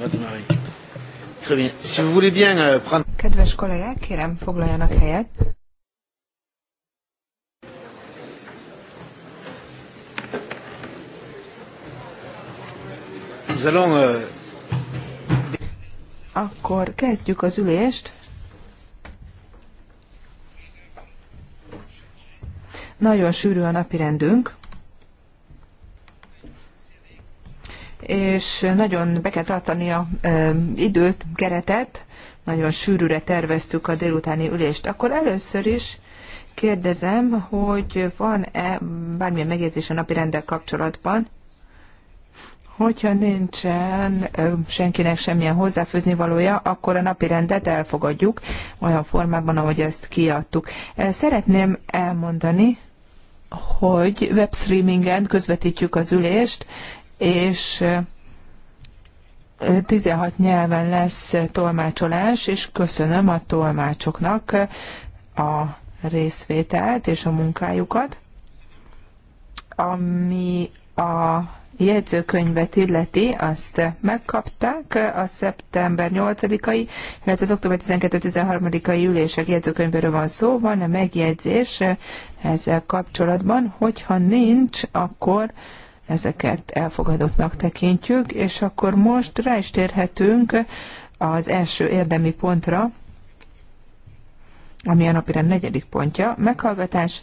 Euh, Kedves kollégák, kérem foglaljanak helyet. Euh, Akkor kezdjük az ülést. Nagyon sűrű a rendünk. és nagyon be kell tartani a e, időt, keretet, nagyon sűrűre terveztük a délutáni ülést. Akkor először is kérdezem, hogy van-e bármilyen megjegyzés a napi rendel kapcsolatban, Hogyha nincsen senkinek semmilyen hozzáfőzni valója, akkor a napi rendet elfogadjuk olyan formában, ahogy ezt kiadtuk. Szeretném elmondani, hogy webstreamingen közvetítjük az ülést, és 16 nyelven lesz tolmácsolás, és köszönöm a tolmácsoknak a részvételt és a munkájukat. Ami a jegyzőkönyvet illeti, azt megkapták a szeptember 8-ai, illetve az október 12-13-ai ülések jegyzőkönyvéről van szó, van-e megjegyzés ezzel kapcsolatban, hogyha nincs, akkor ezeket elfogadottnak tekintjük, és akkor most rá is térhetünk az első érdemi pontra, ami a napirend negyedik pontja, meghallgatás,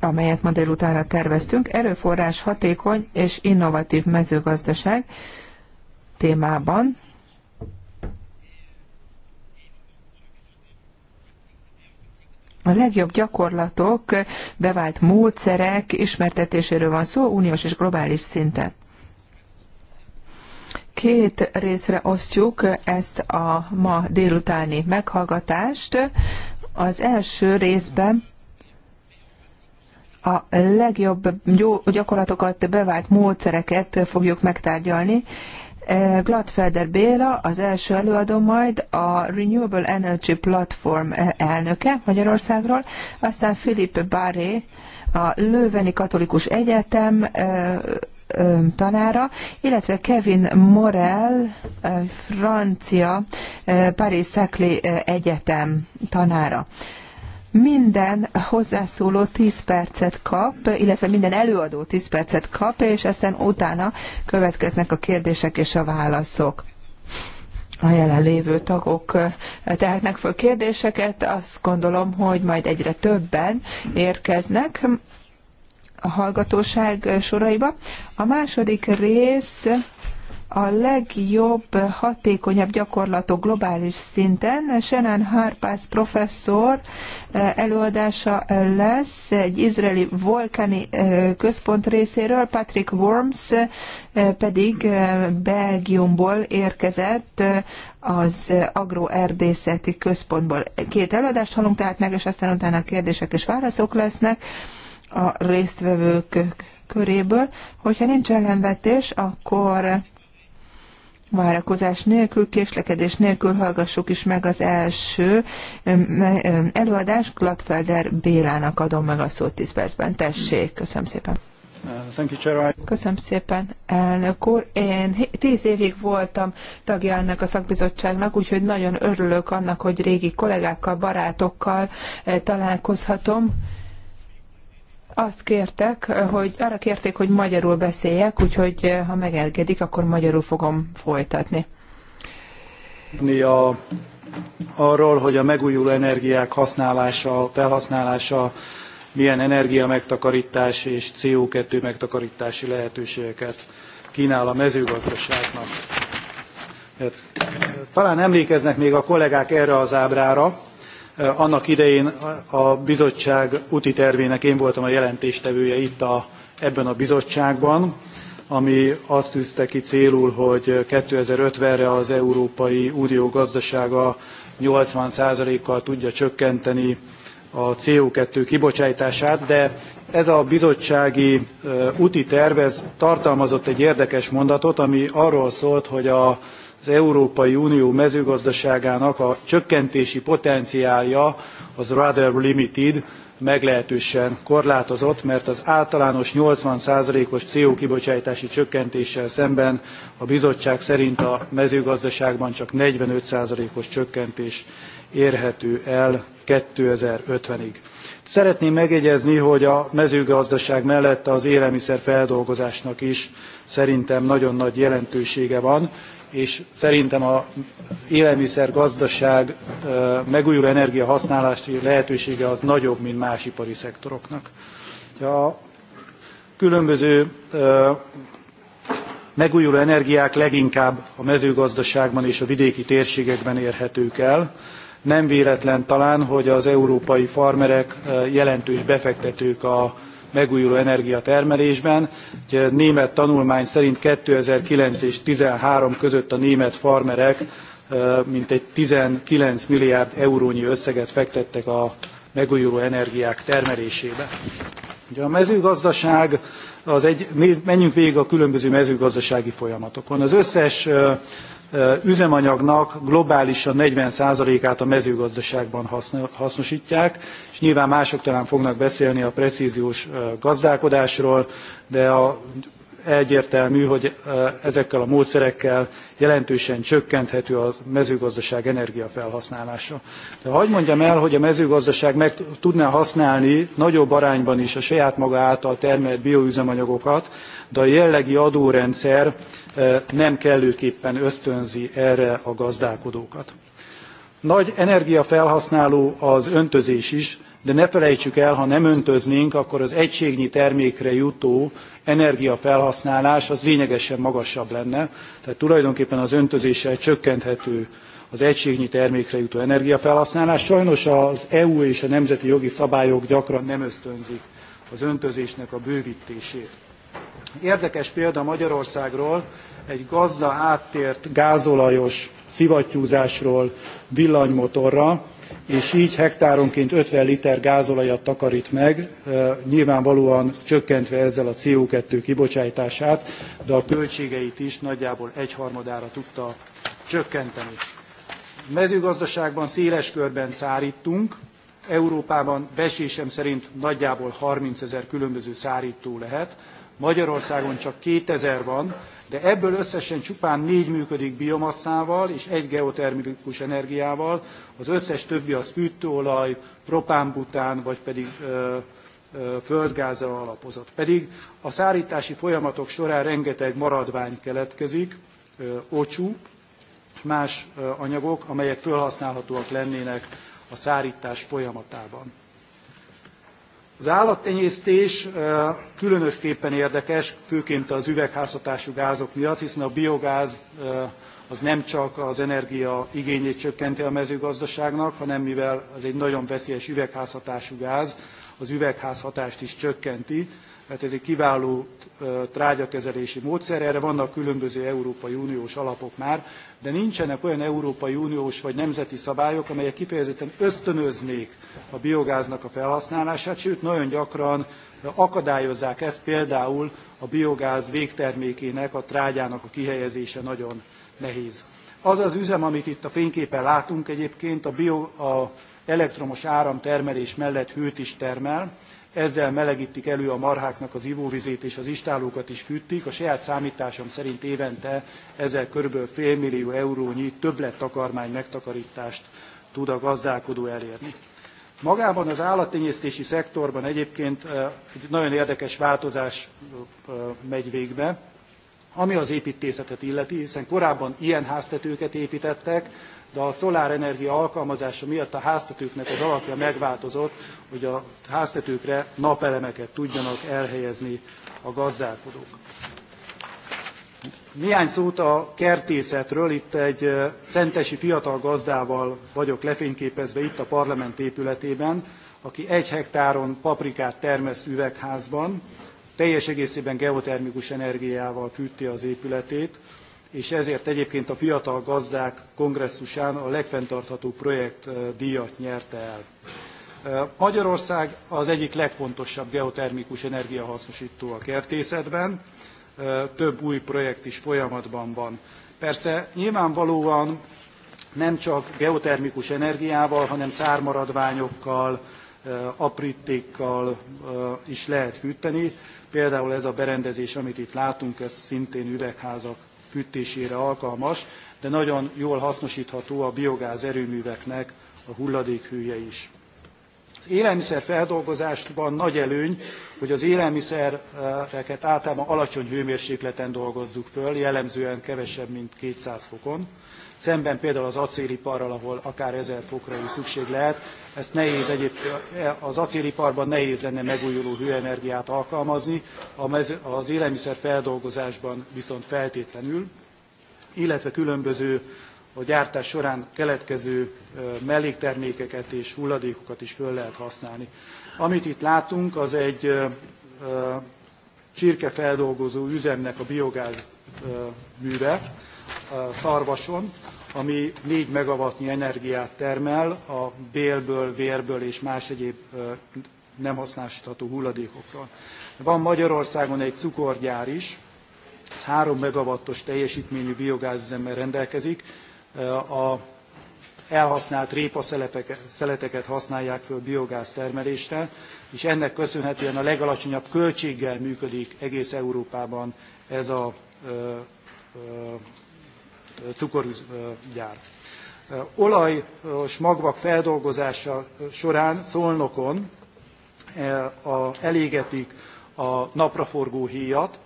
amelyet ma délutánra terveztünk, erőforrás hatékony és innovatív mezőgazdaság témában. A legjobb gyakorlatok, bevált módszerek ismertetéséről van szó uniós és globális szinten. Két részre osztjuk ezt a ma délutáni meghallgatást. Az első részben a legjobb gyakorlatokat, bevált módszereket fogjuk megtárgyalni, Eh, Gladfelder Béla, az első előadó majd a Renewable Energy Platform eh, elnöke Magyarországról, aztán Philippe Barré, a Lőveni Katolikus Egyetem eh, tanára, illetve Kevin Morel, francia Paris Saclay Egyetem tanára minden hozzászóló 10 percet kap, illetve minden előadó 10 percet kap, és aztán utána következnek a kérdések és a válaszok a jelenlévő tagok eh, tehetnek föl kérdéseket, azt gondolom, hogy majd egyre többen érkeznek a hallgatóság soraiba. A második rész a legjobb, hatékonyabb gyakorlatok globális szinten. Shannon Harpász professzor eh, előadása eh, lesz egy izraeli vulkáni eh, központ részéről, Patrick Worms pedig Belgiumból érkezett az agroerdészeti központból. Két előadást hallunk tehát meg, és aztán utána kérdések és válaszok lesznek a résztvevők köréből. Hogyha nincs ellenvetés, akkor várakozás nélkül, késlekedés nélkül hallgassuk is meg az első előadást. Gladfelder Bélának adom meg a szót 10 percben. Tessék, köszönöm szépen. Köszönöm szépen, elnök úr. Én tíz évig voltam tagja ennek a szakbizottságnak, úgyhogy nagyon örülök annak, hogy régi kollégákkal, barátokkal eh, találkozhatom azt kértek, hogy arra kérték, hogy magyarul beszéljek, úgyhogy eh, ha megelgedik, akkor magyarul fogom folytatni. A, arról, hogy a megújuló energiák használása, felhasználása milyen energia megtakarítás és CO2 megtakarítási lehetőségeket kínál a mezőgazdaságnak. Talán emlékeznek még a kollégák erre az ábrára, Eh, annak idején a bizottság úti tervének én voltam a jelentéstevője itt a, ebben a bizottságban, ami azt tűzte ki célul, hogy 2050-re az Európai Unió gazdasága 80%-kal tudja csökkenteni a CO2 kibocsátását, de ez a bizottsági eh, úti terv tartalmazott egy érdekes mondatot, ami arról szólt, hogy a az Európai Unió mezőgazdaságának a csökkentési potenciálja az rather limited, meglehetősen korlátozott, mert az általános 80%-os CO kibocsátási csökkentéssel szemben a bizottság szerint a mezőgazdaságban csak 45%-os csökkentés érhető el 2050-ig. Szeretném megjegyezni, hogy a mezőgazdaság mellett az élelmiszer feldolgozásnak is szerintem nagyon nagy jelentősége van, és szerintem a gazdaság megújuló energia használási lehetősége az nagyobb, mint más ipari szektoroknak. A különböző megújuló energiák leginkább a mezőgazdaságban és a vidéki térségekben érhetők el. Nem véletlen talán, hogy az európai farmerek jelentős befektetők a megújuló energiatermelésben. Egy német tanulmány szerint 2009 és 2013 között a német farmerek mintegy 19 milliárd eurónyi összeget fektettek a megújuló energiák termelésébe. Ugye a mezőgazdaság, az egy, menjünk végig a különböző mezőgazdasági folyamatokon. Az összes üzemanyagnak globálisan 40%-át a mezőgazdaságban hasznosítják, és nyilván mások talán fognak beszélni a precíziós gazdálkodásról, de a egyértelmű, hogy ezekkel a módszerekkel jelentősen csökkenthető a mezőgazdaság energiafelhasználása. De hagyd mondjam el, hogy a mezőgazdaság meg tudná használni nagyobb arányban is a saját maga által termelt bioüzemanyagokat, de a jellegi adórendszer nem kellőképpen ösztönzi erre a gazdálkodókat. Nagy energiafelhasználó az öntözés is, de ne felejtsük el, ha nem öntöznénk, akkor az egységnyi termékre jutó energiafelhasználás az lényegesen magasabb lenne, tehát tulajdonképpen az öntözéssel csökkenthető az egységnyi termékre jutó energiafelhasználás. Sajnos az EU és a nemzeti jogi szabályok gyakran nem ösztönzik az öntözésnek a bővítését. Érdekes példa Magyarországról, egy gazda áttért gázolajos szivattyúzásról villanymotorra, és így hektáronként 50 liter gázolajat takarít meg, nyilvánvalóan csökkentve ezzel a CO2 kibocsátását, de a költségeit is nagyjából egyharmadára tudta csökkenteni. A mezőgazdaságban széles körben szárítunk, Európában besésem szerint nagyjából 30 ezer különböző szárító lehet, Magyarországon csak 2000 van, de ebből összesen csupán négy működik biomasszával és egy geotermikus energiával, az összes többi az fűtőolaj, propánbután vagy pedig földgázra alapozott. Pedig a szárítási folyamatok során rengeteg maradvány keletkezik, ocsú ocsú, más anyagok, amelyek felhasználhatóak lennének a szárítás folyamatában. Az állattenyésztés különösképpen érdekes, főként az üvegházhatású gázok miatt, hiszen a biogáz az nem csak az energia igényét csökkenti a mezőgazdaságnak, hanem mivel ez egy nagyon veszélyes üvegházhatású gáz, az üvegházhatást is csökkenti, mert ez egy kiváló trágyakezelési módszer, erre vannak különböző Európai Uniós alapok már, de nincsenek olyan Európai Uniós vagy nemzeti szabályok, amelyek kifejezetten ösztönöznék a biogáznak a felhasználását, sőt nagyon gyakran akadályozzák ezt, például a biogáz végtermékének, a trágyának a kihelyezése nagyon nehéz. Az az üzem, amit itt a fényképen látunk egyébként, a, bio, a elektromos áramtermelés mellett hőt is termel, ezzel melegítik elő a marháknak az ivóvizét és az istálókat is fűtik. A saját számításom szerint évente ezzel körülbelül félmillió eurónyi többlettakarmány megtakarítást tud a gazdálkodó elérni. Magában az állattenyésztési szektorban egyébként egy nagyon érdekes változás megy végbe, ami az építészetet illeti, hiszen korábban ilyen háztetőket építettek, de a szolárenergia alkalmazása miatt a háztetőknek az alapja megváltozott, hogy a háztetőkre napelemeket tudjanak elhelyezni a gazdálkodók. Néhány szót a kertészetről. Itt egy szentesi fiatal gazdával vagyok lefényképezve itt a parlament épületében, aki egy hektáron paprikát termeszt üvegházban, teljes egészében geotermikus energiával fűti az épületét és ezért egyébként a Fiatal Gazdák kongresszusán a legfenntartható projekt díjat nyerte el. Magyarország az egyik legfontosabb geotermikus energiahasznosító a kertészetben, több új projekt is folyamatban van. Persze nyilvánvalóan nem csak geotermikus energiával, hanem szármaradványokkal, aprítékkal is lehet fűteni. Például ez a berendezés, amit itt látunk, ez szintén üvegházak fűtésére alkalmas, de nagyon jól hasznosítható a biogáz erőműveknek a hulladékhője is. Az élelmiszer feldolgozásban nagy előny, hogy az élelmiszereket általában alacsony hőmérsékleten dolgozzuk föl, jellemzően kevesebb, mint 200 fokon szemben például az acéliparral, ahol akár ezer fokra is szükség lehet. Ezt nehéz egyéb, az acéliparban nehéz lenne megújuló hőenergiát alkalmazni, az élelmiszer feldolgozásban viszont feltétlenül, illetve különböző a gyártás során keletkező melléktermékeket és hulladékokat is föl lehet használni. Amit itt látunk, az egy csirkefeldolgozó üzemnek a biogáz műve, szarvason, ami 4 megawattnyi energiát termel a bélből, vérből és más egyéb nem használható hulladékokból. Van Magyarországon egy cukorgyár is, 3 megawattos teljesítményű biogázüzemmel rendelkezik. A elhasznált répaszeleteket használják föl biogáz termelésre, és ennek köszönhetően a legalacsonyabb költséggel működik egész Európában ez a cukorgyár. Olajos magvak feldolgozása során Szolnokon elégetik a napraforgó héjat,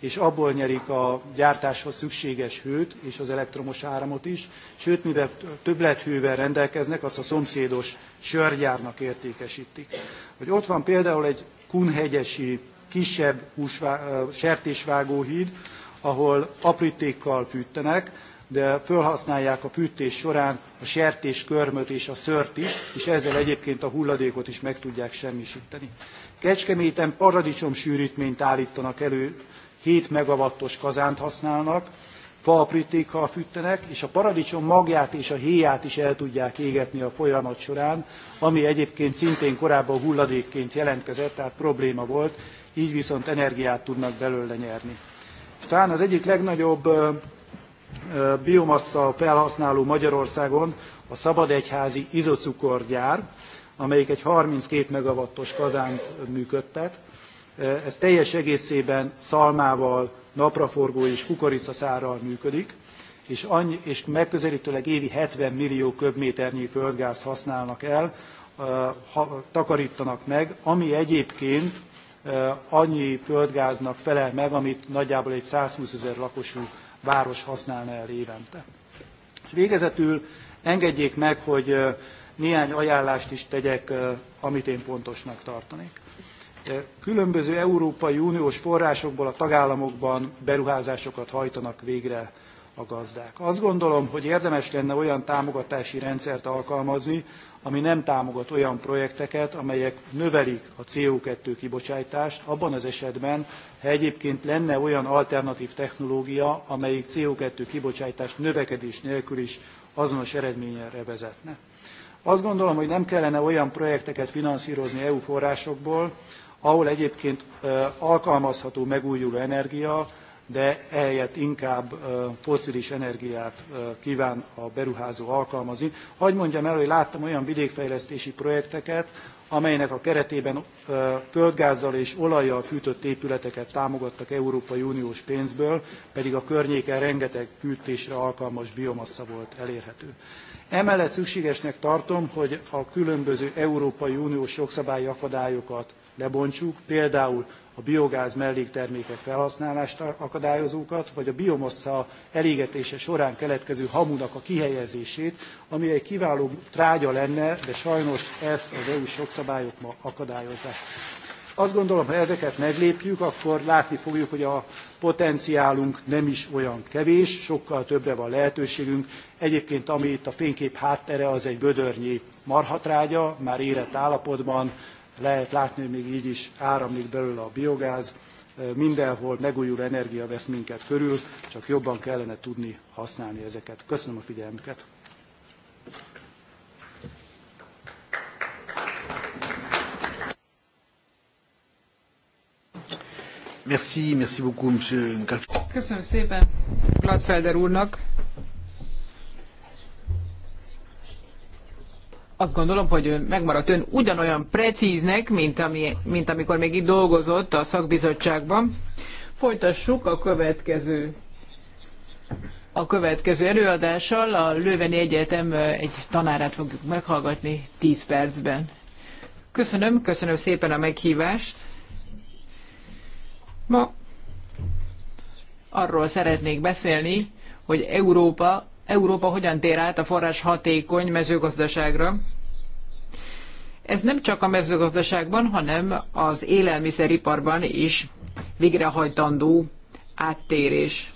és abból nyerik a gyártáshoz szükséges hőt és az elektromos áramot is, sőt, mivel többlethővel rendelkeznek, azt a szomszédos sörgyárnak értékesítik. Hogy ott van például egy kunhegyesi kisebb húsvá, sertésvágóhíd, ahol aprítékkal fűtenek, de felhasználják a fűtés során a sertés körmöt és a szört is, és ezzel egyébként a hulladékot is meg tudják semmisíteni. Kecskeméten paradicsom sűrítményt állítanak elő, 7 megawattos kazánt használnak, falpritékkal fűtenek, és a paradicsom magját és a héját is el tudják égetni a folyamat során, ami egyébként szintén korábban hulladékként jelentkezett, tehát probléma volt, így viszont energiát tudnak belőle nyerni. És talán az egyik legnagyobb biomassa felhasználó Magyarországon a szabadegyházi izocukorgyár, amelyik egy 32 megawattos kazánt működtet. Ez teljes egészében szalmával, napraforgó és kukoricaszárral működik, és, annyi, és megközelítőleg évi 70 millió köbméternyi földgázt használnak el, takarítanak meg, ami egyébként annyi földgáznak felel meg, amit nagyjából egy 120 ezer lakosú város használna el évente. És végezetül engedjék meg, hogy néhány ajánlást is tegyek, amit én fontosnak tartanék. Különböző Európai Uniós forrásokból a tagállamokban beruházásokat hajtanak végre a gazdák. Azt gondolom, hogy érdemes lenne olyan támogatási rendszert alkalmazni, ami nem támogat olyan projekteket, amelyek növelik a CO2 kibocsátást, abban az esetben, ha egyébként lenne olyan alternatív technológia, amelyik CO2 kibocsátás növekedés nélkül is azonos eredményre vezetne. Azt gondolom, hogy nem kellene olyan projekteket finanszírozni EU forrásokból, ahol egyébként alkalmazható megújuló energia, de ehelyett inkább foszilis energiát kíván a beruházó alkalmazni. Hagy mondjam el, hogy láttam olyan vidékfejlesztési projekteket, amelynek a keretében földgázzal és olajjal fűtött épületeket támogattak Európai Uniós pénzből, pedig a környéken rengeteg fűtésre alkalmas biomassa volt elérhető. Emellett szükségesnek tartom, hogy a különböző Európai Uniós jogszabályi akadályokat lebontsuk, például a biogáz melléktermékek felhasználását akadályozókat, vagy a biomassa elégetése során keletkező hamunak a kihelyezését, ami egy kiváló trágya lenne, de sajnos ezt az EU-s jogszabályok ma akadályozzák. Azt gondolom, ha ezeket meglépjük, akkor látni fogjuk, hogy a potenciálunk nem is olyan kevés, sokkal többre van lehetőségünk. Egyébként, ami itt a fénykép háttere, az egy gödörnyi marhatrágya, már érett állapotban, lehet látni, hogy még így is áramlik belőle a biogáz, mindenhol megújuló energia vesz minket körül, csak jobban kellene tudni használni ezeket. Köszönöm a figyelmüket! Merci, merci beaucoup, Köszönöm szépen Gladfelder úrnak! azt gondolom, hogy megmaradt ön ugyanolyan precíznek, mint, ami, mint amikor még itt dolgozott a szakbizottságban. Folytassuk a következő a következő előadással a Lőveni Egyetem egy tanárát fogjuk meghallgatni 10 percben. Köszönöm, köszönöm szépen a meghívást. Ma arról szeretnék beszélni, hogy Európa Európa hogyan tér át a forrás hatékony mezőgazdaságra. Ez nem csak a mezőgazdaságban, hanem az élelmiszeriparban is végrehajtandó áttérés.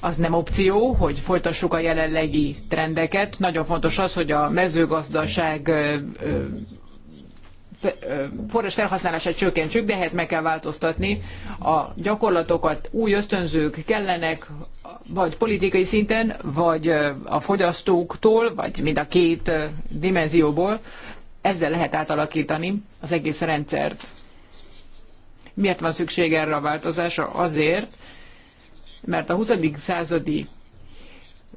az nem opció, hogy folytassuk a jelenlegi trendeket. Nagyon fontos az, hogy a mezőgazdaság forrás felhasználását csökkentsük, de ehhez meg kell változtatni a gyakorlatokat, új ösztönzők kellenek, vagy politikai szinten, vagy a fogyasztóktól, vagy mind a két dimenzióból. Ezzel lehet átalakítani az egész rendszert. Miért van szükség erre a változásra? Azért, mert a 20. századi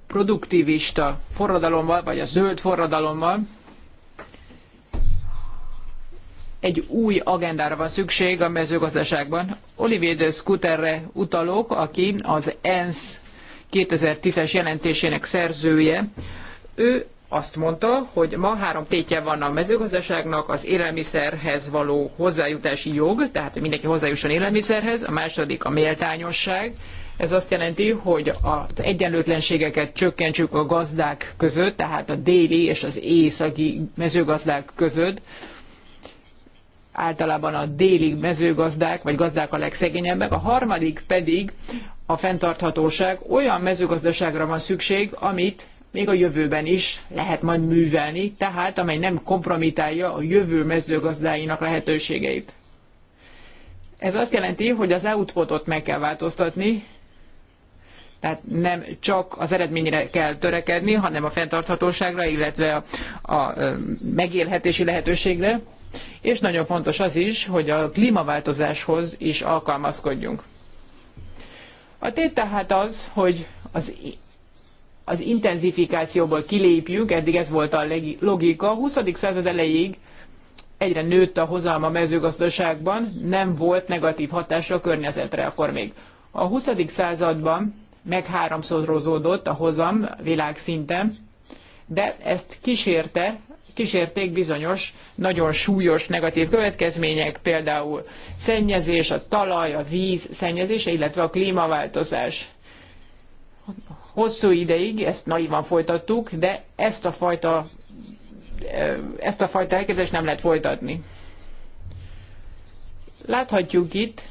produktivista forradalommal, vagy a zöld forradalommal egy új agendára van szükség a mezőgazdaságban. Olivier de Scooterre utalok, aki az ENSZ 2010-es jelentésének szerzője. Ő azt mondta, hogy ma három tétje van a mezőgazdaságnak, az élelmiszerhez való hozzájutási jog, tehát hogy mindenki hozzájusson élelmiszerhez, a második a méltányosság, ez azt jelenti, hogy az egyenlőtlenségeket csökkentsük a gazdák között, tehát a déli és az északi mezőgazdák között, általában a déli mezőgazdák, vagy gazdák a legszegényebbek, a harmadik pedig a fenntarthatóság. Olyan mezőgazdaságra van szükség, amit még a jövőben is lehet majd művelni, tehát amely nem kompromitálja a jövő mezőgazdáinak lehetőségeit. Ez azt jelenti, hogy az outputot meg kell változtatni, tehát nem csak az eredményre kell törekedni, hanem a fenntarthatóságra, illetve a, a megélhetési lehetőségre. És nagyon fontos az is, hogy a klímaváltozáshoz is alkalmazkodjunk. A tét tehát az, hogy az az intenzifikációból kilépjünk, eddig ez volt a logika, a 20. század elejéig egyre nőtt a hozalma a mezőgazdaságban, nem volt negatív hatása a környezetre akkor még. A 20. században meg háromszorozódott a hozam világszinten, de ezt kísérte, kísérték bizonyos, nagyon súlyos negatív következmények, például szennyezés, a talaj, a víz szennyezése, illetve a klímaváltozás. Hosszú ideig ezt naivan folytattuk, de ezt a fajta, eh, ezt a fajta elképzelést nem lehet folytatni. Láthatjuk itt,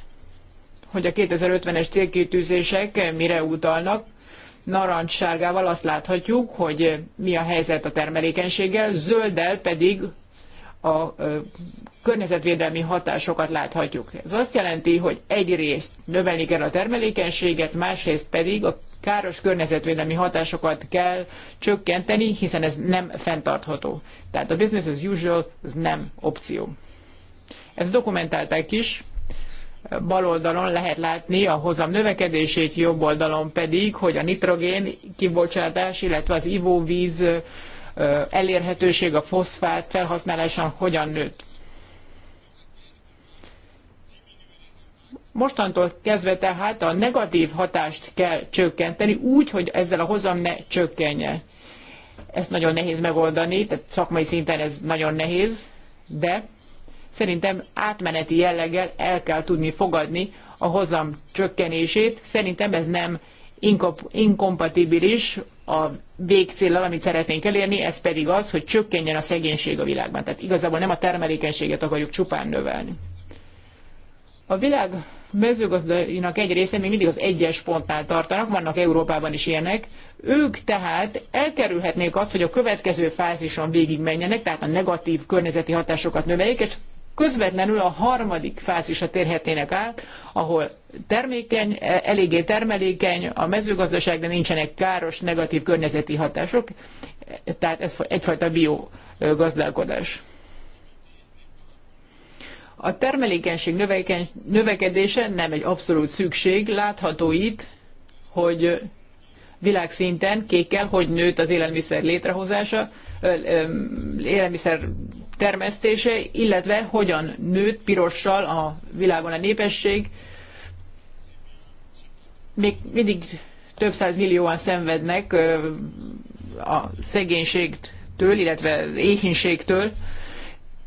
hogy a 2050-es célkitűzések mire utalnak. Narancssárgával azt láthatjuk, hogy mi a helyzet a termelékenységgel, zölddel pedig a környezetvédelmi hatásokat láthatjuk. Ez azt jelenti, hogy egyrészt növelni kell a termelékenységet, másrészt pedig a káros környezetvédelmi hatásokat kell csökkenteni, hiszen ez nem fenntartható. Tehát a business as usual, az nem opció. Ezt dokumentálták is, bal oldalon lehet látni a hozam növekedését, jobb oldalon pedig, hogy a nitrogén kibocsátás, illetve az ivóvíz elérhetőség, a foszfát felhasználásán hogyan nőtt. Mostantól kezdve tehát a negatív hatást kell csökkenteni úgy, hogy ezzel a hozam ne csökkenje. Ezt nagyon nehéz megoldani, tehát szakmai szinten ez nagyon nehéz, de Szerintem átmeneti jelleggel el kell tudni fogadni a hozam csökkenését. Szerintem ez nem inkompatibilis a végcéllal, amit szeretnénk elérni, ez pedig az, hogy csökkenjen a szegénység a világban. Tehát igazából nem a termelékenységet akarjuk csupán növelni. A világ mezőgazdainak egy része még mindig az egyes pontnál tartanak, vannak Európában is ilyenek, ők tehát elkerülhetnék azt, hogy a következő fázison végigmenjenek, tehát a negatív környezeti hatásokat növeljék, és közvetlenül a harmadik fázisra térhetnének át, ahol termékeny, eléggé termelékeny a mezőgazdaságban nincsenek káros, negatív környezeti hatások, tehát ez egyfajta biogazdálkodás. A termelékenység növekedése nem egy abszolút szükség, látható itt, hogy világszinten kékkel, hogy nőtt az élelmiszer létrehozása, élelmiszer termesztése, illetve hogyan nőtt pirossal a világon a népesség. Még mindig több száz millióan szenvednek a szegénységtől, illetve éhínségtől.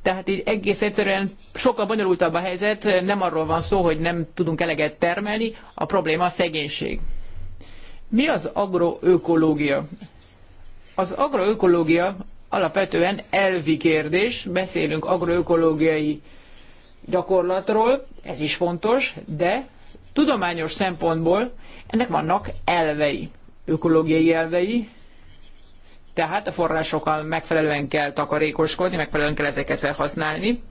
Tehát így egész egyszerűen sokkal bonyolultabb a helyzet, nem arról van szó, hogy nem tudunk eleget termelni, a probléma a szegénység. Mi az agroökológia? Az agroökológia alapvetően elvi kérdés, beszélünk agroökológiai gyakorlatról, ez is fontos, de tudományos szempontból ennek vannak elvei, ökológiai elvei, tehát a forrásokkal megfelelően kell takarékoskodni, megfelelően kell ezeket felhasználni.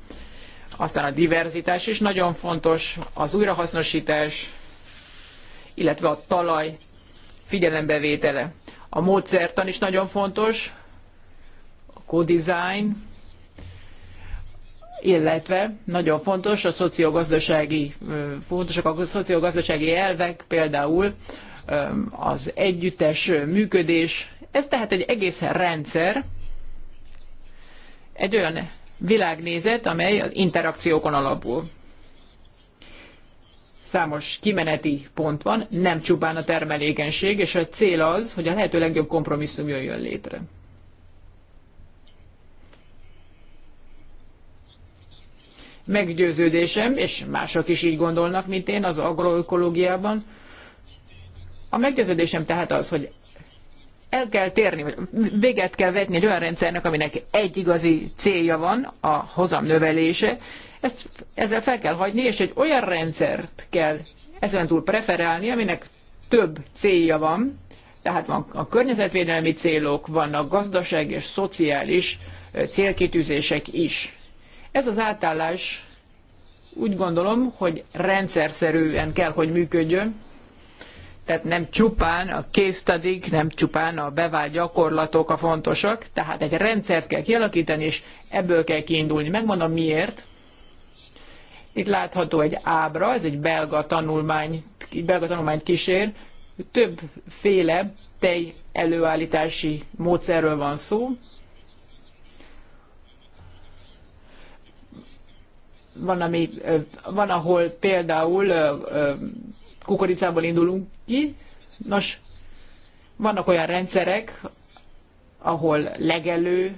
Aztán a diverzitás is nagyon fontos, az újrahasznosítás, illetve a talaj figyelembevétele. A módszertan is nagyon fontos, co-design, illetve nagyon fontos a szociogazdasági, fontosak a szociogazdasági elvek, például az együttes működés. Ez tehát egy egész rendszer, egy olyan világnézet, amely az interakciókon alapul. Számos kimeneti pont van, nem csupán a termelékenység, és a cél az, hogy a lehető legjobb kompromisszum jöjjön létre. meggyőződésem, és mások is így gondolnak, mint én az agroökológiában. A meggyőződésem tehát az, hogy el kell térni, vagy véget kell vetni egy olyan rendszernek, aminek egy igazi célja van, a hozam növelése. Ezt, ezzel fel kell hagyni, és egy olyan rendszert kell ezen túl preferálni, aminek több célja van, tehát van a környezetvédelmi célok, vannak gazdaság és szociális célkitűzések is. Ez az átállás úgy gondolom, hogy rendszerszerűen kell, hogy működjön, tehát nem csupán a késztadik, nem csupán a bevált gyakorlatok a fontosak, tehát egy rendszert kell kialakítani, és ebből kell kiindulni. Megmondom miért. Itt látható egy ábra, ez egy belga tanulmány, belga tanulmányt kísér, többféle tej előállítási módszerről van szó, van, ami, van ahol például kukoricából indulunk ki. Nos, vannak olyan rendszerek, ahol legelő,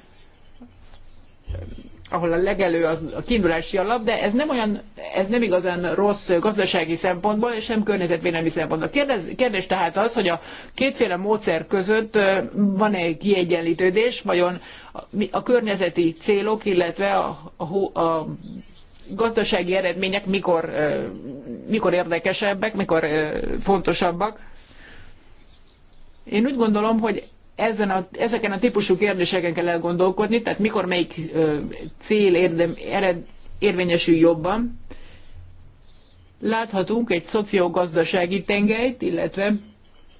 ahol a legelő az a kiindulási alap, de ez nem olyan, ez nem igazán rossz gazdasági szempontból, és sem környezetvédelmi szempontból. Kérdez, kérdés tehát az, hogy a kétféle módszer között van-e kiegyenlítődés, vajon a, a környezeti célok, illetve a, a, a gazdasági eredmények mikor, mikor érdekesebbek, mikor fontosabbak. Én úgy gondolom, hogy ezen a, ezeken a típusú kérdéseken kell elgondolkodni, tehát mikor melyik cél érdem, ered, érvényesül jobban. Láthatunk egy szociogazdasági tengelyt, illetve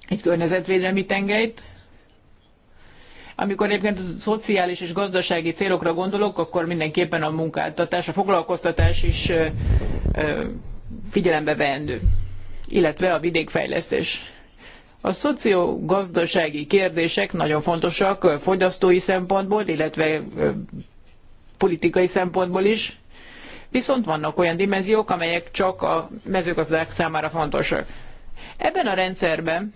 egy környezetvédelmi tengelyt, amikor egyébként szociális és gazdasági célokra gondolok, akkor mindenképpen a munkáltatás, a foglalkoztatás is figyelembe veendő, illetve a vidékfejlesztés. A szociogazdasági kérdések nagyon fontosak fogyasztói szempontból, illetve politikai szempontból is, viszont vannak olyan dimenziók, amelyek csak a mezőgazdák számára fontosak. Ebben a rendszerben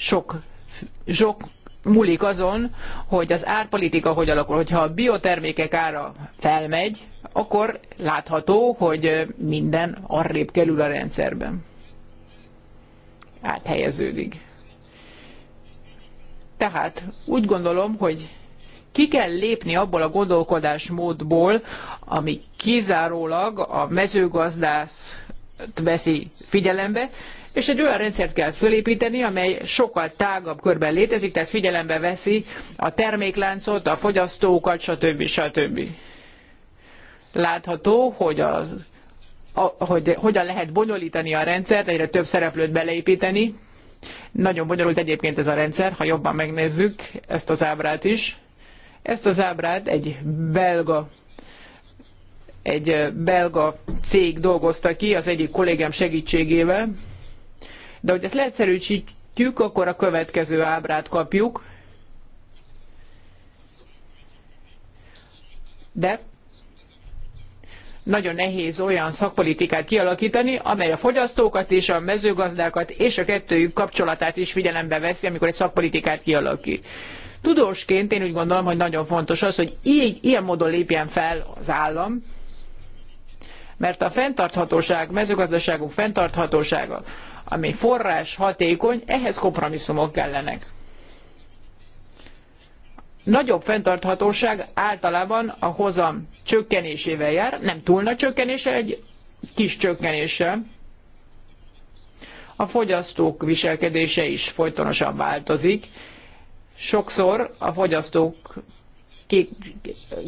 sok, sok múlik azon, hogy az árpolitika hogy alakul. Hogyha a biotermékek ára felmegy, akkor látható, hogy minden arrébb kerül a rendszerben. Áthelyeződik. Tehát úgy gondolom, hogy ki kell lépni abból a gondolkodásmódból, ami kizárólag a mezőgazdászt veszi figyelembe, és egy olyan rendszert kell fölépíteni, amely sokkal tágabb körben létezik, tehát figyelembe veszi a termékláncot, a fogyasztókat, stb. stb. Látható, hogy az a, hogy hogyan lehet bonyolítani a rendszert, egyre több szereplőt beleépíteni. Nagyon bonyolult egyébként ez a rendszer, ha jobban megnézzük ezt az ábrát is. Ezt az ábrát egy belga egy belga cég dolgozta ki az egyik kollégám segítségével. De hogy ezt leegyszerűsítjük, akkor a következő ábrát kapjuk. De nagyon nehéz olyan szakpolitikát kialakítani, amely a fogyasztókat és a mezőgazdákat és a kettőjük kapcsolatát is figyelembe veszi, amikor egy szakpolitikát kialakít. Tudósként én úgy gondolom, hogy nagyon fontos az, hogy így, ilyen módon lépjen fel az állam, mert a fenntarthatóság, mezőgazdaságunk fenntarthatósága, ami forrás hatékony, ehhez kompromisszumok kellenek. Nagyobb fenntarthatóság általában a hozam csökkenésével jár, nem túl nagy csökkenése, egy kis csökkenése. A fogyasztók viselkedése is folytonosan változik. Sokszor a fogyasztók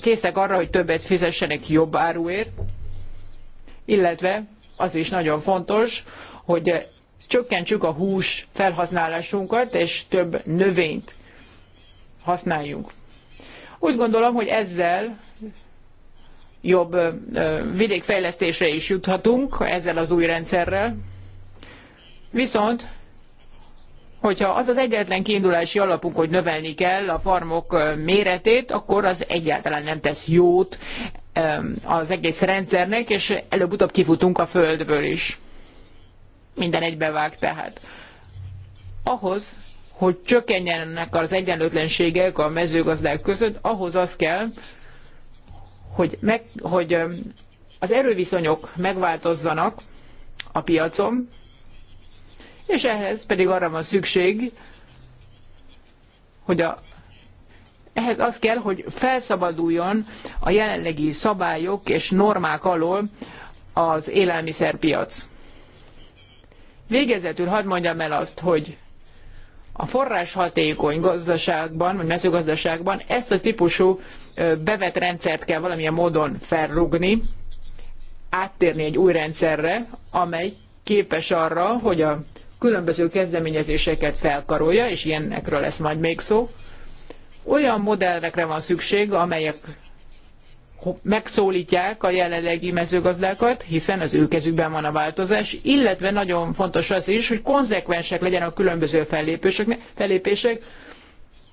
készek arra, hogy többet fizessenek jobb áruért, illetve az is nagyon fontos, hogy csökkentsük a hús felhasználásunkat, és több növényt használjunk. Úgy gondolom, hogy ezzel jobb vidékfejlesztésre is juthatunk ezzel az új rendszerrel. Viszont, hogyha az az egyetlen kiindulási alapunk, hogy növelni kell a farmok méretét, akkor az egyáltalán nem tesz jót az egész rendszernek, és előbb-utóbb kifutunk a földből is. Minden egybevág tehát. Ahhoz, hogy csökkenjenek az egyenlőtlenségek a mezőgazdák között, ahhoz az kell, hogy, meg, hogy az erőviszonyok megváltozzanak a piacon, és ehhez pedig arra van szükség, hogy a, ehhez az kell, hogy felszabaduljon a jelenlegi szabályok és normák alól az élelmiszerpiac. Végezetül hadd mondjam el azt, hogy a forráshatékony gazdaságban, vagy mezőgazdaságban ezt a típusú bevett rendszert kell valamilyen módon felrugni, áttérni egy új rendszerre, amely képes arra, hogy a különböző kezdeményezéseket felkarolja, és ilyenekről lesz majd még szó. Olyan modellekre van szükség, amelyek megszólítják a jelenlegi mezőgazdákat, hiszen az ő kezükben van a változás, illetve nagyon fontos az is, hogy konzekvensek legyenek a különböző fellépések.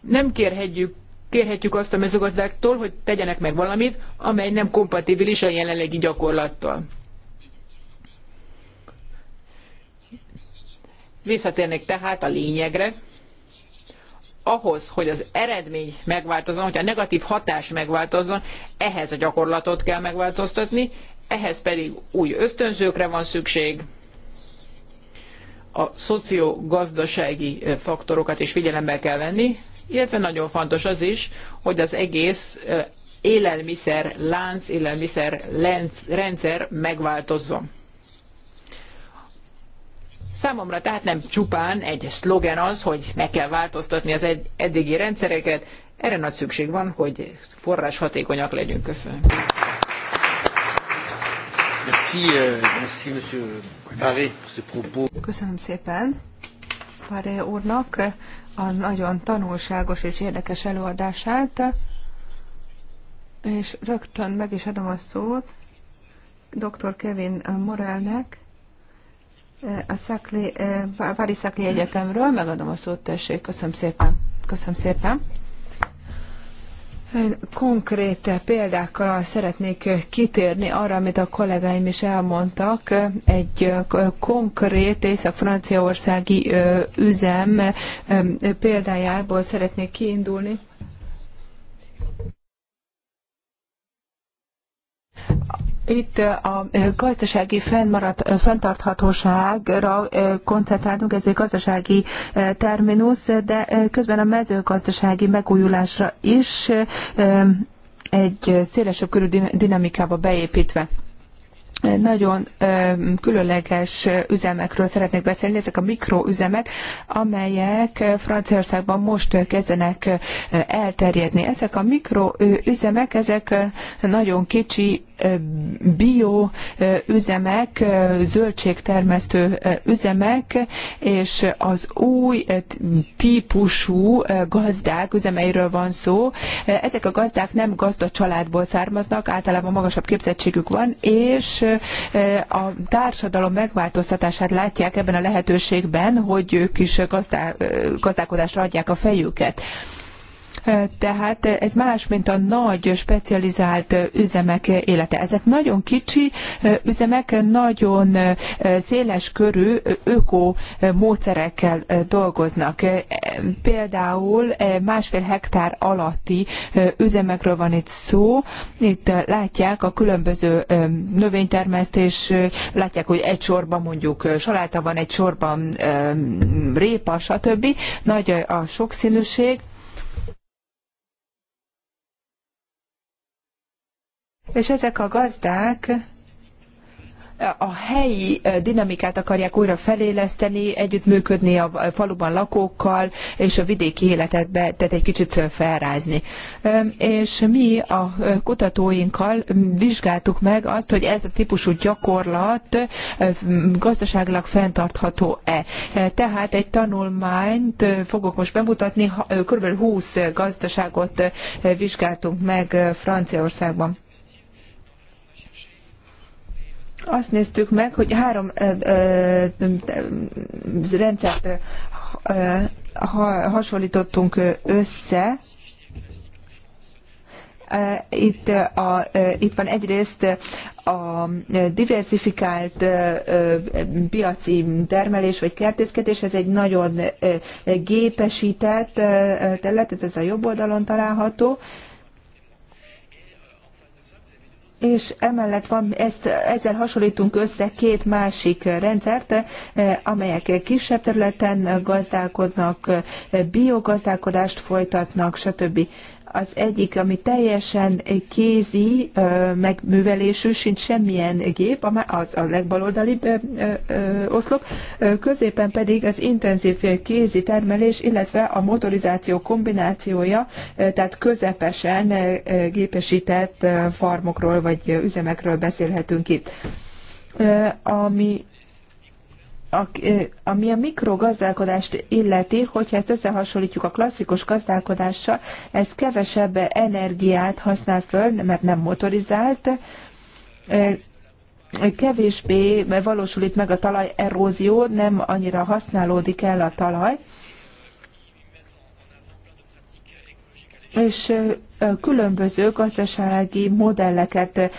Nem kérhetjük, kérhetjük azt a mezőgazdáktól, hogy tegyenek meg valamit, amely nem kompatibilis a jelenlegi gyakorlattal. Visszatérnék tehát a lényegre ahhoz, hogy az eredmény megváltozzon, hogy a negatív hatás megváltozzon, ehhez a gyakorlatot kell megváltoztatni, ehhez pedig új ösztönzőkre van szükség, a szociogazdasági faktorokat is figyelembe kell venni, illetve nagyon fontos az is, hogy az egész élelmiszer lánc, élelmiszer rendszer megváltozzon. Számomra tehát nem csupán egy szlogen az, hogy meg kell változtatni az eddigi rendszereket, erre nagy szükség van, hogy forrás hatékonyak legyünk. Köszönöm. Euh, Köszönöm szépen Páré úrnak a nagyon tanulságos és érdekes előadását, és rögtön meg is adom a szót dr. Kevin Morelnek, a Szakli, Pári Szakli Egyetemről. Megadom a szót, tessék. Köszönöm szépen. Köszönöm szépen. Konkrét példákkal szeretnék kitérni arra, amit a kollégáim is elmondtak. Egy konkrét észak-franciaországi üzem példájából szeretnék kiindulni. Itt a gazdasági fennmaradt, fenntarthatóságra koncentráltunk, ez egy gazdasági terminus, de közben a mezőgazdasági megújulásra is egy szélesebb körű dinamikába beépítve. Nagyon különleges üzemekről szeretnék beszélni, ezek a mikroüzemek, amelyek Franciaországban most kezdenek elterjedni. Ezek a mikroüzemek, ezek nagyon kicsi bio üzemek, zöldségtermesztő üzemek, és az új típusú gazdák üzemeiről van szó. Ezek a gazdák nem gazda családból származnak, általában magasabb képzettségük van, és a társadalom megváltoztatását látják ebben a lehetőségben, hogy ők is gazdálkodásra adják a fejüket tehát ez más, mint a nagy specializált üzemek élete. Ezek nagyon kicsi üzemek, nagyon széles körű öko módszerekkel dolgoznak. Például másfél hektár alatti üzemekről van itt szó. Itt látják a különböző növénytermesztés, látják, hogy egy sorban mondjuk saláta van, egy sorban répa, stb. Nagy a sokszínűség És ezek a gazdák a helyi dinamikát akarják újra feléleszteni, együttműködni a faluban lakókkal, és a vidéki életet be, tehát egy kicsit felrázni. És mi a kutatóinkkal vizsgáltuk meg azt, hogy ez a típusú gyakorlat gazdaságilag fenntartható-e. Tehát egy tanulmányt fogok most bemutatni, kb. 20 gazdaságot vizsgáltunk meg Franciaországban azt néztük meg, hogy három ö, ö, rendszert ö, ha, hasonlítottunk össze. Itt, a, itt van egyrészt a diversifikált piaci termelés vagy kertészkedés, ez egy nagyon gépesített terület, ez a jobb oldalon található, és emellett van, ezt, ezzel hasonlítunk össze két másik rendszert, eh, amelyek kisebb területen gazdálkodnak, eh, biogazdálkodást folytatnak, stb. Az egyik, ami teljesen kézi megművelésű, sincs semmilyen gép, az a legbaloldali oszlop, középen pedig az intenzív kézi termelés, illetve a motorizáció kombinációja, tehát közepesen gépesített farmokról vagy üzemekről beszélhetünk itt. Ami a, ami a mikrogazdálkodást illeti, hogyha ezt összehasonlítjuk a klasszikus gazdálkodással, ez kevesebb energiát használ föl, mert nem motorizált, kevésbé valósul itt meg a talaj erózió, nem annyira használódik el a talaj, és különböző gazdasági modelleket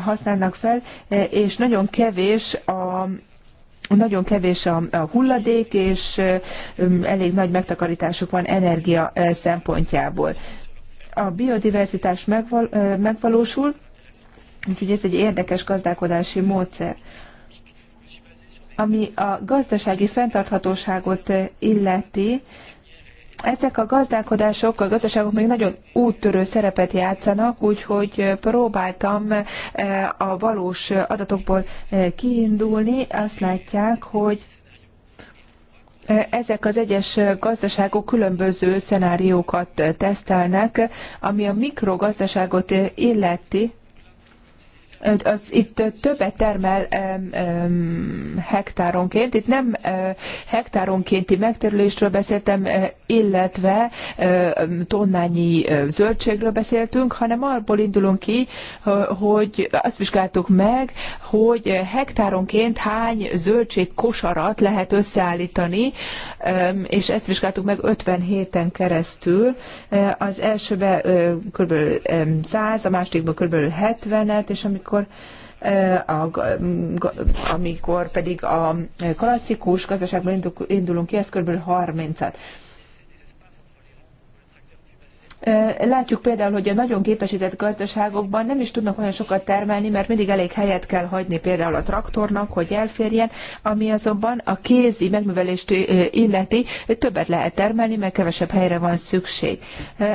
használnak fel, és nagyon kevés a nagyon kevés a, hulladék, és elég nagy megtakarításuk van energia szempontjából. A biodiverzitás megval, megvalósul, úgyhogy ez egy érdekes gazdálkodási módszer. Ami a gazdasági fenntarthatóságot illeti, ezek a gazdálkodások, a gazdaságok még nagyon úttörő szerepet játszanak, úgyhogy próbáltam eh, a valós adatokból eh, kiindulni. Azt látják, hogy eh, ezek az egyes gazdaságok különböző szenáriókat tesztelnek, ami a mikrogazdaságot illeti az itt többet termel hektáronként. Itt nem hektáronkénti megterülésről beszéltem, illetve tonnányi zöldségről beszéltünk, hanem abból indulunk ki, hogy azt vizsgáltuk meg, hogy hektáronként hány zöldség kosarat lehet összeállítani, és ezt vizsgáltuk meg 50 héten keresztül. Az elsőben kb. 100, a másodikban kb. 70-et, és amikor amikor a, amikor pedig a klasszikus gazdaságban indulunk ki, ez kb. 30-at. Látjuk például, hogy a nagyon gépesített gazdaságokban nem is tudnak olyan sokat termelni, mert mindig elég helyet kell hagyni például a traktornak, hogy elférjen, ami azonban a kézi megművelést illeti, többet lehet termelni, mert kevesebb helyre van szükség.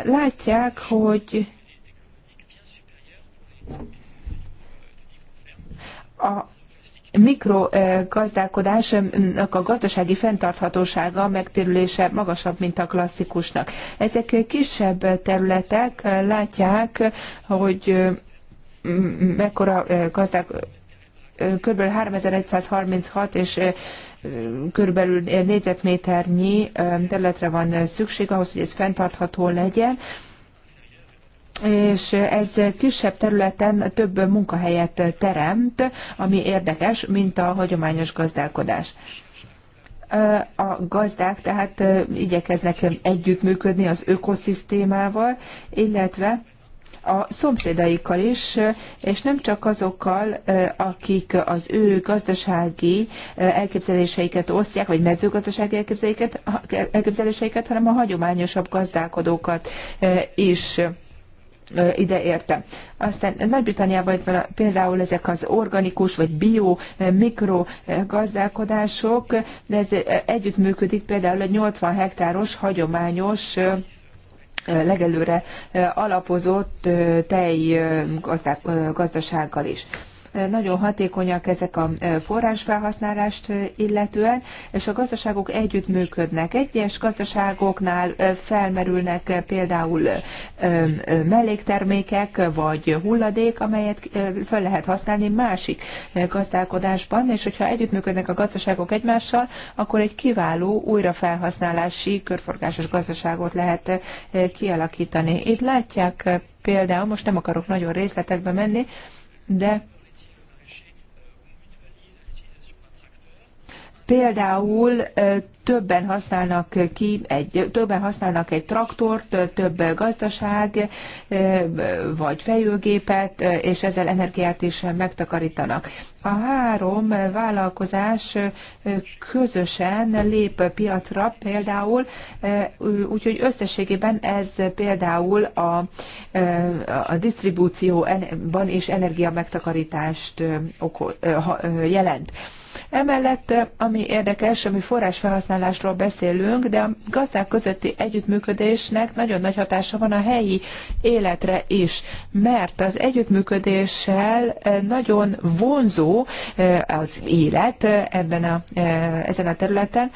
Látják, hogy a mikrogazdálkodásnak a gazdasági fenntarthatósága, megtérülése magasabb, mint a klasszikusnak. Ezek kisebb területek, látják, hogy mm, mekkora eh, gazdák, eh, kb. 3136 és eh, körülbelül négyzetméternyi területre van szükség ahhoz, hogy ez fenntartható legyen és ez kisebb területen több munkahelyet teremt, ami érdekes, mint a hagyományos gazdálkodás. A gazdák tehát igyekeznek együttműködni az ökoszisztémával, illetve a szomszédaikkal is, és nem csak azokkal, akik az ő gazdasági elképzeléseiket osztják, vagy mezőgazdasági elképzeléseiket, hanem a hagyományosabb gazdálkodókat is ide értem. Aztán Nagy-Britanniában például ezek az organikus vagy bio mikrogazdálkodások, de ez együttműködik például egy 80 hektáros hagyományos legelőre alapozott tej gazdasággal is nagyon hatékonyak ezek a e, forrásfelhasználást e, illetően, és a gazdaságok együttműködnek. Egyes gazdaságoknál e, felmerülnek például melléktermékek vagy hulladék, amelyet fel lehet használni másik gazdálkodásban, és hogyha együttműködnek a gazdaságok egymással, akkor egy kiváló újrafelhasználási, körforgásos gazdaságot lehet kialakítani. Itt látják például, most nem akarok nagyon részletekbe menni, de Például többen használnak ki egy, többen használnak egy traktort, több gazdaság vagy fejőgépet, és ezzel energiát is megtakarítanak. A három vállalkozás közösen lép piacra például, úgyhogy összességében ez például a, a disztribúcióban is energiamegtakarítást jelent. Emellett, ami érdekes, ami forrásfelhasználásról beszélünk, de a gazdák közötti együttműködésnek nagyon nagy hatása van a helyi életre is, mert az együttműködéssel eh, nagyon vonzó eh, az élet eh, ebben a, ezen a területen,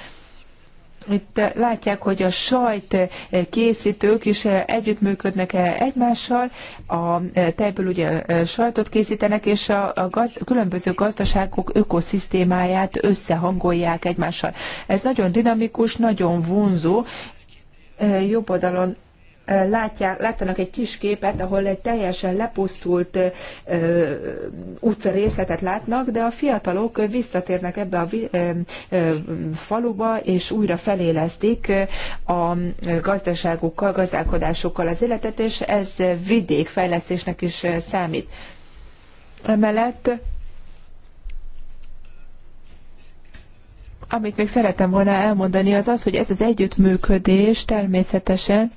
itt eh, látják, hogy a sajt eh, készítők is eh, együttműködnek egymással, a tejből ugye sajtot készítenek, és a, a gaz, különböző gazdaságok ökoszisztémáját összehangolják egymással. Ez nagyon dinamikus, nagyon vonzó. Jobb oldalon látják, láttanak egy kis képet, ahol egy teljesen lepusztult ö, utca részletet látnak, de a fiatalok visszatérnek ebbe a faluba, és újra felélezték a gazdaságukkal, gazdálkodásukkal az életet, és ez vidékfejlesztésnek is számít. Emellett amit még szerettem volna elmondani, az az, hogy ez az együttműködés természetesen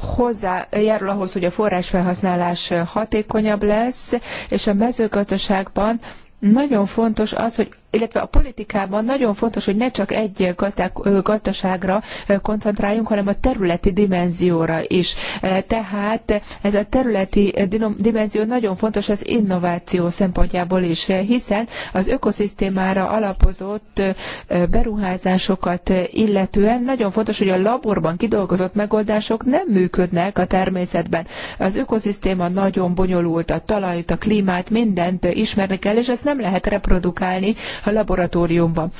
hozzájárul ahhoz, hogy a forrásfelhasználás eh, hatékonyabb lesz, és a mezőgazdaságban nagyon fontos az, hogy illetve a politikában nagyon fontos, hogy ne csak egy gazdák, gazdaságra koncentráljunk, hanem a területi dimenzióra is. E, tehát ez a területi dimenzió nagyon fontos az innováció szempontjából is, e, hiszen az ökoszisztémára alapozott beruházásokat illetően nagyon fontos, hogy a laborban kidolgozott megoldások nem működnek a természetben. Az ökoszisztéma nagyon bonyolult, a talajt, a klímát, mindent ismerni kell, és ezt nem lehet reprodukálni laboratóriumban.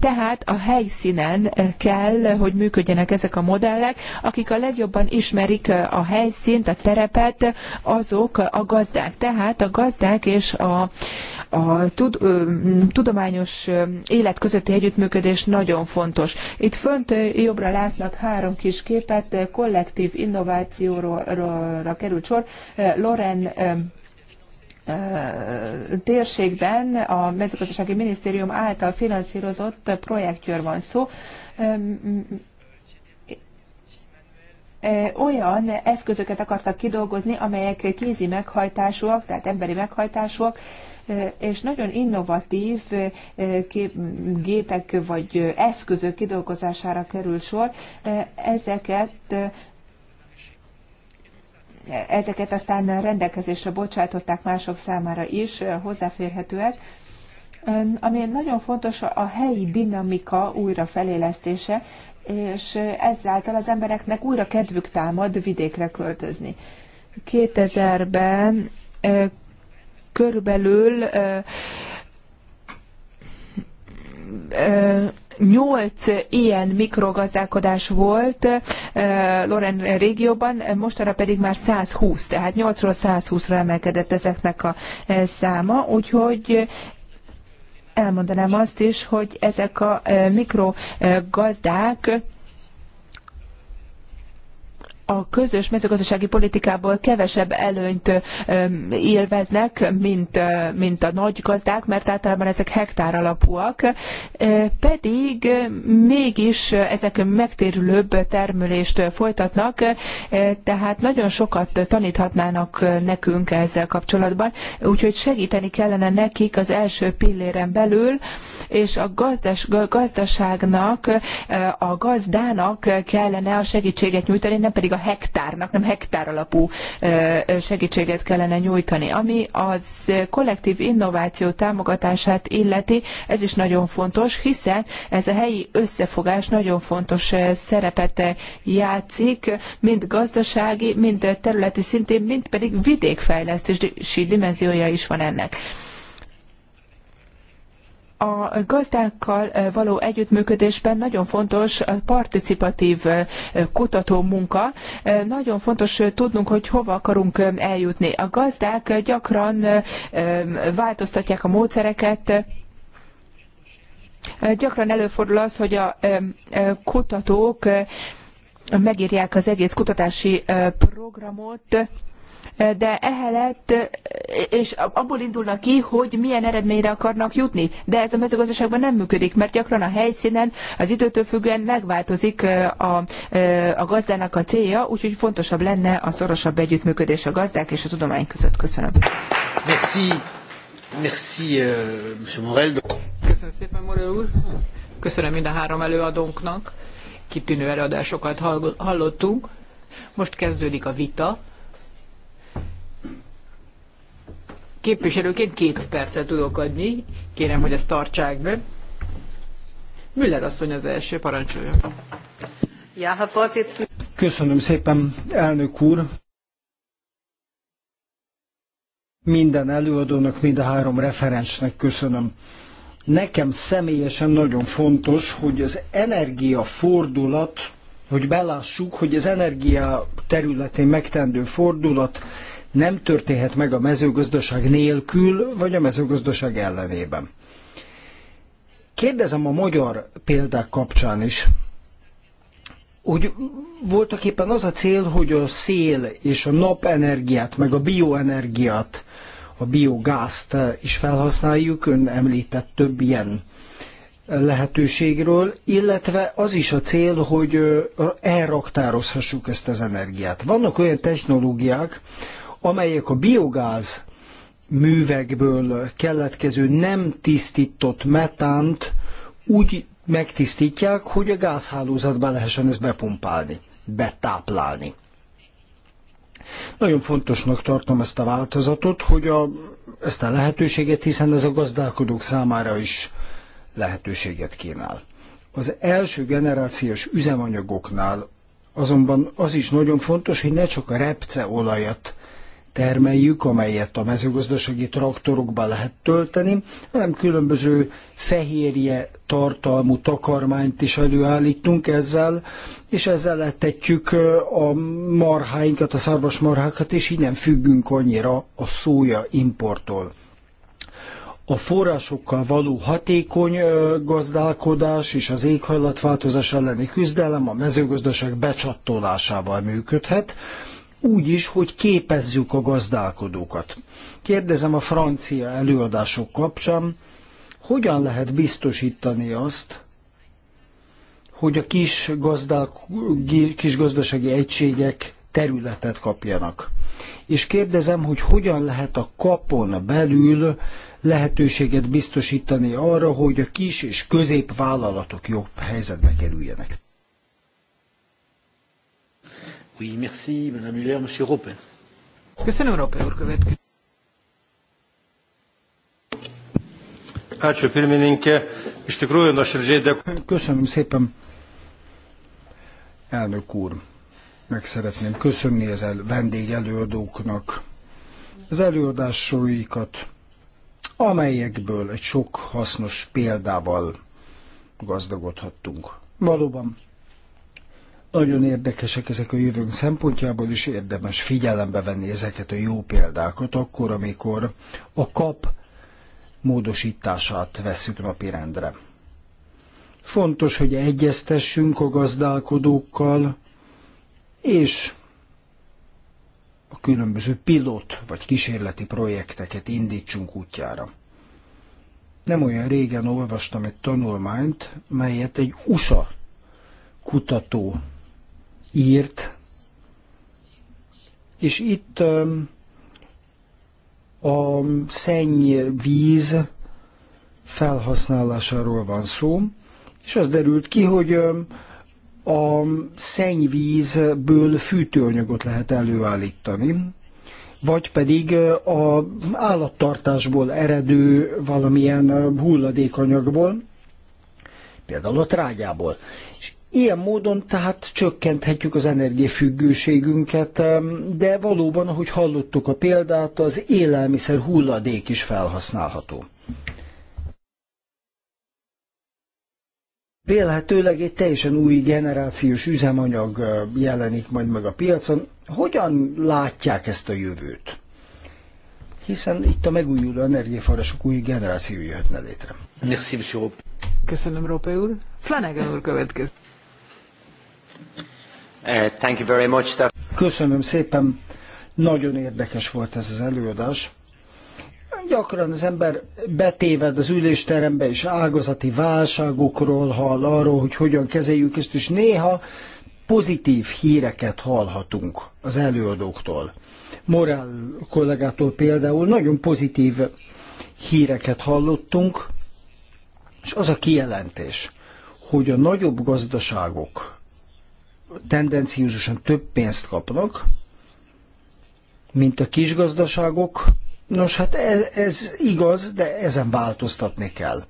Tehát a helyszínen kell, hogy működjenek ezek a modellek, akik a legjobban ismerik a helyszínt, a terepet, azok a gazdák. Tehát a gazdák és a, a tud, tudományos élet közötti együttműködés nagyon fontos. Itt fönt jobbra látnak három kis képet, kollektív innovációra került sor. Loren térségben a mezőgazdasági minisztérium által finanszírozott projektjör van szó. Olyan eszközöket akartak kidolgozni, amelyek kézi meghajtásúak, tehát emberi meghajtásúak, és nagyon innovatív gépek vagy eszközök kidolgozására kerül sor. Ezeket ezeket aztán rendelkezésre bocsátották mások számára is, hozzáférhetőek. Ami nagyon fontos, a helyi dinamika újrafelélesztése, és ezáltal az embereknek újra kedvük támad vidékre költözni. 2000-ben körülbelül Nyolc ilyen mikrogazdálkodás volt eh, Loren régióban, mostanra pedig már 120, tehát 8-ról 120-ra emelkedett ezeknek a eh, száma, úgyhogy elmondanám azt is, hogy ezek a eh, mikrogazdák a közös mezőgazdasági politikából kevesebb előnyt élveznek, mint, mint a nagy gazdák, mert általában ezek hektár alapúak, pedig mégis ezek megtérülőbb termelést folytatnak, tehát nagyon sokat taníthatnának nekünk ezzel kapcsolatban, úgyhogy segíteni kellene nekik az első pilléren belül, és a gazdas, gazdaságnak, a gazdának kellene a segítséget nyújtani, nem pedig a hektárnak, nem hektár alapú segítséget kellene nyújtani. Ami az kollektív innováció támogatását illeti, ez is nagyon fontos, hiszen ez a helyi összefogás nagyon fontos szerepet játszik, mind gazdasági, mind területi szintén, mind pedig vidékfejlesztési dimenziója is van ennek a gazdákkal eh, való együttműködésben nagyon fontos eh, participatív eh, kutató munka. Nagyon fontos tudnunk, hogy hova akarunk eljutni. A gazdák gyakran változtatják a módszereket, Gyakran előfordul az, hogy a kutatók megírják az egész kutatási programot, de ehelyett, és abból indulnak ki, hogy milyen eredményre akarnak jutni. De ez a mezőgazdaságban nem működik, mert gyakran a helyszínen az időtől függően megváltozik a, a gazdának a célja, úgyhogy fontosabb lenne a szorosabb együttműködés a gazdák és a tudomány között. Köszönöm. Merci. Merci, uh, Morel. Köszönöm szépen, Morel úr. Köszönöm mind a három előadónknak. Kitűnő előadásokat hallottunk. Most kezdődik a vita. képviselőként két percet tudok adni. Kérem, hogy ezt tartsák be. Müller asszony az első, parancsolja. Ja, ha Köszönöm szépen, elnök úr. Minden előadónak, mind a három referensnek köszönöm. Nekem személyesen nagyon fontos, hogy az energiafordulat, hogy belássuk, hogy az energia területén megtendő fordulat nem történhet meg a mezőgazdaság nélkül, vagy a mezőgazdaság ellenében. Kérdezem a magyar példák kapcsán is, hogy voltak éppen az a cél, hogy a szél és a napenergiát, meg a bioenergiát, a biogázt is felhasználjuk, ön említett több ilyen lehetőségről, illetve az is a cél, hogy elraktározhassuk ezt az energiát. Vannak olyan technológiák, amelyek a biogáz művekből keletkező nem tisztított metánt úgy megtisztítják, hogy a gázhálózatba lehessen ezt bepumpálni, betáplálni. Nagyon fontosnak tartom ezt a változatot, hogy a, ezt a lehetőséget, hiszen ez a gazdálkodók számára is lehetőséget kínál. Az első generációs üzemanyagoknál azonban az is nagyon fontos, hogy ne csak a repceolajat termeljük, amelyet a mezőgazdasági traktorokba lehet tölteni, hanem különböző fehérje tartalmú takarmányt is előállítunk ezzel, és ezzel letetjük a marháinkat, a szarvasmarhákat, és így nem függünk annyira a szója importtól a forrásokkal való hatékony gazdálkodás és az éghajlatváltozás elleni küzdelem a mezőgazdaság becsattolásával működhet, úgy is, hogy képezzük a gazdálkodókat. Kérdezem a francia előadások kapcsán, hogyan lehet biztosítani azt, hogy a kis, gazdák, kis gazdasági egységek területet kapjanak. És kérdezem, hogy hogyan lehet a kapon belül lehetőséget biztosítani arra, hogy a kis és középvállalatok jobb helyzetbe kerüljenek. Oui, merci, Madame Monsieur Köszönöm, úr Ačiū pirmininkė. Iš tikrųjų, nuoširdžiai dėkuoju. Köszönöm szépen. Elnök úr, meg szeretném köszönni az el, vendégelőadóknak az előadásaikat, amelyekből egy sok hasznos példával gazdagodhattunk. Valóban nagyon érdekesek ezek a jövőnk szempontjából, és érdemes figyelembe venni ezeket a jó példákat, akkor, amikor a kap módosítását veszük napirendre. Fontos, hogy egyeztessünk a gazdálkodókkal, és a különböző pilot vagy kísérleti projekteket indítsunk útjára. Nem olyan régen olvastam egy tanulmányt, melyet egy USA kutató írt, és itt a víz felhasználásáról van szó, és az derült ki, hogy a szennyvízből fűtőanyagot lehet előállítani, vagy pedig a állattartásból eredő valamilyen hulladékanyagból, például a trágyából. És Ilyen módon tehát csökkenthetjük az energiafüggőségünket, de valóban, ahogy hallottuk a példát, az élelmiszer hulladék is felhasználható. Vélhetőleg egy teljesen új generációs üzemanyag jelenik majd meg a piacon. Hogyan látják ezt a jövőt? Hiszen itt a megújuló energiaforrások új generáció jöhetne létre. Köszönöm, Rópe úr. Flanagan úr következik. Uh, thank you very much. Köszönöm szépen. Nagyon érdekes volt ez az előadás. Gyakran az ember betéved az ülésterembe, és ágazati válságokról hall, arról, hogy hogyan kezeljük ezt, és néha pozitív híreket hallhatunk az előadóktól. Morál kollégától például nagyon pozitív híreket hallottunk, és az a kijelentés, hogy a nagyobb gazdaságok tendenciózusan több pénzt kapnak, mint a kisgazdaságok. Nos, hát ez, ez igaz, de ezen változtatni kell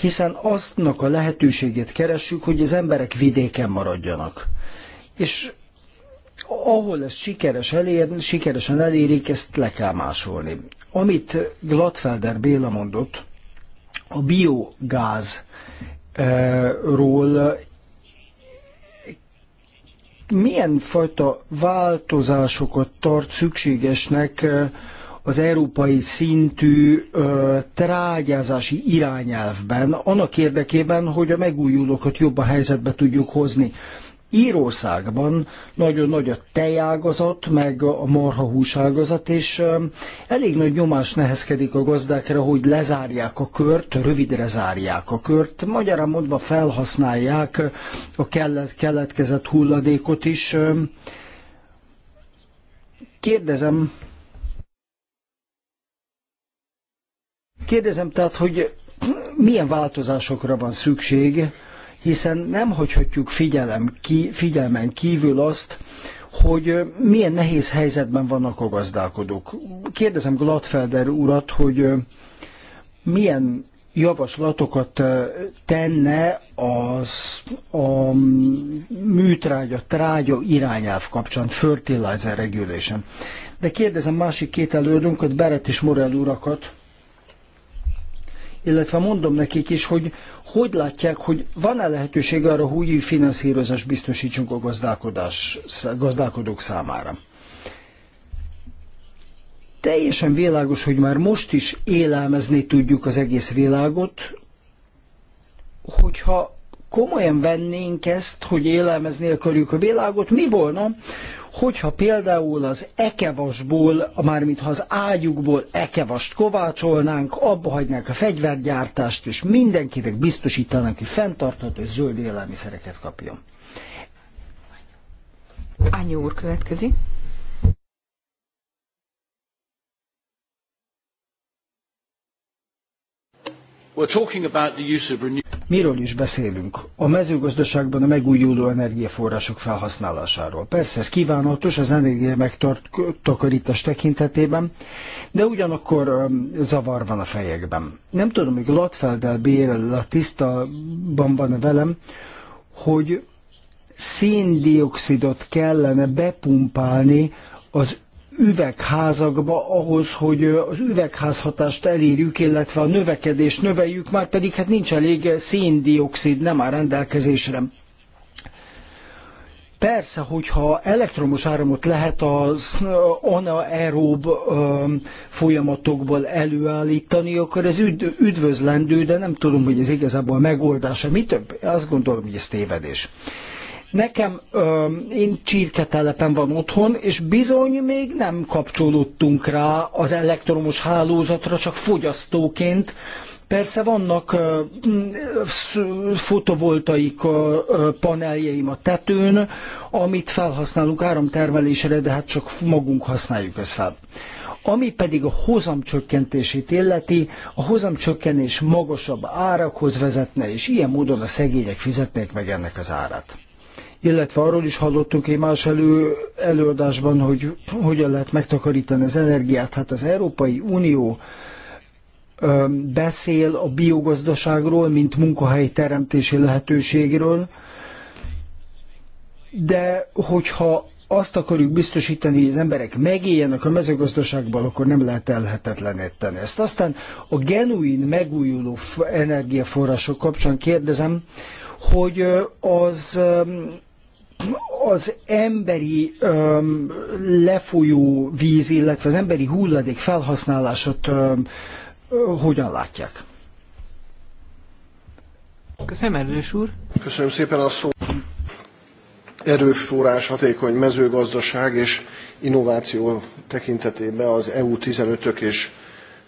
hiszen aztnak a lehetőségét keressük, hogy az emberek vidéken maradjanak. És ahol ezt sikeres elér, sikeresen elérik, ezt le kell másolni. Amit Gladfelder Béla mondott, a biogázról. E, milyen fajta változásokat tart szükségesnek az európai szintű trágyázási irányelvben, annak érdekében, hogy a megújulókat jobb a helyzetbe tudjuk hozni. Írországban nagyon nagy a tejágazat, meg a marhahúságazat, és um, elég nagy nyomás nehezkedik a gazdákra, hogy lezárják a kört, rövidre zárják a kört, magyarán mondva felhasználják a kellet, keletkezett hulladékot is. Um, kérdezem, kérdezem tehát, hogy milyen változásokra van szükség, hiszen nem hagyhatjuk figyelem ki, figyelmen kívül azt, hogy milyen nehéz helyzetben vannak a gazdálkodók. Kérdezem Gladfelder urat, hogy milyen javaslatokat tenne az, a műtrágya, trágya irányelv kapcsán, fertilizer regulation. De kérdezem másik két elődünket, Beret és Morel urakat, illetve mondom nekik is, hogy hogy látják, hogy van-e lehetőség arra, hogy új finanszírozás biztosítsunk a gazdálkodás, gazdálkodók számára. Teljesen világos, hogy már most is élelmezni tudjuk az egész világot, hogyha komolyan vennénk ezt, hogy élelmezni akarjuk a világot, mi volna, hogyha például az ekevasból, mármint ha az ágyukból ekevast kovácsolnánk, abba hagynánk a fegyvergyártást, és mindenkinek biztosítanánk, hogy fenntartható és zöld élelmiszereket kapjon. Anyó úr következik. Miről is beszélünk? A mezőgazdaságban a megújuló energiaforrások felhasználásáról. Persze ez kívánatos az energia megtakarítás tekintetében, de ugyanakkor um, zavar van a fejekben. Nem tudom, hogy Latfeldel BL a tisztaban van velem, hogy széndiokszidot kellene bepumpálni az üvegházakba ahhoz, hogy az üvegházhatást elérjük, illetve a növekedést növeljük, már pedig hát nincs elég széndiokszid, nem áll rendelkezésre. Persze, hogyha elektromos áramot lehet az anaerób folyamatokból előállítani, akkor ez üdvözlendő, de nem tudom, hogy ez igazából a megoldása. Mi több? Azt gondolom, hogy ez tévedés. Nekem, ö, én csirketelepen van otthon, és bizony még nem kapcsolódtunk rá az elektromos hálózatra, csak fogyasztóként, Persze vannak fotovoltaik paneljeim a tetőn, amit felhasználunk áramtermelésre, de hát csak magunk használjuk ezt fel. Ami pedig a hozamcsökkentését illeti, a hozamcsökkenés magasabb árakhoz vezetne, és ilyen módon a szegények fizetnék meg ennek az árát illetve arról is hallottunk egy más elő, előadásban, hogy hogyan lehet megtakarítani az energiát. Hát az Európai Unió ö, beszél a biogazdaságról, mint munkahely teremtési lehetőségről, de hogyha azt akarjuk biztosítani, hogy az emberek megéljenek a mezőgazdaságban, akkor nem lehet elhetetleníteni ezt. Aztán a genuin megújuló energiaforrások kapcsán kérdezem, hogy az az emberi öm, lefolyó víz, illetve az emberi hulladék felhasználását öm, ö, hogyan látják? Köszönöm, erős úr. Köszönöm szépen a szó. Erőforrás hatékony mezőgazdaság és innováció tekintetében az EU 15-ök és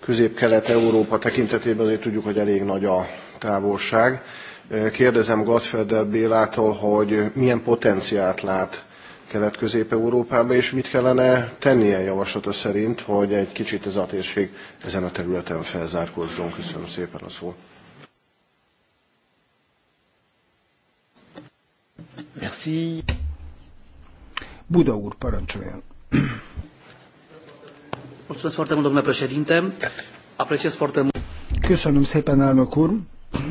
közép-kelet-európa tekintetében azért tudjuk, hogy elég nagy a távolság Kérdezem Gottfeder Bélától, hogy milyen potenciált lát kelet közép európában és mit kellene tennie javaslata szerint, hogy egy kicsit ez a térség ezen a területen felzárkózzon. Köszönöm szépen a szót. Merci. Buda úr, parancsoljon. Köszönöm szépen, elnök úr.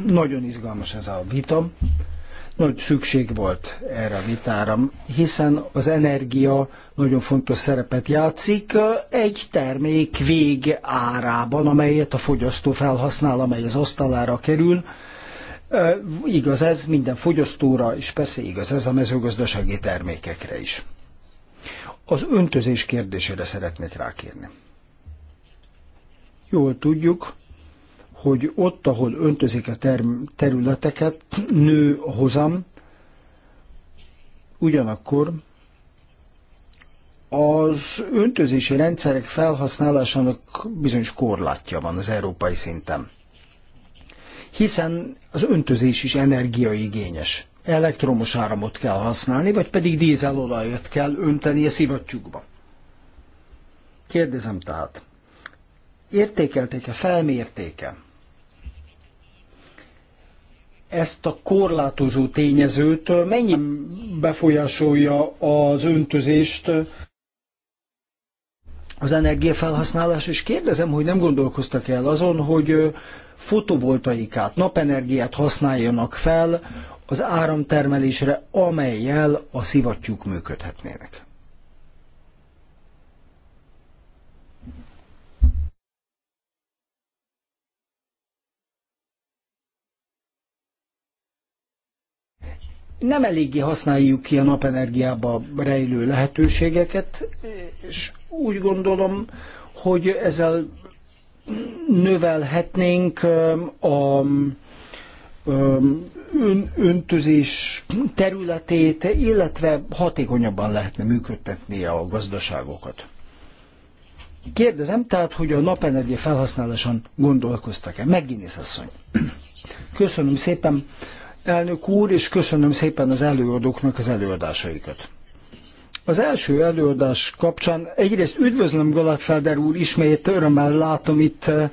Nagyon izgalmas ez a vita. Nagy szükség volt erre a vitára, hiszen az energia nagyon fontos szerepet játszik egy termék vég árában, amelyet a fogyasztó felhasznál, amely az asztalára kerül. Igaz ez minden fogyasztóra, és persze igaz ez a mezőgazdasági termékekre is. Az öntözés kérdésére szeretnék rákérni. Jól tudjuk, hogy ott, ahol öntözik a ter- területeket, nő a hozam, ugyanakkor az öntözési rendszerek felhasználásának bizonyos korlátja van az európai szinten. Hiszen az öntözés is energiaigényes. Elektromos áramot kell használni, vagy pedig dízelolajat kell önteni a szivattyúkba. Kérdezem tehát, értékelték-e, felmértéke ezt a korlátozó tényezőt mennyi befolyásolja az öntözést az energiafelhasználás, és kérdezem, hogy nem gondolkoztak el azon, hogy fotovoltaikát, napenergiát használjanak fel az áramtermelésre, amelyel a szivattyúk működhetnének. nem eléggé használjuk ki a napenergiába rejlő lehetőségeket, és úgy gondolom, hogy ezzel növelhetnénk a öntözés területét, illetve hatékonyabban lehetne működtetni a gazdaságokat. Kérdezem tehát, hogy a napenergia felhasználáson gondolkoztak-e? Megint asszony. Köszönöm szépen elnök úr, és köszönöm szépen az előadóknak az előadásaikat. Az első előadás kapcsán egyrészt üdvözlöm Galatfelder úr, ismét örömmel látom itt. Eh,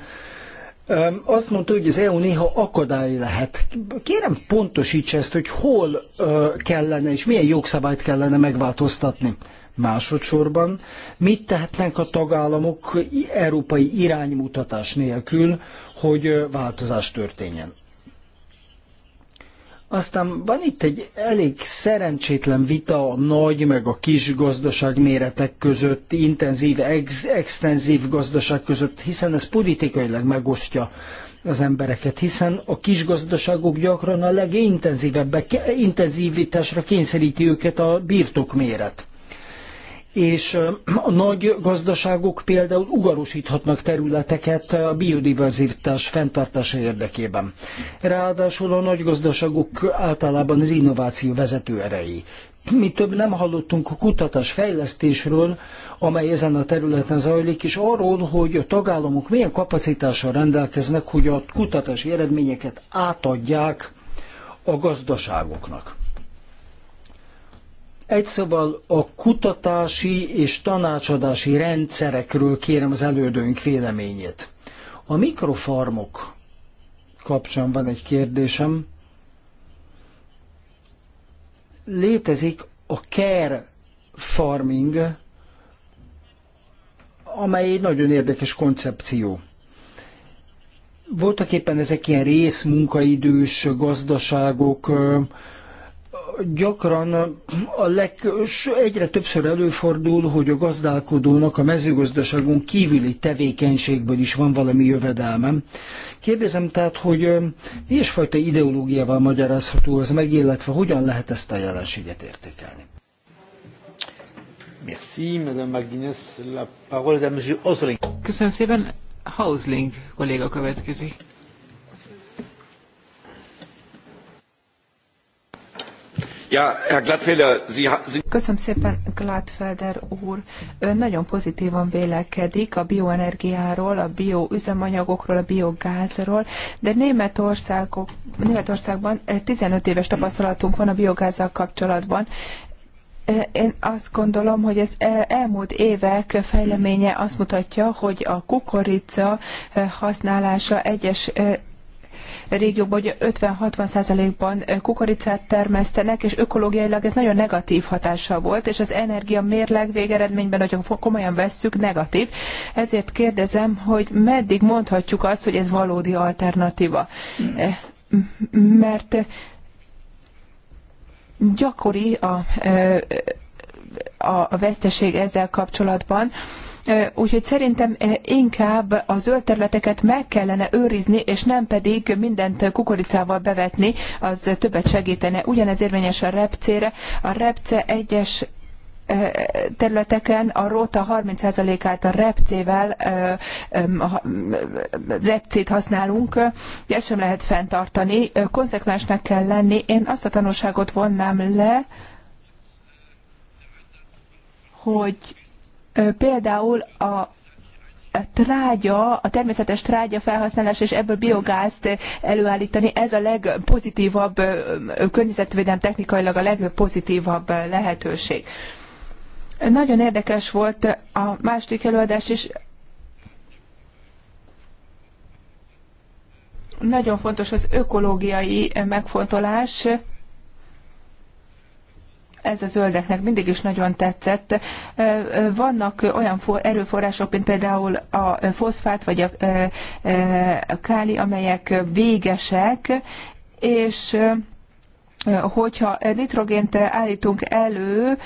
eh, azt mondta, hogy az EU néha akadály lehet. Kérem pontosítsa ezt, hogy hol eh, kellene és milyen jogszabályt kellene megváltoztatni. Másodszorban mit tehetnek a tagállamok európai iránymutatás nélkül, hogy változás történjen? Aztán van itt egy elég szerencsétlen vita a nagy meg a kis gazdaság méretek között, intenzív, ex extenzív gazdaság között, hiszen ez politikailag megosztja az embereket, hiszen a kis gazdaságok gyakran a legintenzívebbek, intenzívitásra kényszeríti őket a birtokméret és a nagy gazdaságok például ugarosíthatnak területeket a biodiverzitás fenntartása érdekében. Ráadásul a nagy gazdaságok általában az innováció vezető erejé. Mi több nem hallottunk a kutatás fejlesztésről, amely ezen a területen zajlik, és arról, hogy a tagállamok milyen kapacitással rendelkeznek, hogy a kutatási eredményeket átadják a gazdaságoknak. Egy szóval a kutatási és tanácsadási rendszerekről kérem az elődőnk véleményét. A mikrofarmok kapcsán van egy kérdésem. Létezik a care farming, amely egy nagyon érdekes koncepció. Voltak éppen ezek ilyen részmunkaidős gazdaságok, gyakran a leg, egyre többször előfordul, hogy a gazdálkodónak a mezőgazdaságon kívüli tevékenységből is van valami jövedelmem. Kérdezem tehát, hogy milyen fajta ideológiával magyarázható ez meg, illetve hogyan lehet ezt a jelenséget értékelni? Merci, Madame Magnus. La parole est à Köszönöm szépen. Hausling kolléga következik. Köszönöm szépen, Gladfelder úr. Ön nagyon pozitívan vélekedik a bioenergiáról, a bioüzemanyagokról, a biogázról, de Németországok, Németországban 15 éves tapasztalatunk van a biogázzal kapcsolatban, én azt gondolom, hogy ez elmúlt évek fejleménye azt mutatja, hogy a kukorica használása egyes régióban, hogy 50-60 százalékban kukoricát termesztenek, és ökológiailag ez nagyon negatív hatással volt, és az energia mérleg végeredményben nagyon komolyan vesszük, negatív. Ezért kérdezem, hogy meddig mondhatjuk azt, hogy ez valódi alternatíva? E, mert gyakori a, a veszteség ezzel kapcsolatban, Úgyhogy szerintem inkább a zöld területeket meg kellene őrizni, és nem pedig mindent kukoricával bevetni, az többet segítene. Ugyanez érvényes a repcére. A repce egyes területeken a róta 30%-át a repcével, repcét használunk, ezt sem lehet fenntartani, konzekvensnek kell lenni. Én azt a tanulságot vonnám le, hogy Például a a trágya, a természetes trágya felhasználás és ebből biogázt előállítani, ez a legpozitívabb, környezetvédelem technikailag a legpozitívabb lehetőség. Nagyon érdekes volt a második előadás is. Nagyon fontos az ökológiai megfontolás ez a zöldeknek mindig is nagyon tetszett. Vannak olyan erőforrások, mint például a foszfát vagy a káli, amelyek végesek, és hogyha nitrogént állítunk elő,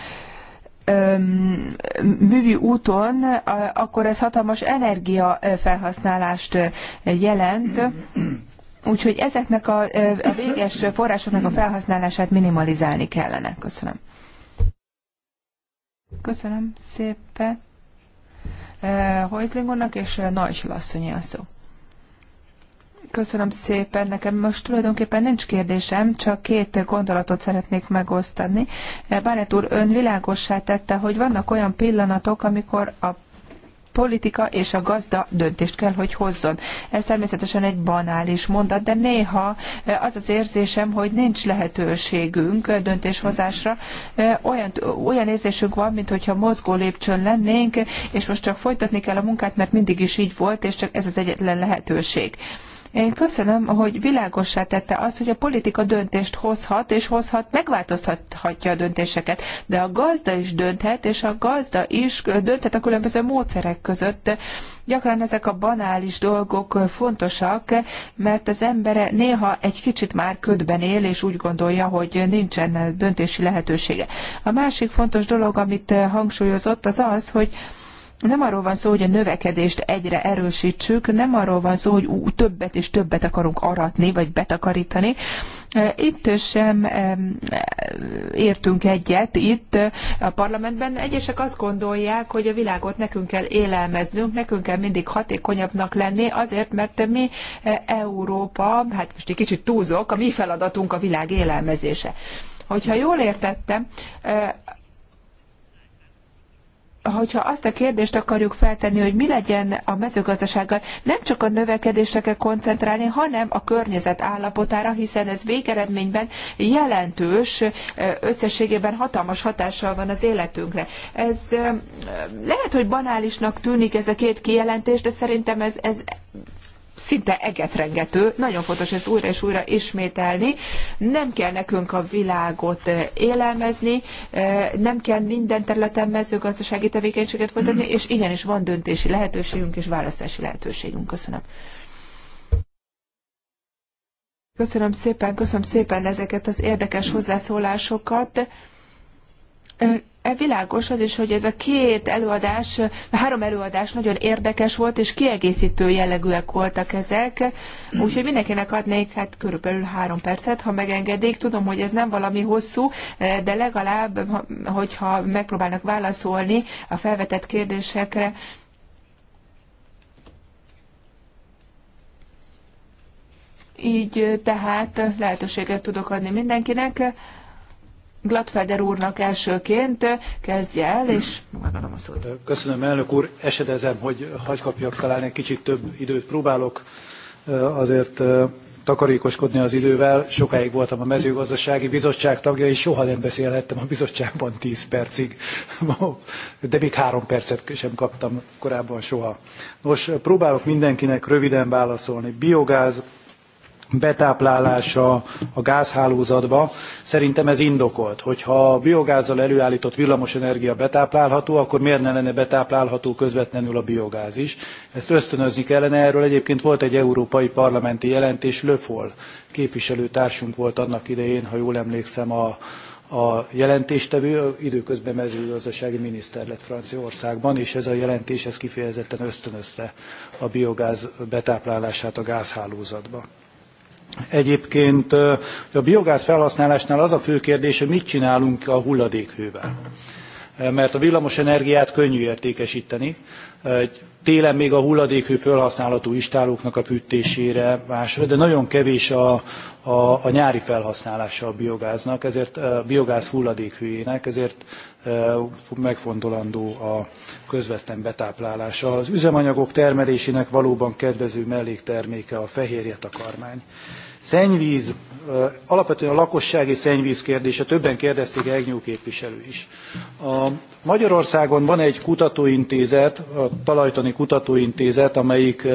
művi úton, akkor ez hatalmas energiafelhasználást jelent. Úgyhogy ezeknek a, a véges forrásoknak a felhasználását minimalizálni kellene. Köszönöm. Köszönöm szépen. Hojzling úrnak és Nagy Lasszonyi a szó. Köszönöm szépen. Nekem most tulajdonképpen nincs kérdésem, csak két gondolatot szeretnék megosztani. Bárett úr, ön világossá tette, hogy vannak olyan pillanatok, amikor a politika és a gazda döntést kell, hogy hozzon. Ez természetesen egy banális mondat, de néha e, az az érzésem, hogy nincs lehetőségünk döntéshozásra. E, olyan, olyan érzésünk van, mintha mozgó lépcsőn lennénk, és most csak folytatni kell a munkát, mert mindig is így volt, és csak ez az egyetlen lehetőség. Én köszönöm, hogy világossá tette azt, hogy a politika döntést hozhat, és hozhat, megváltoztathatja a döntéseket, de a gazda is dönthet, és a gazda is dönthet a különböző módszerek között. Gyakran ezek a banális dolgok fontosak, mert az embere néha egy kicsit már ködben él, és úgy gondolja, hogy nincsen döntési lehetősége. A másik fontos dolog, amit hangsúlyozott, az az, hogy nem arról van szó, hogy a növekedést egyre erősítsük, nem arról van szó, hogy ú, többet és többet akarunk aratni, vagy betakarítani. E, itt sem e, e, értünk egyet. Itt a parlamentben egyesek azt gondolják, hogy a világot nekünk kell élelmeznünk, nekünk kell mindig hatékonyabbnak lenni, azért, mert mi Európa, hát most egy kicsit túlzok, a mi feladatunk a világ élelmezése. Hogyha jól értettem, hogyha azt a kérdést akarjuk feltenni, hogy mi legyen a mezőgazdasággal, nem csak a növekedésre kell koncentrálni, hanem a környezet állapotára, hiszen ez végeredményben jelentős, összességében hatalmas hatással van az életünkre. Ez lehet, hogy banálisnak tűnik ez a két kijelentés, de szerintem ez, ez szinte egetrengető, nagyon fontos ezt újra és újra ismételni. Nem kell nekünk a világot eh, élelmezni, eh, nem kell minden területen mezőgazdasági tevékenységet folytatni, és igenis van döntési lehetőségünk és választási lehetőségünk. Köszönöm. Köszönöm szépen, köszönöm szépen ezeket az érdekes hozzászólásokat. E világos az is, hogy ez a két előadás, a három előadás nagyon érdekes volt, és kiegészítő jellegűek voltak ezek, úgyhogy mindenkinek adnék hát körülbelül három percet, ha megengedik. Tudom, hogy ez nem valami hosszú, de legalább, hogyha megpróbálnak válaszolni a felvetett kérdésekre, Így tehát lehetőséget tudok adni mindenkinek. Gladfeder úrnak elsőként kezdje el, és megadom a szót. Köszönöm, elnök úr. Esedezem, hogy hagy kapjak talán egy kicsit több időt. Próbálok azért takarékoskodni az idővel. Sokáig voltam a mezőgazdasági bizottság tagja, és soha nem beszélhettem a bizottságban 10 percig, de még három percet sem kaptam korábban soha. Nos, próbálok mindenkinek röviden válaszolni. Biogáz, betáplálása a gázhálózatba. Szerintem ez indokolt, hogyha a biogázzal előállított villamosenergia betáplálható, akkor miért ne lenne betáplálható közvetlenül a biogáz is. Ezt ösztönözni kellene, erről egyébként volt egy európai parlamenti jelentés, Löfol képviselőtársunk volt annak idején, ha jól emlékszem, a, a jelentéstevő időközben mezőgazdasági miniszter lett Franciaországban, és ez a jelentés ez kifejezetten ösztönözte a biogáz betáplálását a gázhálózatba. Egyébként a biogáz felhasználásnál az a fő kérdés, hogy mit csinálunk a hulladékhővel. Mert a villamos energiát könnyű értékesíteni. Télen még a hulladékhő felhasználható istálóknak a fűtésére, másra, de nagyon kevés a, a, a nyári felhasználása a biogáznak, ezért a biogáz hulladékhőjének, ezért megfontolandó a közvetlen betáplálása. Az üzemanyagok termelésének valóban kedvező mellékterméke a fehérjetakarmány. Szennyvíz, alapvetően a lakossági szennyvíz kérdése, többen kérdezték Egnyú képviselő is. A Magyarországon van egy kutatóintézet, a Talajtani Kutatóintézet, amelyik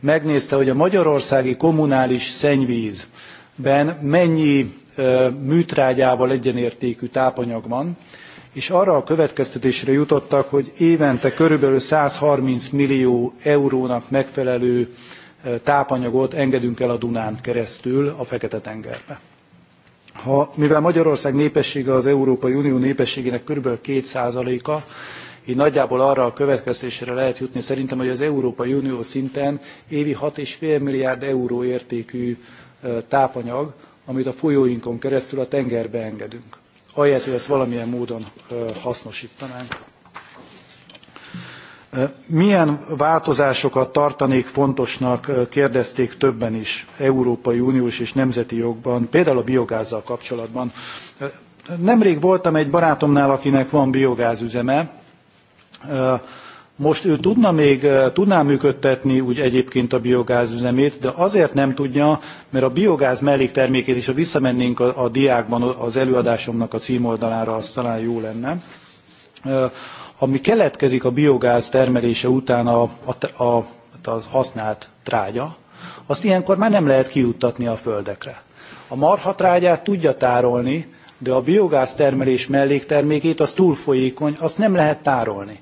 megnézte, hogy a magyarországi kommunális szennyvízben mennyi műtrágyával egyenértékű tápanyag van, és arra a következtetésre jutottak, hogy évente körülbelül 130 millió eurónak megfelelő e, tápanyagot engedünk el a Dunán keresztül a Fekete-tengerbe. Ha, mivel Magyarország népessége az Európai Unió népességének kb. 2%-a, így nagyjából arra a következtésre lehet jutni szerintem, hogy az Európai Unió szinten évi 6,5 milliárd euró értékű e, tápanyag, amit a folyóinkon keresztül a tengerbe engedünk ahelyett, hogy ezt valamilyen módon hasznosítanánk. Milyen változásokat tartanék fontosnak, kérdezték többen is Európai Uniós és nemzeti jogban, például a biogázzal kapcsolatban. Nemrég voltam egy barátomnál, akinek van biogázüzeme, most ő tudna még, tudná működtetni úgy egyébként a üzemét, de azért nem tudja, mert a biogáz melléktermékét is, ha visszamennénk a, a diákban az előadásomnak a címoldalára, az talán jó lenne ami keletkezik a biogáz termelése után a, a, a, a használt trágya, azt ilyenkor már nem lehet kiuttatni a földekre. A marhatrágyát tudja tárolni, de a biogáz termelés melléktermékét, az túl folyékony, azt nem lehet tárolni.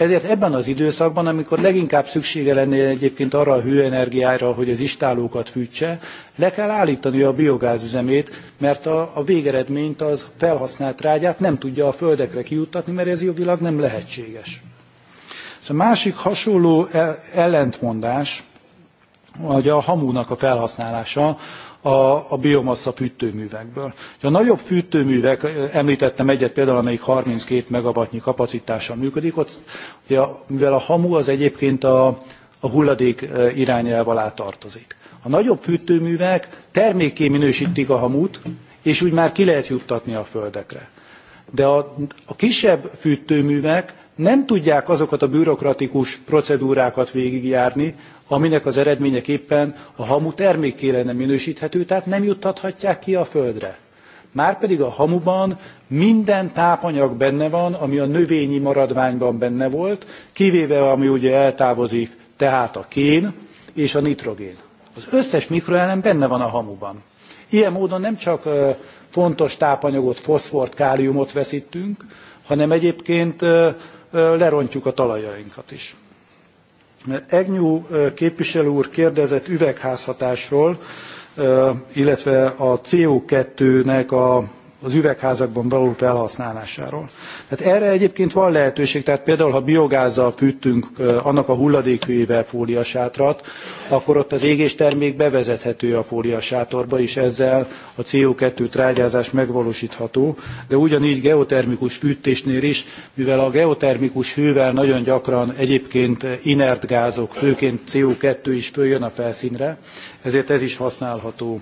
Ezért ebben az időszakban, amikor leginkább szüksége lenne egyébként arra a hőenergiára, hogy az istálókat fűtse, le kell állítani a biogázüzemét, mert a, a végeredményt az felhasznált rágyát nem tudja a földekre kijuttatni, mert ez jogilag nem lehetséges. Ez szóval másik hasonló e, ellentmondás, vagy a hamúnak a felhasználása a, a biomassa fűtőművekből. A nagyobb fűtőművek, eh, említettem egyet például, amelyik 32 megawattnyi kapacitással működik, ott, mivel a hamu az egyébként a, a hulladék eh, irányelv alá tartozik. A nagyobb fűtőművek termékké minősítik a hamut, és úgy már ki lehet juttatni a földekre. De a, a kisebb fűtőművek nem tudják azokat a bürokratikus procedúrákat végigjárni, aminek az eredményeképpen a hamu termékké lenne minősíthető, tehát nem juttathatják ki a földre. Márpedig a hamuban minden tápanyag benne van, ami a növényi maradványban benne volt, kivéve ami ugye eltávozik, tehát a kén és a nitrogén. Az összes mikroelem benne van a hamuban. Ilyen módon nem csak fontos tápanyagot, foszfort, káliumot veszítünk, hanem egyébként lerontjuk a talajainkat is. Egnyú képviselő úr kérdezett üvegházhatásról, illetve a CO2-nek a az üvegházakban való felhasználásáról. Tehát erre egyébként van lehetőség, tehát például ha biogázzal fűtünk annak a hulladékhőjével fóliasátrat, akkor ott az égéstermék bevezethető a fóliasátorba, és ezzel a CO2 trágyázás megvalósítható. De ugyanígy geotermikus fűtésnél is, mivel a geotermikus hővel nagyon gyakran egyébként inert gázok, főként CO2 is följön a felszínre, ezért ez is használható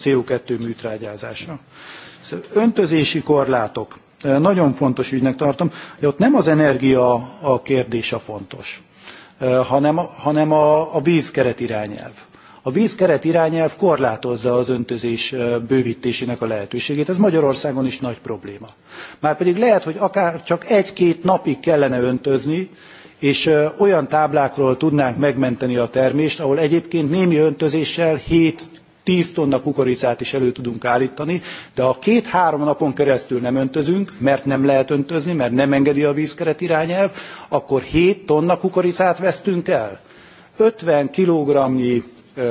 CO2 műtrágyázásra. Szóval öntözési korlátok. E, nagyon fontos ügynek tartom, hogy ott nem az energia a kérdés a fontos, e, hanem, hanem a, a vízkeret irányelv. A vízkeret irányelv korlátozza az öntözés e, bővítésének a lehetőségét. Ez Magyarországon is nagy probléma. Márpedig lehet, hogy akár csak egy-két napig kellene öntözni, és olyan táblákról tudnánk megmenteni a termést, ahol egyébként némi öntözéssel 7 10 tonna kukoricát is elő tudunk állítani, de ha két-három napon keresztül nem öntözünk, mert nem lehet öntözni, mert nem engedi a vízkeret irányelv, akkor 7 tonna kukoricát vesztünk el. 50 kilogramnyi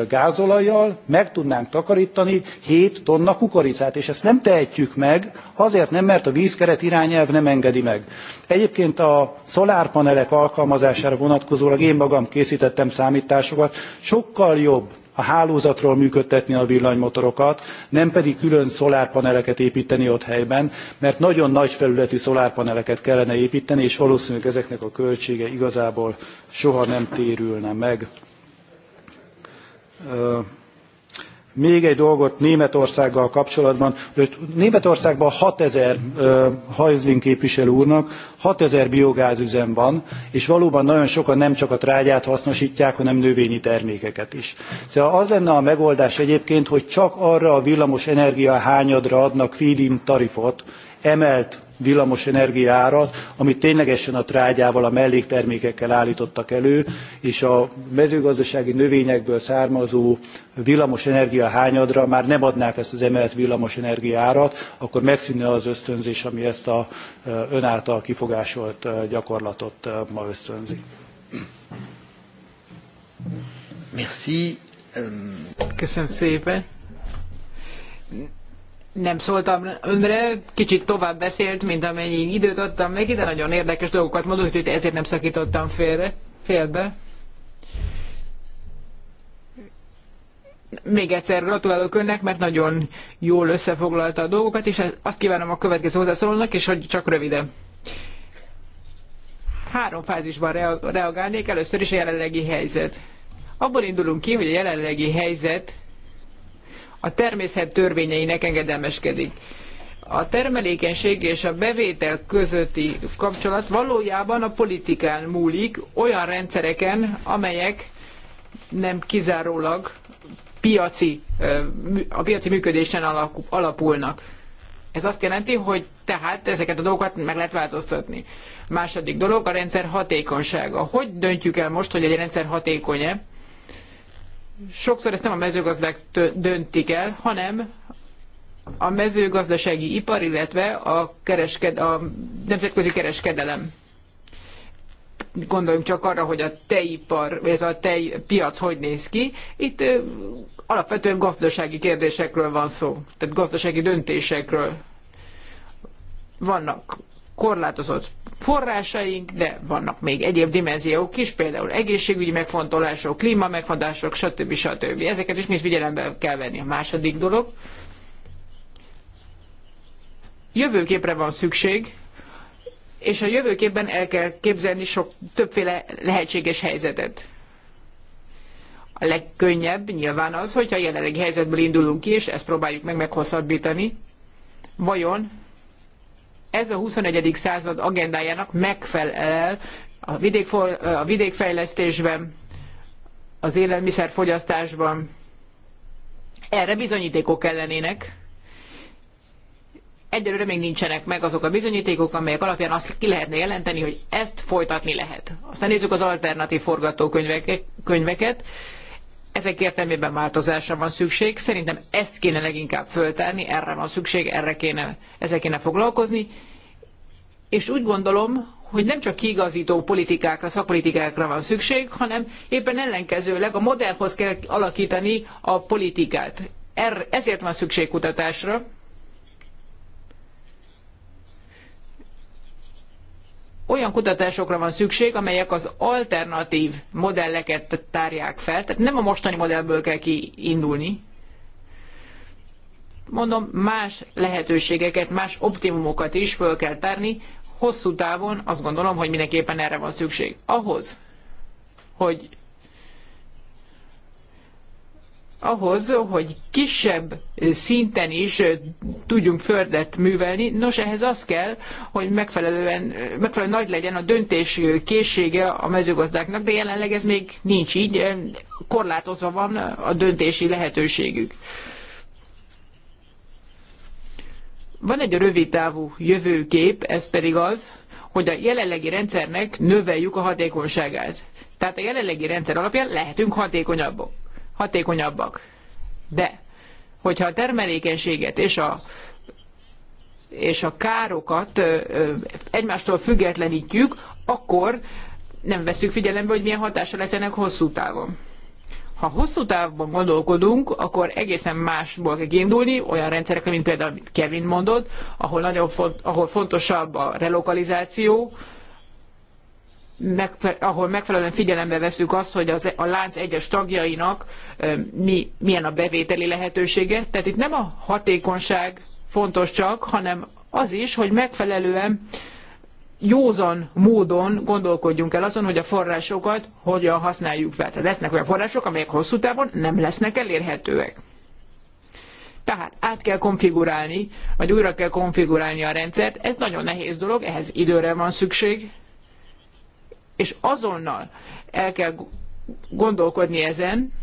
gázolajjal meg tudnánk takarítani 7 tonna kukoricát, és ezt nem tehetjük meg, azért nem, mert a vízkeret irányelv nem engedi meg. Egyébként a szolárpanelek alkalmazására vonatkozólag én magam készítettem számításokat, sokkal jobb a hálózatról működtetni a villanymotorokat, nem pedig külön szolárpaneleket építeni ott helyben, mert nagyon nagy felületű szolárpaneleket kellene építeni, és valószínűleg ezeknek a költsége igazából soha nem térülne meg még egy dolgot Németországgal kapcsolatban. Hogy Németországban 6000 Hajzlin képviselő úrnak 6000 biogázüzem van, és valóban nagyon sokan nem csak a trágyát hasznosítják, hanem növényi termékeket is. Szóval az lenne a megoldás egyébként, hogy csak arra a villamos energia hányadra adnak feed-in tarifot, emelt villamos energiárat, amit ténylegesen a trágyával, a melléktermékekkel állítottak elő, és a mezőgazdasági növényekből származó villamos energia hányadra már nem adnák ezt az emelt villamos energiárat, akkor megszűnne az ösztönzés, ami ezt a ön által kifogásolt gyakorlatot ma ösztönzi. Merci. Köszönöm szépen nem szóltam önre, kicsit tovább beszélt, mint amennyi időt adtam neki, de nagyon érdekes dolgokat mondott, úgyhogy ezért nem szakítottam félre, félbe. Még egyszer gratulálok önnek, mert nagyon jól összefoglalta a dolgokat, és azt kívánom a következő hozzászólónak, és hogy csak röviden. Három fázisban reagálnék, először is a jelenlegi helyzet. Abból indulunk ki, hogy a jelenlegi helyzet a természet törvényeinek engedelmeskedik. A termelékenység és a bevétel közötti kapcsolat valójában a politikán múlik olyan rendszereken, amelyek nem kizárólag piaci, a piaci működésen alapulnak. Ez azt jelenti, hogy tehát ezeket a dolgokat meg lehet változtatni. Második dolog a rendszer hatékonysága. Hogy döntjük el most, hogy egy rendszer hatékony-e? sokszor ezt nem a mezőgazdák döntik el, hanem a mezőgazdasági ipar, illetve a, keresked, a nemzetközi kereskedelem. Gondoljunk csak arra, hogy a tejipar, illetve a tejpiac hogy néz ki. Itt alapvetően gazdasági kérdésekről van szó, tehát gazdasági döntésekről. Vannak korlátozott forrásaink, de vannak még egyéb dimenziók is, például egészségügyi megfontolások, klíma megfontolások, stb. stb. Ezeket is mind figyelembe kell venni. A második dolog, jövőképre van szükség, és a jövőképben el kell képzelni sok többféle lehetséges helyzetet. A legkönnyebb nyilván az, hogyha a jelenlegi helyzetből indulunk ki, és ezt próbáljuk meg meghosszabbítani. Vajon ez a 21. század agendájának megfelel a, a vidékfejlesztésben, az élelmiszerfogyasztásban. Erre bizonyítékok ellenének. Egyelőre még nincsenek meg azok a bizonyítékok, amelyek alapján azt ki lehetne jelenteni, hogy ezt folytatni lehet. Aztán nézzük az alternatív forgatókönyveket ezek értelmében változásra van szükség. Szerintem ezt kéne leginkább föltenni, erre van szükség, erre kéne, ezzel kéne foglalkozni. És úgy gondolom, hogy nem csak kiigazító politikákra, szakpolitikákra van szükség, hanem éppen ellenkezőleg a modellhoz kell alakítani a politikát. Er, ezért van szükség kutatásra, olyan kutatásokra van szükség, amelyek az alternatív modelleket tárják fel, tehát nem a mostani modellből kell kiindulni. Mondom, más lehetőségeket, más optimumokat is föl kell tárni. Hosszú távon azt gondolom, hogy mindenképpen erre van szükség. Ahhoz, hogy ahhoz, hogy kisebb szinten is tudjunk földet művelni. Nos, ehhez az kell, hogy megfelelően, megfelelően nagy legyen a döntés készsége a mezőgazdáknak, de jelenleg ez még nincs így, korlátozva van a döntési lehetőségük. Van egy rövidtávú jövőkép, ez pedig az, hogy a jelenlegi rendszernek növeljük a hatékonyságát. Tehát a jelenlegi rendszer alapján lehetünk hatékonyabbak hatékonyabbak. De, hogyha a termelékenységet és a, és a károkat egymástól függetlenítjük, akkor nem veszük figyelembe, hogy milyen hatása lesz ennek hosszú távon. Ha hosszú távban gondolkodunk, akkor egészen másból kell indulni, olyan rendszerekre, mint például Kevin mondott, ahol, nagyon font, ahol fontosabb a relokalizáció, megfe- ahol megfelelően figyelembe veszük azt, hogy az, a lánc egyes tagjainak mi, milyen a bevételi lehetősége. Tehát itt nem a hatékonyság fontos csak, hanem az is, hogy megfelelően józan módon gondolkodjunk el azon, hogy a forrásokat hogyan használjuk fel. Tehát lesznek olyan források, amelyek hosszú távon nem lesznek elérhetőek. Tehát át kell konfigurálni, vagy újra kell konfigurálni a rendszert. Ez nagyon nehéz dolog, ehhez időre van szükség és azonnal el kell gondolkodni ezen,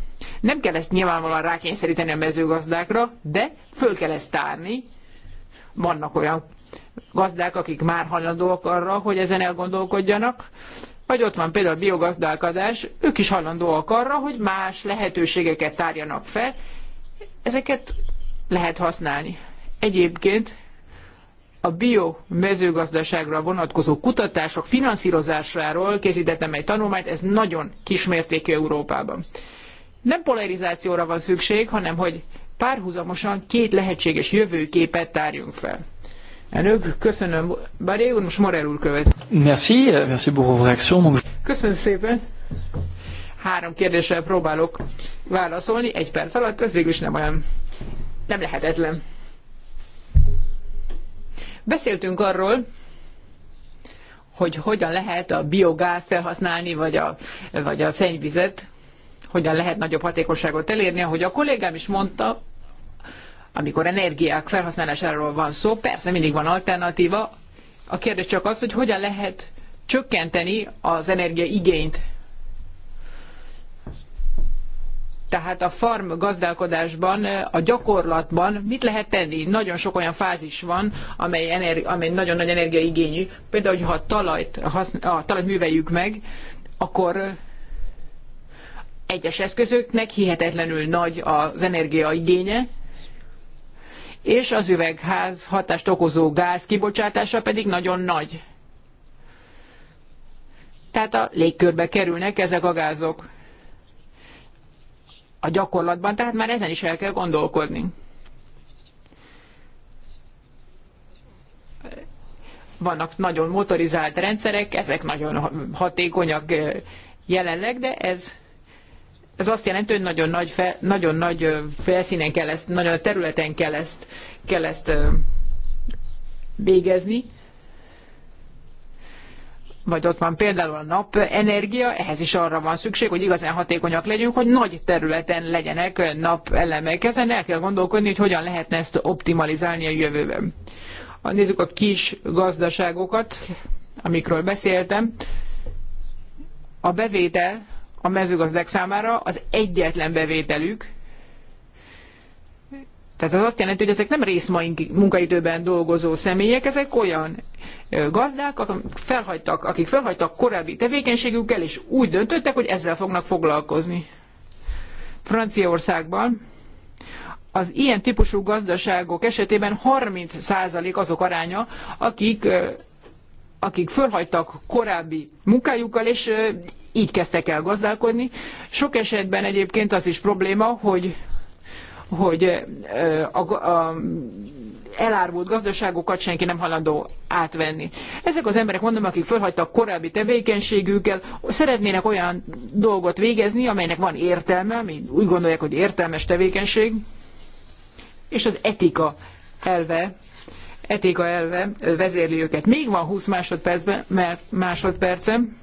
nem kell ezt nyilvánvalóan rákényszeríteni a mezőgazdákra, de föl kell ezt tárni. Vannak olyan gazdák, akik már hajlandóak arra, hogy ezen elgondolkodjanak, vagy ott van például a biogazdálkodás, ők is hajlandóak arra, hogy más lehetőségeket tárjanak fel, ezeket lehet használni. Egyébként a biomezőgazdaságra vonatkozó kutatások finanszírozásáról készítettem egy tanulmányt, ez nagyon kismértékű Európában. Nem polarizációra van szükség, hanem hogy párhuzamosan két lehetséges jövőképet tárjunk fel. Elnök, köszönöm. Baré úr, most Morel úr követ. Merci, merci beaucoup vos Köszönöm szépen. Három kérdéssel próbálok válaszolni egy perc alatt, ez végül is nem olyan nem lehetetlen. Beszéltünk arról, hogy hogyan lehet a biogáz felhasználni, vagy a, vagy a szennyvizet, hogyan lehet nagyobb hatékosságot elérni, ahogy a kollégám is mondta, amikor energiák felhasználásáról van szó, persze mindig van alternatíva. A kérdés csak az, hogy hogyan lehet csökkenteni az energiaigényt Tehát a farm gazdálkodásban, a gyakorlatban mit lehet tenni? Nagyon sok olyan fázis van, amely, energi- amely nagyon nagy energiaigényű. Például, hogyha a talajt, haszn- a talajt műveljük meg, akkor egyes eszközöknek hihetetlenül nagy az energiaigénye, és az üvegház hatást okozó gáz kibocsátása pedig nagyon nagy. Tehát a légkörbe kerülnek ezek a gázok a gyakorlatban, tehát már ezen is el kell gondolkodni. Vannak nagyon motorizált rendszerek, ezek nagyon hatékonyak eh, jelenleg, de ez, ez azt jelenti, hogy nagyon nagy, fe, nagyon nagy eh, felszínen kell ezt, nagyon területen kell ezt, kell ezt eh, végezni vagy ott van például a napenergia, ehhez is arra van szükség, hogy igazán hatékonyak legyünk, hogy nagy területen legyenek napelemek. Ezen el kell gondolkodni, hogy hogyan lehetne ezt optimalizálni a jövőben. Ha nézzük a kis gazdaságokat, amikről beszéltem. A bevétel a mezőgazdák számára az egyetlen bevételük, tehát az azt jelenti, hogy ezek nem részmaink munkaidőben dolgozó személyek, ezek olyan gazdák, akik felhagytak, akik felhagytak korábbi tevékenységükkel, és úgy döntöttek, hogy ezzel fognak foglalkozni. Franciaországban az ilyen típusú gazdaságok esetében 30% azok aránya, akik, akik felhagytak korábbi munkájukkal, és így kezdtek el gazdálkodni. Sok esetben egyébként az is probléma, hogy hogy a, a elárvult gazdaságokat senki nem hajlandó átvenni. Ezek az emberek, mondom, akik fölhagytak korábbi tevékenységükkel, szeretnének olyan dolgot végezni, amelynek van értelme, ami úgy gondolják, hogy értelmes tevékenység, és az etika elve, etika elve vezérli őket. Még van 20 másodpercben, mert másodpercem.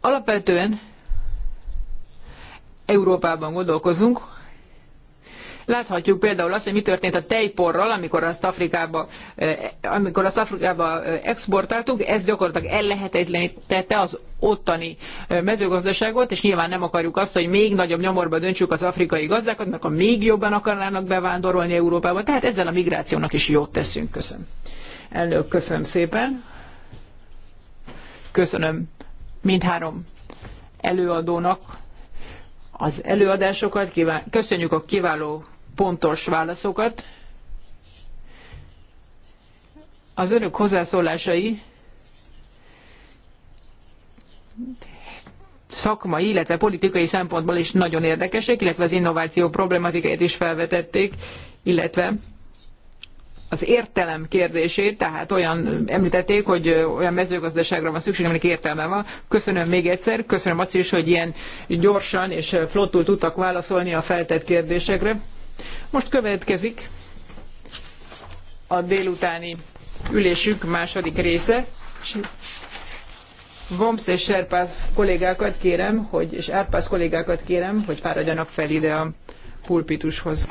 Alapvetően Európában gondolkozunk, Láthatjuk például azt, hogy mi történt a tejporral, amikor azt Afrikába, eh, amikor azt Afrikába eh, exportáltuk, ez gyakorlatilag ellehetetlenítette az ottani eh, mezőgazdaságot, és nyilván nem akarjuk azt, hogy még nagyobb nyomorba döntsük az afrikai gazdákat, mert akkor még jobban akarnának bevándorolni Európába. Tehát ezzel a migrációnak is jót teszünk. Köszönöm. Elnök, köszönöm szépen. Köszönöm mindhárom előadónak az előadásokat, köszönjük a kiváló pontos válaszokat. Az önök hozzászólásai szakmai, illetve politikai szempontból is nagyon érdekesek, illetve az innováció problematikáját is felvetették, illetve az értelem kérdését, tehát olyan említették, hogy olyan mezőgazdaságra van szükség, aminek értelme van. Köszönöm még egyszer, köszönöm azt is, hogy ilyen gyorsan és flottul tudtak válaszolni a feltett kérdésekre. Most következik a délutáni ülésünk második része. Vomsz és Serpász kollégákat kérem, hogy, és Árpász kollégákat kérem, hogy fáradjanak fel ide a pulpitushoz.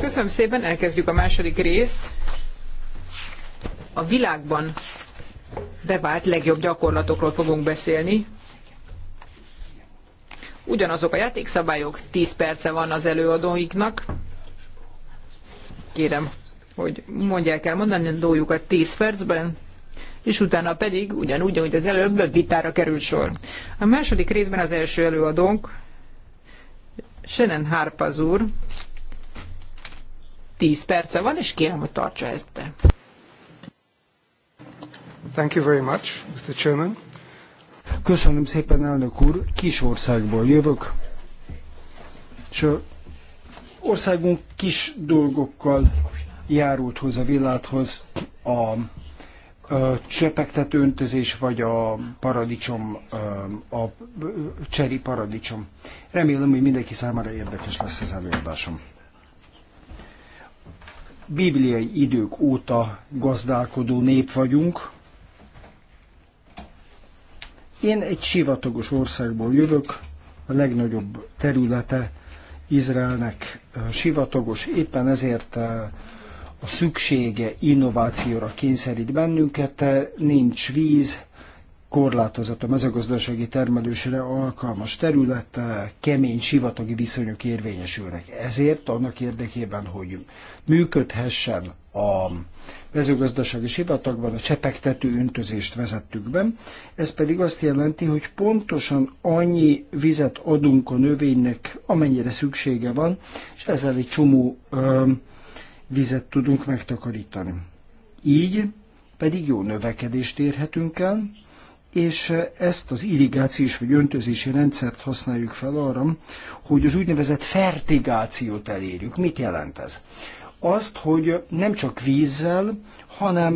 Köszönöm szépen, elkezdjük a második részt. A világban bevált legjobb gyakorlatokról fogunk beszélni. Ugyanazok a játékszabályok, 10 perce van az előadóiknak. Kérem, hogy mondják el mondani dolgukat 10 percben, és utána pedig ugyanúgy, ahogy az előbb, vitára került sor. A második részben az első előadónk, Senen Harpaz úr 10 perce van, és kérem, hogy tartsa ezt be. Thank you very much, Mr. Chairman. Köszönöm szépen, elnök úr. Kis országból jövök, és országunk kis dolgokkal járult hozzá a világhoz a csepegtető öntözés, vagy a paradicsom, a cseri paradicsom. Remélem, hogy mindenki számára érdekes lesz az előadásom. Bibliai idők óta gazdálkodó nép vagyunk. Én egy sivatagos országból jövök, a legnagyobb területe Izraelnek sivatagos, éppen ezért a szüksége innovációra kényszerít bennünket, nincs víz, korlátozott a mezőgazdasági termelésre alkalmas terület, kemény sivatagi viszonyok érvényesülnek. Ezért annak érdekében, hogy működhessen a mezőgazdasági sivatagban a csepegtető öntözést vezettük be. Ez pedig azt jelenti, hogy pontosan annyi vizet adunk a növénynek, amennyire szüksége van, és ezzel egy csomó ö, vizet tudunk megtakarítani. Így pedig jó növekedést érhetünk el, és ezt az irrigációs vagy öntözési rendszert használjuk fel arra, hogy az úgynevezett fertigációt elérjük. Mit jelent ez? Azt, hogy nem csak vízzel, hanem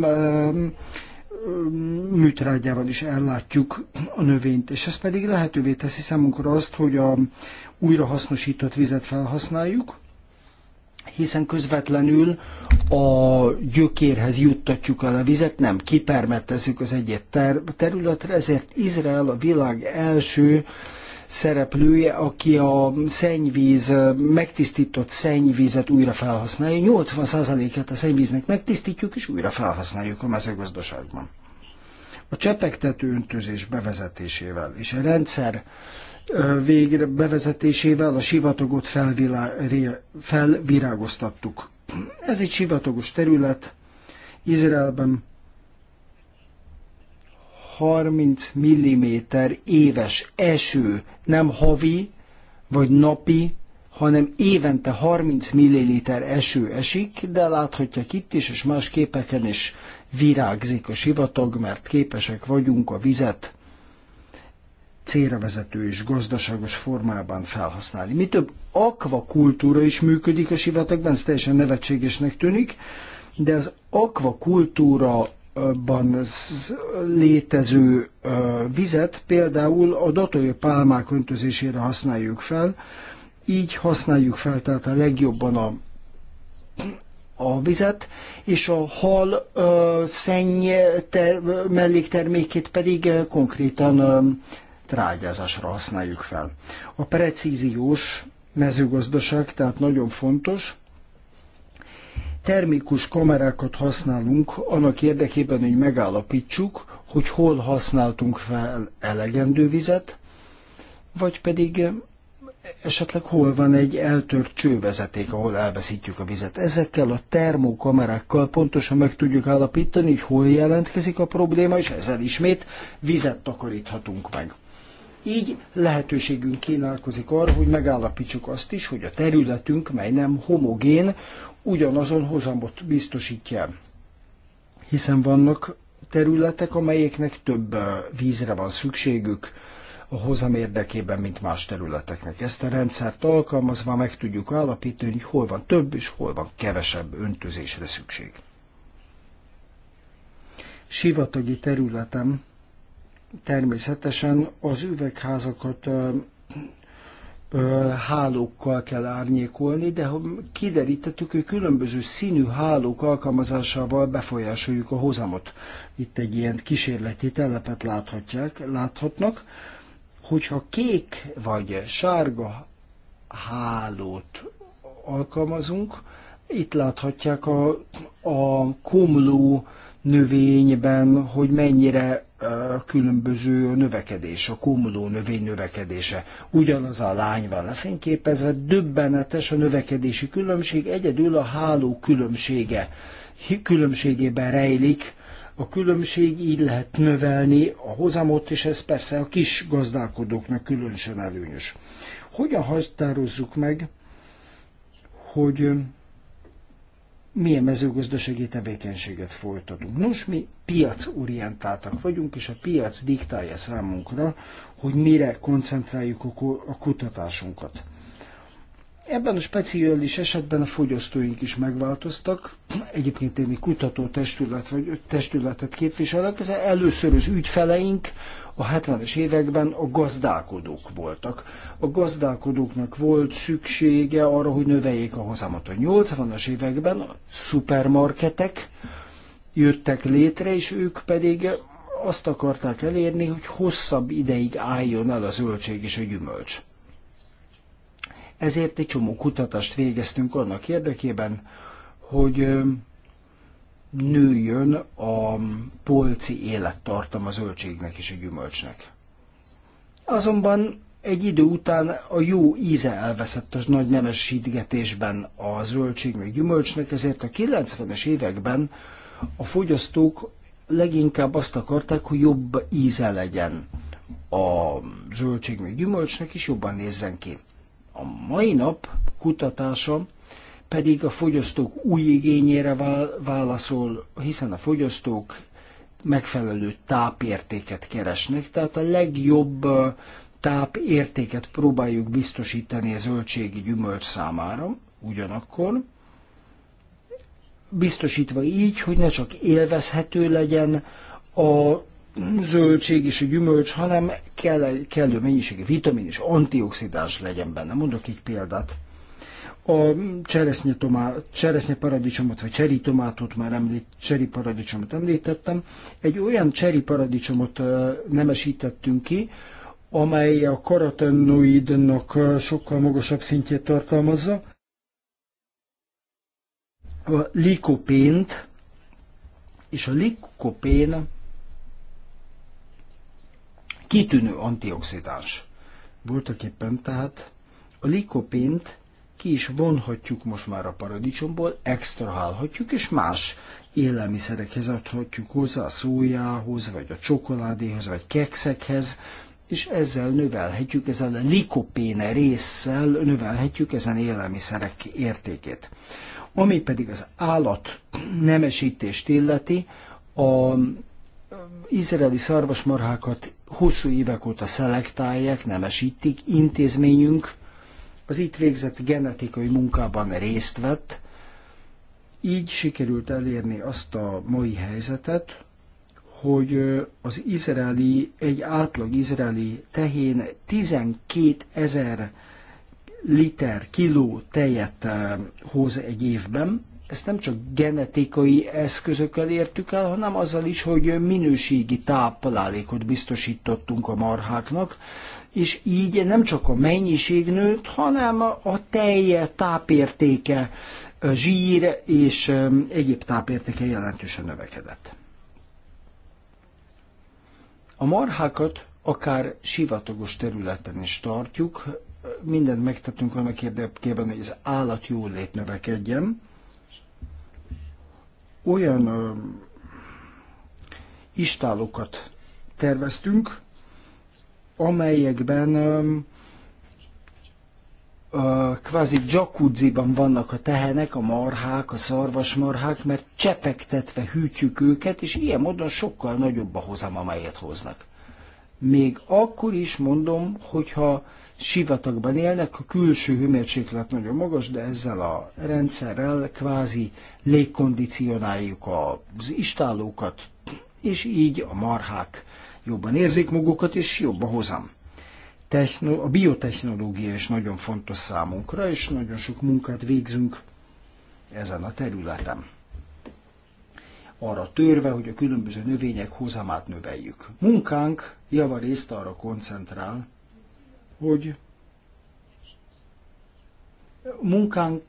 műtrágyával is ellátjuk a növényt, és ez pedig lehetővé teszi számunkra azt, hogy a újrahasznosított vizet felhasználjuk, hiszen közvetlenül a gyökérhez juttatjuk el a vizet, nem kipermetezzük az egyet ter- területre, ezért Izrael a világ első szereplője, aki a szennyvíz, megtisztított szennyvízet újra felhasználja. 80%-át a szennyvíznek megtisztítjuk, és újra felhasználjuk a mezőgazdaságban. A csepegtető öntözés bevezetésével és a rendszer végre bevezetésével a sivatagot felvirágoztattuk. Ez egy sivatagos terület, Izraelben 30 mm éves eső, nem havi vagy napi, hanem évente 30 ml eső esik, de láthatják itt is, és más képeken is virágzik a sivatag, mert képesek vagyunk a vizet célra vezető és gazdaságos formában felhasználni. Mi több akvakultúra is működik a sivatagban, ez teljesen nevetségesnek tűnik, de az akvakultúra ban létező vizet például a datói pálmák öntözésére használjuk fel, így használjuk fel tehát a legjobban a, a vizet, és a hal ö, szenny ter, melléktermékét pedig konkrétan trágyázásra használjuk fel. A precíziós mezőgazdaság tehát nagyon fontos, termikus kamerákat használunk annak érdekében, hogy megállapítsuk, hogy hol használtunk fel elegendő vizet, vagy pedig esetleg hol van egy eltört csővezeték, ahol elveszítjük a vizet. Ezekkel a termokamerákkal pontosan meg tudjuk állapítani, hogy hol jelentkezik a probléma, és ezzel ismét vizet takaríthatunk meg. Így lehetőségünk kínálkozik arra, hogy megállapítsuk azt is, hogy a területünk, mely nem homogén, ugyanazon hozamot biztosítja. Hiszen vannak területek, amelyeknek több vízre van szükségük a hozam érdekében, mint más területeknek. Ezt a rendszert alkalmazva meg tudjuk állapítani, hogy hol van több és hol van kevesebb öntözésre szükség. Sivatagi területem Természetesen az üvegházakat hálókkal kell árnyékolni, de ha kiderítettük, hogy különböző színű hálók alkalmazásával befolyásoljuk a hozamot. Itt egy ilyen kísérleti telepet láthatják, láthatnak. Hogyha kék vagy sárga hálót alkalmazunk, itt láthatják a, a kumló, növényben, hogy mennyire különböző a növekedés, a komodó növény növekedése. Ugyanaz a lány van lefényképezve, döbbenetes a növekedési különbség, egyedül a háló különbsége, különbségében rejlik, a különbség így lehet növelni a hozamot, és ez persze a kis gazdálkodóknak különösen előnyös. Hogyan határozzuk meg, hogy milyen mezőgazdasági tevékenységet folytatunk. Nos, mi piacorientáltak vagyunk, és a piac diktálja számunkra, hogy mire koncentráljuk a kutatásunkat. Ebben a speciális esetben a fogyasztóink is megváltoztak. Egyébként én egy kutató testület, vagy testületet képviselek. Ez először az ügyfeleink, a 70-es években a gazdálkodók voltak. A gazdálkodóknak volt szüksége arra, hogy növeljék a hozamot. A 80-as években a szupermarketek jöttek létre, és ők pedig azt akarták elérni, hogy hosszabb ideig álljon el a zöldség és a gyümölcs. Ezért egy csomó kutatást végeztünk annak érdekében, hogy nőjön a polci élettartam a zöldségnek és a gyümölcsnek. Azonban egy idő után a jó íze elveszett az nagy nemes sídgetésben a meg gyümölcsnek, ezért a 90-es években a fogyasztók leginkább azt akarták, hogy jobb íze legyen a meg gyümölcsnek, és jobban nézzen ki. A mai nap kutatása pedig a fogyasztók új igényére válaszol, hiszen a fogyasztók megfelelő tápértéket keresnek, tehát a legjobb tápértéket próbáljuk biztosítani a zöldségi gyümölcs számára, ugyanakkor biztosítva így, hogy ne csak élvezhető legyen a zöldség és a gyümölcs, hanem kell, kellő mennyiségű vitamin és antioxidáns legyen benne. Mondok egy példát a cseresznye, tomá, cseresznye paradicsomot, vagy cseri tomátot már említ, cseri paradicsomot említettem. Egy olyan cseri paradicsomot nemesítettünk ki, amely a karotenoidnak sokkal magasabb szintjét tartalmazza. A likopént, és a likopén kitűnő antioxidáns. Voltak éppen tehát a likopént ki is vonhatjuk most már a paradicsomból, extrahálhatjuk, és más élelmiszerekhez adhatjuk hozzá, a szójához, vagy a csokoládéhoz, vagy kekszekhez, és ezzel növelhetjük, ezzel a likopéne résszel növelhetjük ezen élelmiszerek értékét. Ami pedig az állat nemesítést illeti, a izraeli szarvasmarhákat hosszú évek óta szelektálják, nemesítik, intézményünk az itt végzett genetikai munkában részt vett, így sikerült elérni azt a mai helyzetet, hogy az izraeli, egy átlag izraeli tehén 12 ezer liter, kiló tejet hoz egy évben. Ezt nem csak genetikai eszközökkel értük el, hanem azzal is, hogy minőségi táplálékot biztosítottunk a marháknak, és így nem csak a mennyiség nőtt, hanem a telje tápértéke, a zsír és egyéb tápértéke jelentősen növekedett. A marhákat akár sivatagos területen is tartjuk, mindent megtettünk annak érdekében, hogy az állat lét növekedjen. Olyan ö, istálokat terveztünk, amelyekben kvázi jacuzziban vannak a tehenek, a marhák, a szarvasmarhák, mert csepegtetve hűtjük őket, és ilyen módon sokkal nagyobb a hozam, amelyet hoznak. Még akkor is mondom, hogyha sivatagban élnek, a külső hőmérséklet nagyon magas, de ezzel a rendszerrel kvázi légkondicionáljuk az istálókat, és így a marhák jobban érzik magukat, és jobb a hozam. A biotechnológia is nagyon fontos számunkra, és nagyon sok munkát végzünk ezen a területen. Arra törve, hogy a különböző növények hozamát növeljük. Munkánk javarészt arra koncentrál, hogy munkánk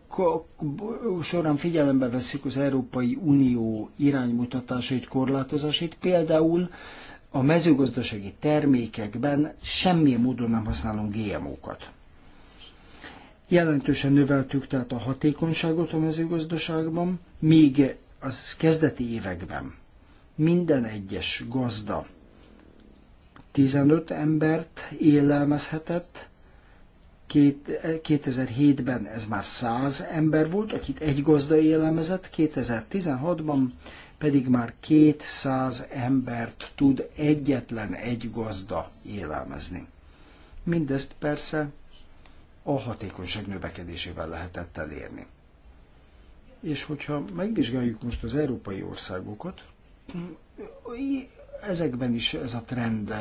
során figyelembe veszik az Európai Unió iránymutatásait, korlátozásait, például a mezőgazdasági termékekben semmilyen módon nem használunk GMO-kat. Jelentősen növeltük tehát a hatékonyságot a mezőgazdaságban, míg az kezdeti években minden egyes gazda 15 embert élelmezhetett, 2007-ben ez már 100 ember volt, akit egy gazda élelmezett, 2016-ban pedig már 200 embert tud egyetlen egy gazda élelmezni. Mindezt persze a hatékonyság növekedésével lehetett elérni. És hogyha megvizsgáljuk most az európai országokat, ezekben is ez a trend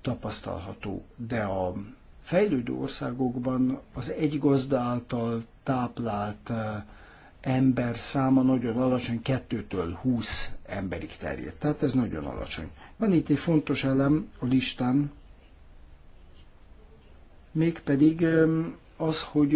tapasztalható, de a fejlődő országokban az egy gazda által táplált ember száma nagyon alacsony, 2-től 20 emberig terjed. Tehát ez nagyon alacsony. Van itt egy fontos elem a listán, mégpedig az, hogy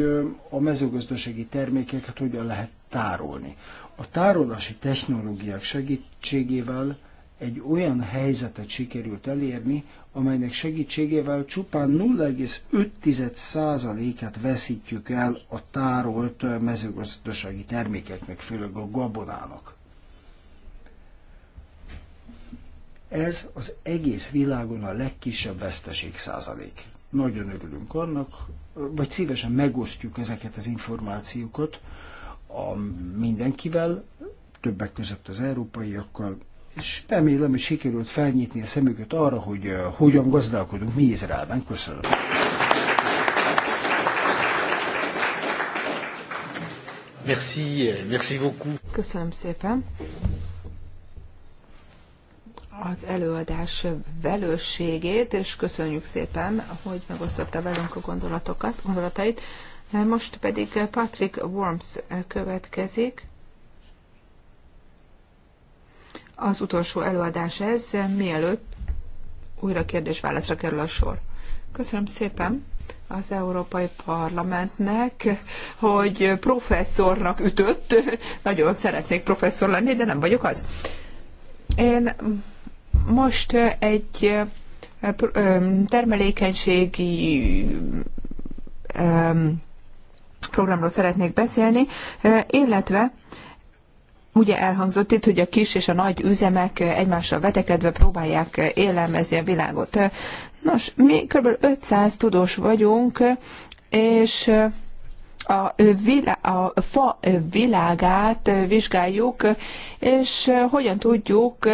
a mezőgazdasági termékeket hogyan lehet tárolni. A tárolási technológiák segítségével egy olyan helyzetet sikerült elérni, amelynek segítségével csupán 0,5%-át veszítjük el a tárolt eh, mezőgazdasági termékeknek, főleg a gabonának. Ez az egész világon a legkisebb veszteség százalék. Nagyon örülünk annak, vagy szívesen megosztjuk ezeket az információkat a mindenkivel, többek között az európaiakkal, és remélem, hogy sikerült felnyitni a szemüket arra, hogy hogyan gazdálkodunk mi Izraelben. Köszönöm. Merci, merci beaucoup. Köszönöm szépen. Az előadás velőségét, és köszönjük szépen, hogy megosztotta velünk a gondolatokat, gondolatait. Most pedig Patrick Worms következik az utolsó előadás ez, mielőtt újra kérdés-válaszra kerül a sor. Köszönöm szépen az Európai Parlamentnek, hogy professzornak ütött. Nagyon szeretnék professzor lenni, de nem vagyok az. Én most egy termelékenységi programról szeretnék beszélni, illetve Ugye elhangzott itt, hogy a kis és a nagy üzemek egymással vetekedve próbálják élelmezni a világot. Nos, mi kb. 500 tudós vagyunk, és a, vilá, a fa világát vizsgáljuk, és hogyan tudjuk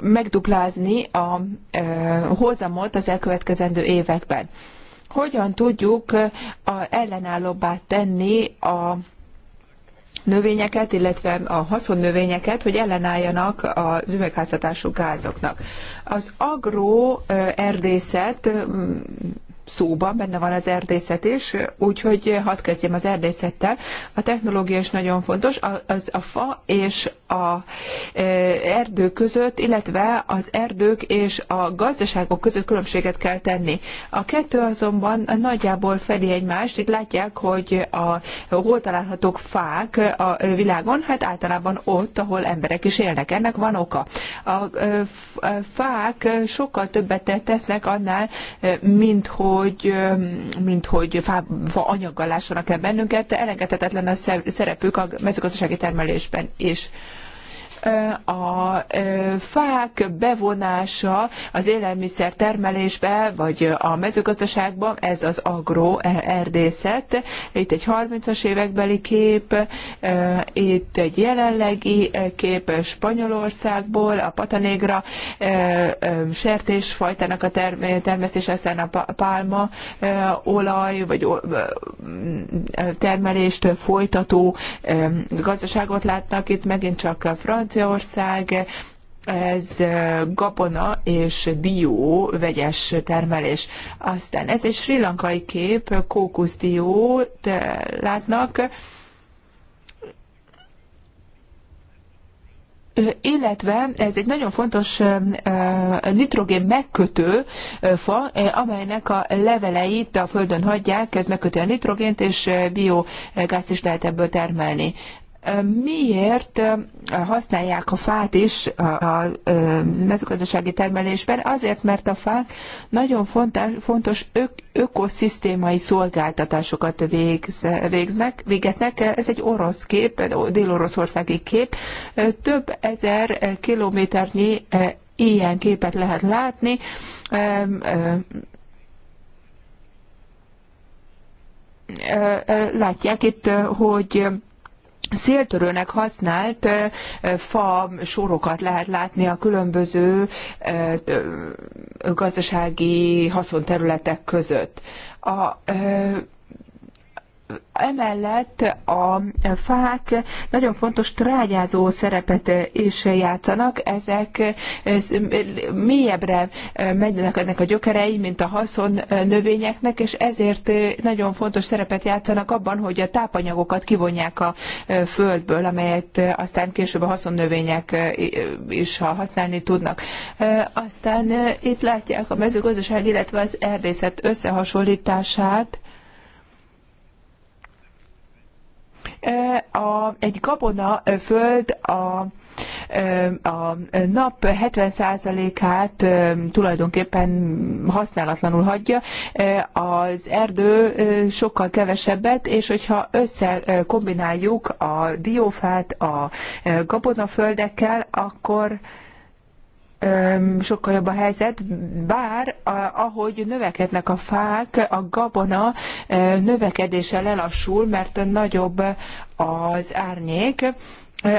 megduplázni a e, hozamot az elkövetkezendő években. Hogyan tudjuk e, ellenállóbbá tenni a növényeket, illetve a növényeket, hogy ellenálljanak az üvegházhatású gázoknak. Az agroerdészet szóban, benne van az erdészet is, úgyhogy hadd kezdjem az erdészettel. A technológia is nagyon fontos, az a fa és a e, erdő között, illetve az erdők és a gazdaságok között különbséget kell tenni. A kettő azonban nagyjából fedi egymást. Itt látják, hogy a, hol találhatók fák a világon, hát általában ott, ahol emberek is élnek. Ennek van oka. A e, e, fák sokkal többet tesznek annál, mint hogy hogy mint hogy fa, fa anyaggal lássanak el bennünket, elengedhetetlen a szerepük a mezőgazdasági termelésben is. És a fák bevonása az élelmiszer termelésbe, vagy a mezőgazdaságban, ez az agroerdészet. Itt egy 30-as évekbeli kép, itt egy jelenlegi kép Spanyolországból, a patanégra sertésfajtának a termesztés, aztán a pálma olaj, vagy termelést folytató gazdaságot látnak. Itt megint csak a francia Franciaország, ez gabona és dió vegyes termelés. Aztán ez egy sri lankai kép, te látnak, illetve ez egy nagyon fontos nitrogén megkötő fa, amelynek a leveleit a földön hagyják, ez megköti a nitrogént, és biogázt is lehet ebből termelni miért használják a fát is a mezőgazdasági termelésben? Azért, mert a fák nagyon fontos ök, ökoszisztémai szolgáltatásokat végz, végznek, végeznek. Ez egy orosz kép, dél-oroszországi kép. Több ezer kilométernyi ilyen képet lehet látni. Látják itt, hogy széltörőnek használt fa sorokat lehet látni a különböző gazdasági haszonterületek között. A Emellett a fák nagyon fontos trágyázó szerepet is játszanak, ezek mélyebbre megynek, ennek a gyökerei, mint a haszon növényeknek, és ezért nagyon fontos szerepet játszanak abban, hogy a tápanyagokat kivonják a földből, amelyet aztán később a növények is használni tudnak. Aztán itt látják a mezőgazdaság, illetve az erdészet összehasonlítását, a, egy gabona föld a, a nap 70%-át tulajdonképpen használatlanul hagyja, az erdő sokkal kevesebbet, és hogyha összekombináljuk a diófát a gabonaföldekkel, akkor sokkal jobb a helyzet, bár ahogy növekednek a fák, a gabona növekedése lelassul, mert nagyobb az árnyék,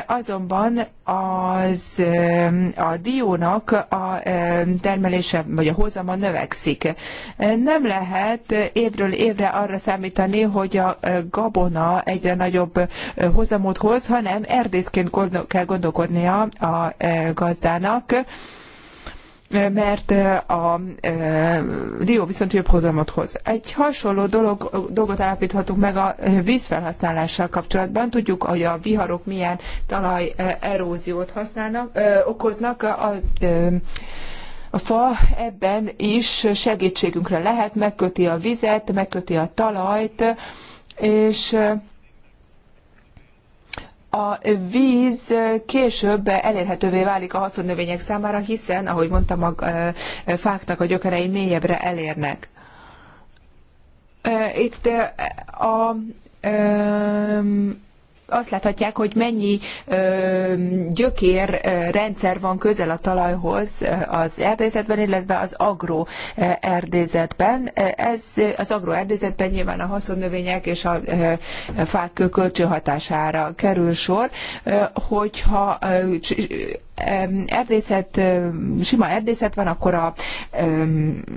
Azonban az, a diónak a termelése vagy a hozama növekszik. Nem lehet évről évre arra számítani, hogy a gabona egyre nagyobb hozamot hoz, hanem erdészként kell gondolkodnia a gazdának mert a dió viszont jobb hozamot hoz. Egy hasonló dolog, dolgot állapíthatunk meg a vízfelhasználással kapcsolatban. Tudjuk, hogy a viharok milyen talaj eróziót használnak, okoznak a a fa ebben is segítségünkre lehet, megköti a vizet, megköti a talajt, és a víz később elérhetővé válik a haszonnövények számára, hiszen, ahogy mondtam, a fáknak a gyökerei mélyebbre elérnek. Itt a, a azt láthatják, hogy mennyi gyökérrendszer van közel a talajhoz az erdészetben, illetve az agro erdészetben. Ez az agro erdészetben nyilván a haszonnövények és a fák kölcsönhatására kerül sor, hogyha erdészet, sima erdészet van, akkor a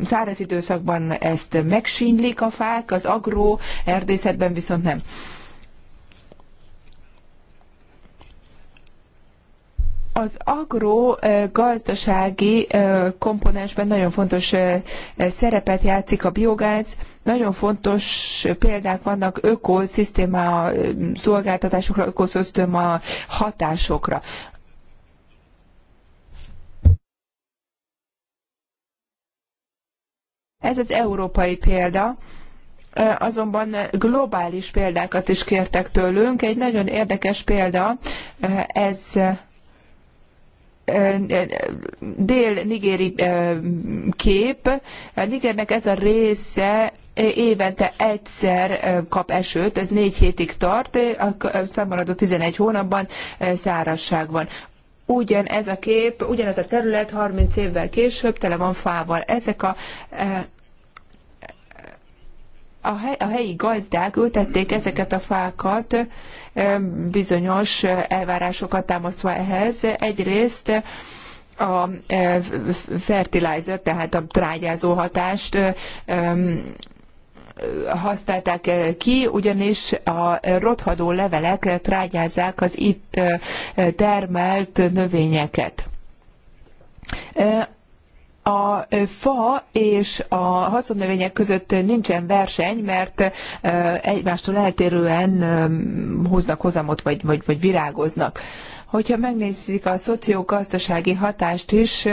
száraz időszakban ezt megsínylik a fák, az agró erdészetben viszont nem. Az agro-gazdasági komponensben nagyon fontos szerepet játszik a biogáz, nagyon fontos példák vannak ökoszisztéma szolgáltatásokra, ökoszisztéma hatásokra. Ez az európai példa azonban globális példákat is kértek tőlünk. Egy nagyon érdekes példa, ez dél-nigéri kép. A Nigernek ez a része évente egyszer kap esőt, ez négy hétig tart, a fennmaradó 11 hónapban szárazság van. Ugyanez a kép, ugyanez a terület 30 évvel később tele van fával. Ezek a a, hely, a helyi gazdák ültették ezeket a fákat, bizonyos elvárásokat támasztva ehhez. Egyrészt a fertilizer, tehát a trágyázó hatást használták ki, ugyanis a rothadó levelek trágyázzák az itt termelt növényeket a fa és a haszonnövények között nincsen verseny, mert egymástól eltérően hoznak hozamot, vagy, vagy, vagy virágoznak. Hogyha megnézzük a szociogazdasági hatást is,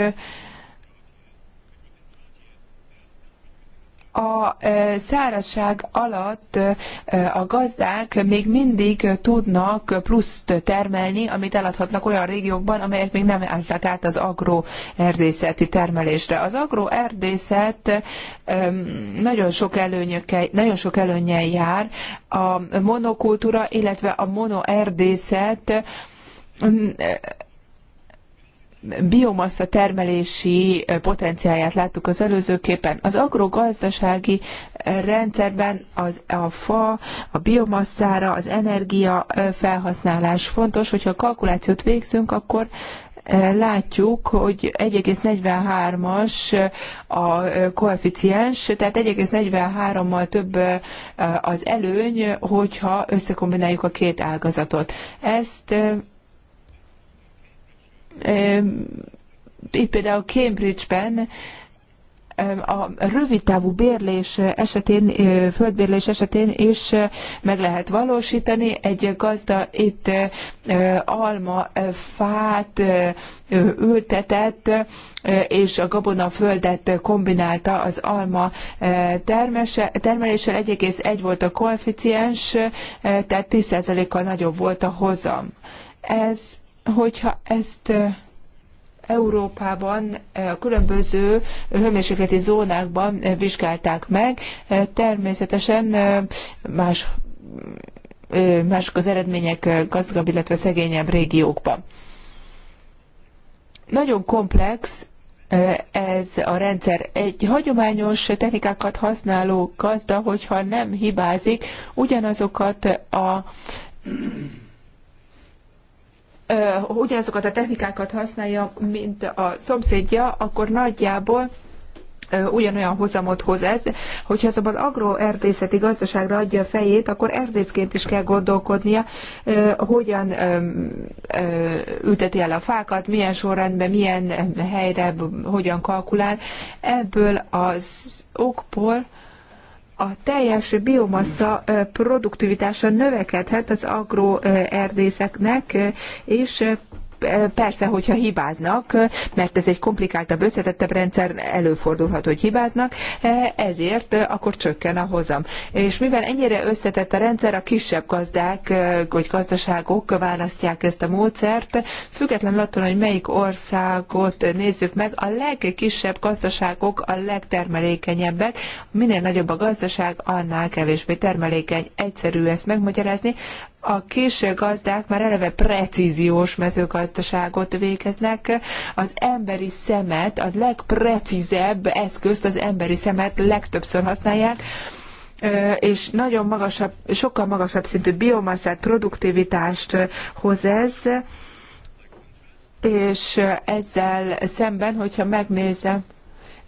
a szárazság alatt a gazdák még mindig tudnak pluszt termelni, amit eladhatnak olyan régiókban, amelyek még nem álltak át az agroerdészeti termelésre. Az agroerdészet nagyon sok, előnyökkel, nagyon sok előnyel jár. A monokultúra, illetve a monoerdészet biomassa termelési potenciáját láttuk az előző képen. Az agrogazdasági rendszerben az, a fa, a biomasszára, az energia felhasználás fontos, hogyha a kalkulációt végzünk, akkor látjuk, hogy 1,43-as a koeficiens, tehát 1,43-mal több az előny, hogyha összekombináljuk a két ágazatot. Ezt itt például Cambridge-ben a rövidtávú bérlés esetén, földbérlés esetén is meg lehet valósítani. Egy gazda itt alma fát ültetett, és a gabona földet kombinálta az alma termeléssel. 1,1 volt a koeficiens, tehát 10%-kal nagyobb volt a hozam. Ez hogyha ezt Európában a különböző hőmérsékleti zónákban vizsgálták meg. Természetesen más, mások az eredmények gazdagabb, illetve szegényebb régiókban. Nagyon komplex ez a rendszer. Egy hagyományos technikákat használó gazda, hogyha nem hibázik, ugyanazokat a ugyanazokat a technikákat használja, mint a szomszédja, akkor nagyjából ugyanolyan hozamot hoz ez. Hogyha azonban agroerdészeti gazdaságra adja a fejét, akkor erdészként is kell gondolkodnia, hogyan ülteti el a fákat, milyen sorrendben, milyen helyre, hogyan kalkulál. Ebből az okból, a teljes biomassa produktivitása növekedhet az agroerdészeknek, és persze, hogyha hibáznak, mert ez egy komplikáltabb, összetettebb rendszer, előfordulhat, hogy hibáznak, ezért akkor csökken a hozam. És mivel ennyire összetett a rendszer, a kisebb gazdák vagy gazdaságok választják ezt a módszert, függetlenül attól, hogy melyik országot nézzük meg, a legkisebb gazdaságok a legtermelékenyebbek, minél nagyobb a gazdaság, annál kevésbé termelékeny. Egyszerű ezt megmagyarázni a késő gazdák már eleve precíziós mezőgazdaságot végeznek. Az emberi szemet, a legprecízebb eszközt, az emberi szemet legtöbbször használják, és nagyon magasabb, sokkal magasabb szintű biomasszát, produktivitást hoz ez, és ezzel szemben, hogyha megnézem,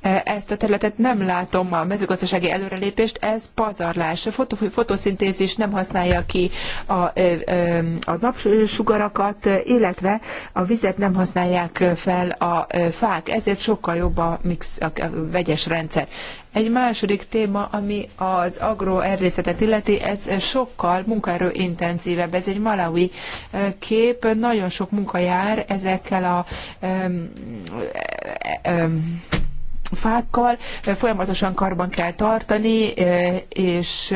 E, ezt a területet nem látom a mezőgazdasági előrelépést, ez pazarlás. a fotoszintézis nem használja ki a, e, e, a napsugarakat, illetve a vizet nem használják fel a fák, ezért sokkal jobb a, mix, a vegyes rendszer. Egy második téma, ami az agroerdészetet illeti, ez sokkal munkaerőintenzívebb. Ez egy malawi kép, nagyon sok munka jár ezekkel a um, um, fákkal, folyamatosan karban kell tartani, e, és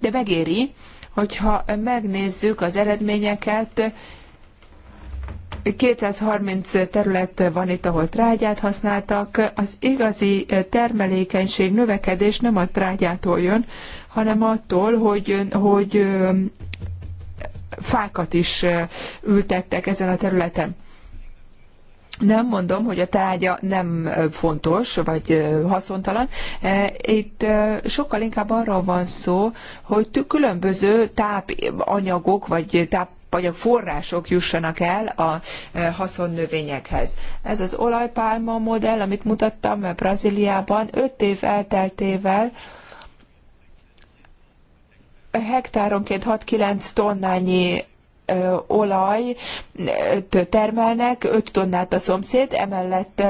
de megéri, hogyha megnézzük az eredményeket, 230 terület van itt, ahol trágyát használtak. Az igazi termelékenység növekedés nem a trágyától jön, hanem attól, hogy, hogy fákat is ültettek ezen a területen. Nem mondom, hogy a tárgya nem fontos, vagy haszontalan. E, itt sokkal inkább arra van szó, hogy különböző tápanyagok, vagy táp vagy források jussanak el a e, növényekhez. Ez az olajpálma modell, amit mutattam Brazíliában, 5 év elteltével hektáronként 6-9 tonnányi olaj termelnek, 5 tonnát a szomszéd, emellett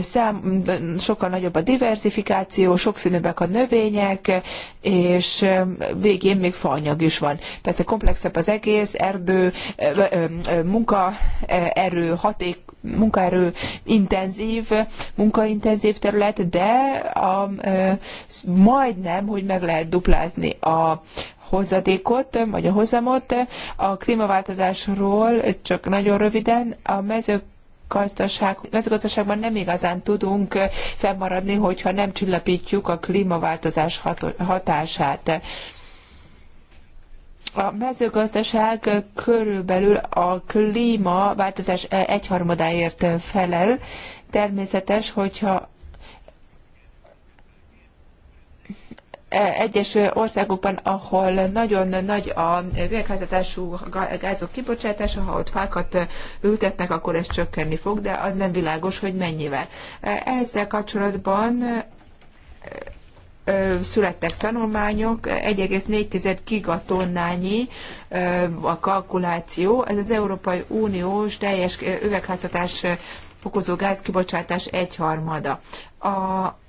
szám, sokkal nagyobb a diversifikáció, sokszínűbbek a növények, és végén még faanyag is van. Persze komplexebb az egész, erdő, munkaerő, haték, munkaerő intenzív, munkaintenzív terület, de a, majdnem, hogy meg lehet duplázni a hozadékot, vagy a hozamot. A klímaváltozásról csak nagyon röviden a mezők Gazdaság, mezőgazdaságban nem igazán tudunk fennmaradni, hogyha nem csillapítjuk a klímaváltozás hatását. A mezőgazdaság körülbelül a klímaváltozás e egyharmadáért felel. Természetes, hogyha egyes országokban, ahol nagyon nagy a végházatású gázok kibocsátása, ha ott fákat ültetnek, akkor ez csökkenni fog, de az nem világos, hogy mennyivel. Ezzel kapcsolatban születtek tanulmányok, 1,4 gigatonnányi a kalkuláció. Ez az Európai Uniós teljes üvegházhatás okozó gázkibocsátás egyharmada. A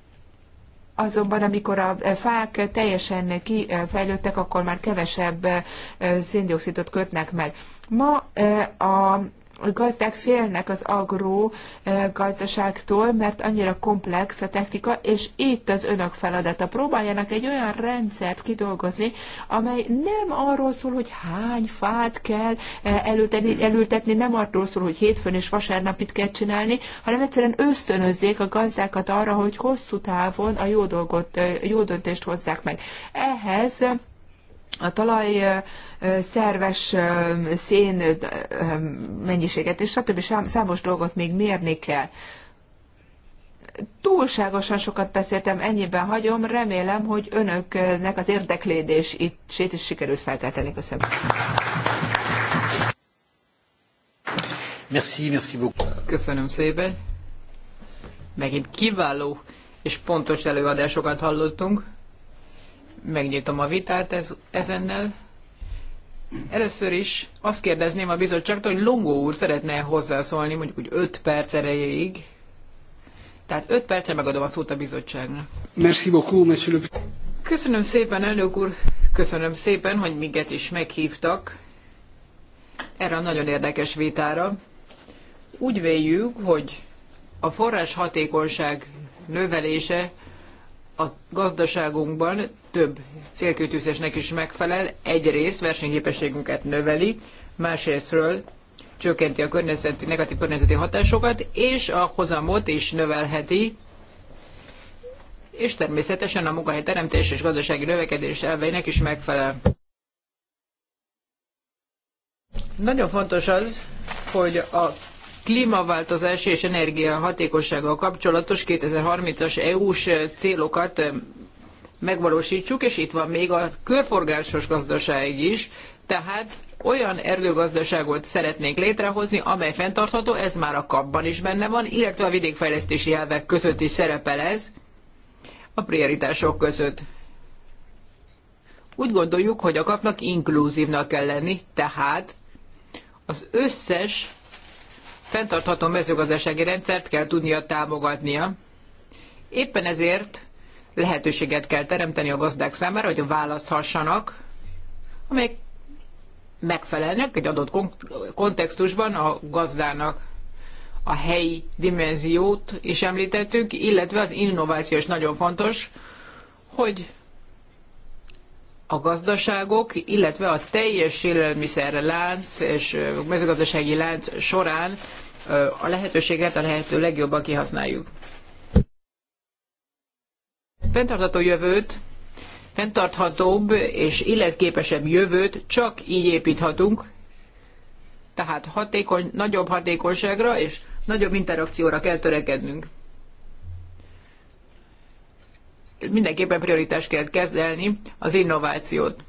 Azonban, amikor a fák teljesen kifejlődtek, akkor már kevesebb széndiokszidot kötnek meg. Ma eh, a gazdák félnek az agró eh, gazdaságtól, mert annyira komplex a technika, és itt az önök feladata. Próbáljanak egy olyan rendszert kidolgozni, amely nem arról szól, hogy hány fát kell eh, elültetni, elültetni nem arról szól, hogy hétfőn és vasárnap itt kell csinálni, hanem egyszerűen ösztönözzék a gazdákat arra, hogy hosszú távon a jó, dolgot, eh, jó döntést hozzák meg. Ehhez a talaj szerves szén mennyiséget, és stb. számos dolgot még mérni kell. Túlságosan sokat beszéltem, ennyiben hagyom, remélem, hogy önöknek az érdeklédés itt sét is sikerült feltelteni. Köszönöm. Merci, merci beaucoup. Köszönöm szépen. Megint kiváló és pontos előadásokat hallottunk megnyitom a vitát ez, ezennel. Először is azt kérdezném a bizottságtól, hogy Longó úr szeretne hozzászólni mondjuk úgy 5 perc erejéig. Tehát 5 percre megadom a szót a bizottságnak. Merci beaucoup, monsieur le... Köszönöm szépen, elnök úr. Köszönöm szépen, hogy minket is meghívtak erre a nagyon érdekes vitára. Úgy véljük, hogy a forrás hatékonyság növelése a gazdaságunkban több célkütőzésnek is megfelel. Egyrészt versenyképességünket növeli, másrésztről csökkenti a környezeti, negatív környezeti hatásokat, és a hozamot is növelheti, és természetesen a munkahely teremtés és gazdasági növekedés elveinek is megfelel. Nagyon fontos az, hogy a klímaváltozás és energiahatékossággal kapcsolatos 2030-as EU-s célokat megvalósítsuk, és itt van még a körforgásos gazdaság is, tehát olyan erdőgazdaságot szeretnénk létrehozni, amely fenntartható, ez már a kapban is benne van, illetve a vidékfejlesztési elvek között is szerepel ez, a prioritások között. Úgy gondoljuk, hogy a kapnak inkluzívnak kell lenni, tehát az összes fenntartható mezőgazdasági rendszert kell tudnia támogatnia. Éppen ezért lehetőséget kell teremteni a gazdák számára, hogy választhassanak, amelyek megfelelnek egy adott kontextusban a gazdának. A helyi dimenziót is említettük, illetve az innováció is nagyon fontos, hogy a gazdaságok, illetve a teljes élelmiszerlánc és mezőgazdasági lánc során a lehetőséget a lehető legjobban kihasználjuk. Fenntartható jövőt, fenntarthatóbb és illetképesebb jövőt csak így építhatunk, tehát hatékony, nagyobb hatékonyságra és nagyobb interakcióra kell törekednünk. Mindenképpen prioritás kell kezelni az innovációt.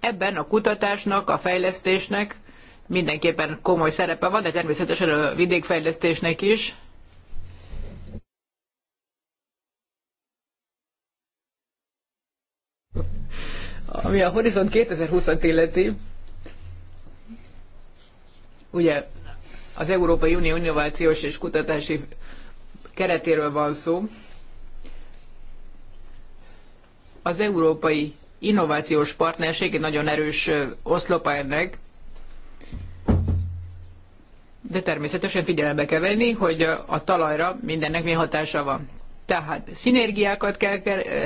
Ebben a kutatásnak, a fejlesztésnek mindenképpen komoly szerepe van, de természetesen a vidékfejlesztésnek is. Ami a Horizont 2020-at illeti, ugye az Európai Unió innovációs és kutatási keretéről van szó. Az Európai innovációs partnerség egy nagyon erős oszlopa ennek, de természetesen figyelembe kell venni, hogy a talajra mindennek mi hatása van. Tehát szinergiákat kell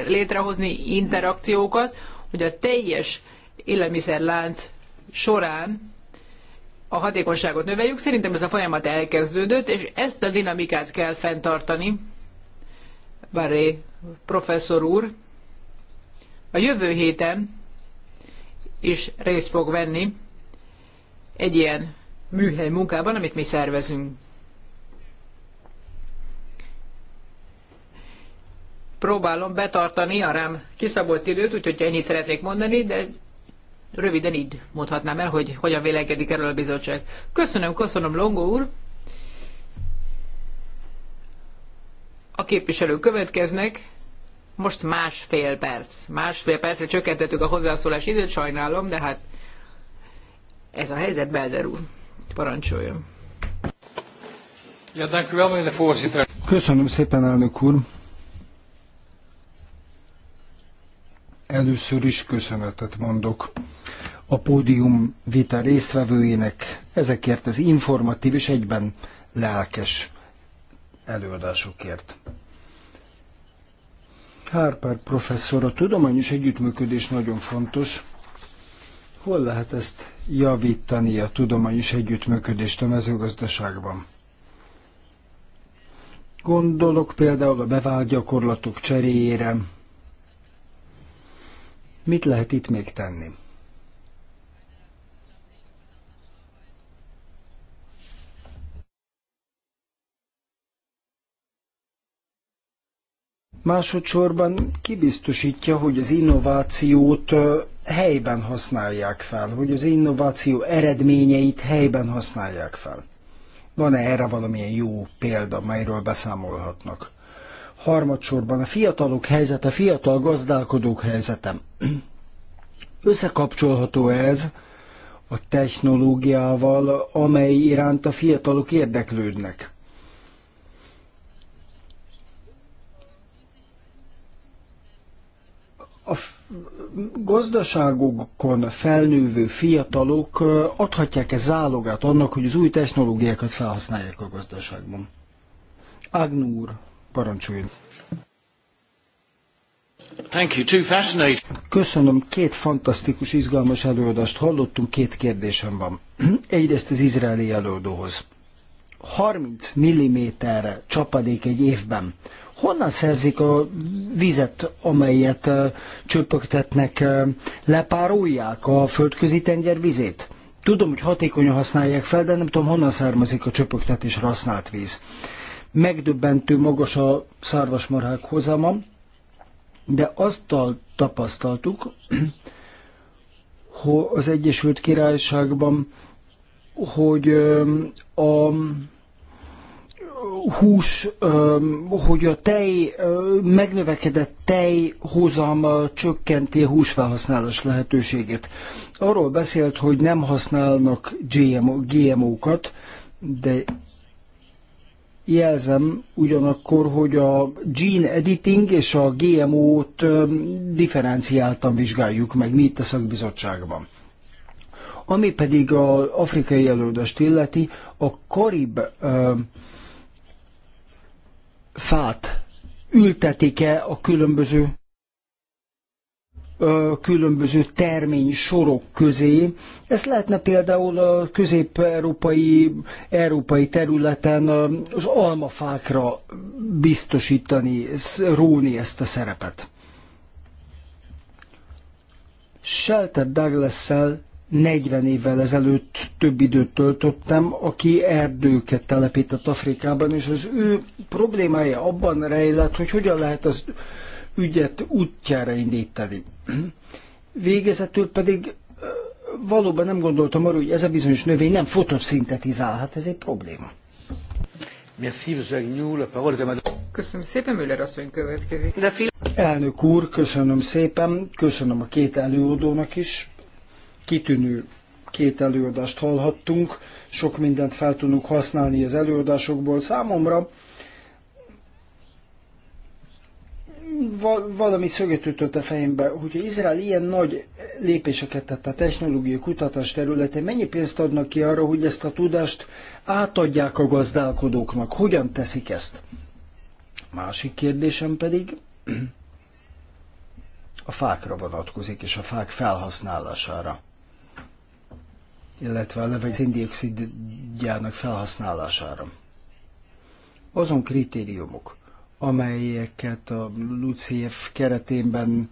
létrehozni, interakciókat, hogy a teljes élelmiszerlánc során a hatékonyságot növeljük. Szerintem ez a folyamat elkezdődött, és ezt a dinamikát kell fenntartani. Baré professzor úr a jövő héten is részt fog venni egy ilyen műhely munkában, amit mi szervezünk. Próbálom betartani a rám kiszabott időt, úgyhogy ennyit szeretnék mondani, de röviden így mondhatnám el, hogy hogyan vélekedik erről a bizottság. Köszönöm, köszönöm, Longo úr! A képviselők következnek. Most másfél perc. Másfél percre csökkentettük a hozzászólás időt, sajnálom, de hát ez a helyzet, belderül. Parancsoljon. Köszönöm szépen, elnök úr. Először is köszönetet mondok a pódium vita résztvevőjének ezekért az informatív és egyben lelkes előadásokért. Kárpár professzor, a tudományos együttműködés nagyon fontos. Hol lehet ezt javítani a tudományos együttműködést a mezőgazdaságban? Gondolok például a bevált gyakorlatok cseréjére. Mit lehet itt még tenni? Másodszorban kibiztosítja, hogy az innovációt helyben használják fel, hogy az innováció eredményeit helyben használják fel. Van-e erre valamilyen jó példa, melyről beszámolhatnak? Harmadsorban a fiatalok helyzete, fiatal gazdálkodók helyzete. Összekapcsolható ez a technológiával, amely iránt a fiatalok érdeklődnek. gazdaságokon felnővő fiatalok adhatják-e zálogát annak, hogy az új technológiákat felhasználják a gazdaságban? Agnúr, parancsoljon! Thank you. Too fascinating. Köszönöm, két fantasztikus, izgalmas előadást hallottunk, két kérdésem van. Egyrészt az izraeli előadóhoz. 30 mm csapadék egy évben honnan szerzik a vizet, amelyet csöpögtetnek, lepárolják a földközi tenger vizét? Tudom, hogy hatékonyan használják fel, de nem tudom, honnan származik a csöpögtetésre használt víz. Megdöbbentő magas a szarvasmarhák hozama, de azt tapasztaltuk, hogy az Egyesült Királyságban, hogy a hús, hogy a tej, megnövekedett tej hozam csökkenti a húsfelhasználás lehetőségét. Arról beszélt, hogy nem használnak GMO, kat de jelzem ugyanakkor, hogy a gene editing és a GMO-t differenciáltan vizsgáljuk meg mi itt a szakbizottságban. Ami pedig az afrikai jelöldest illeti, a karib fát ültetik-e a különböző különböző termény sorok közé. Ez lehetne például a közép-európai európai területen az almafákra biztosítani, róni ezt a szerepet. Shelter douglas 40 évvel ezelőtt több időt töltöttem, aki erdőket telepített Afrikában, és az ő problémája abban rejlett, hogy hogyan lehet az ügyet útjára indítani. Végezetül pedig valóban nem gondoltam arra, hogy ez a bizonyos növény nem fotoszintetizál, hát ez egy probléma. Köszönöm szépen, Müller asszony következik. De Elnök úr, köszönöm szépen, köszönöm a két előadónak is kitűnő két előadást hallhattunk, sok mindent fel tudunk használni az előadásokból. Számomra valami szöget ütött a fejembe, hogyha Izrael ilyen nagy lépéseket tett a technológiai kutatás területén, mennyi pénzt adnak ki arra, hogy ezt a tudást átadják a gazdálkodóknak? Hogyan teszik ezt? Másik kérdésem pedig a fákra vonatkozik, és a fák felhasználására illetve a levegő felhasználására. Azon kritériumok, amelyeket a LUCF keretében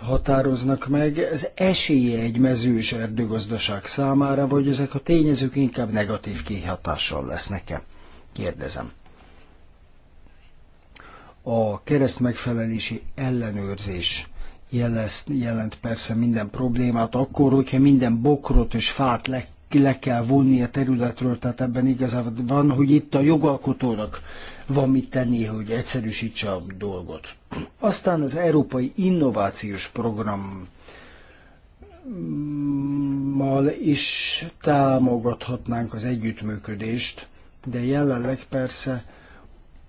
határoznak meg, ez esélye egy mezős erdőgazdaság számára, vagy ezek a tényezők inkább negatív kihatással lesznek-e? Kérdezem. A keresztmegfelelési ellenőrzés jelent persze minden problémát, akkor, hogyha minden bokrot és fát le, le kell vonni a területről, tehát ebben igazából van, hogy itt a jogalkotónak van mit tenni, hogy egyszerűsítse a dolgot. Aztán az Európai Innovációs Program mal is támogathatnánk az együttműködést, de jelenleg persze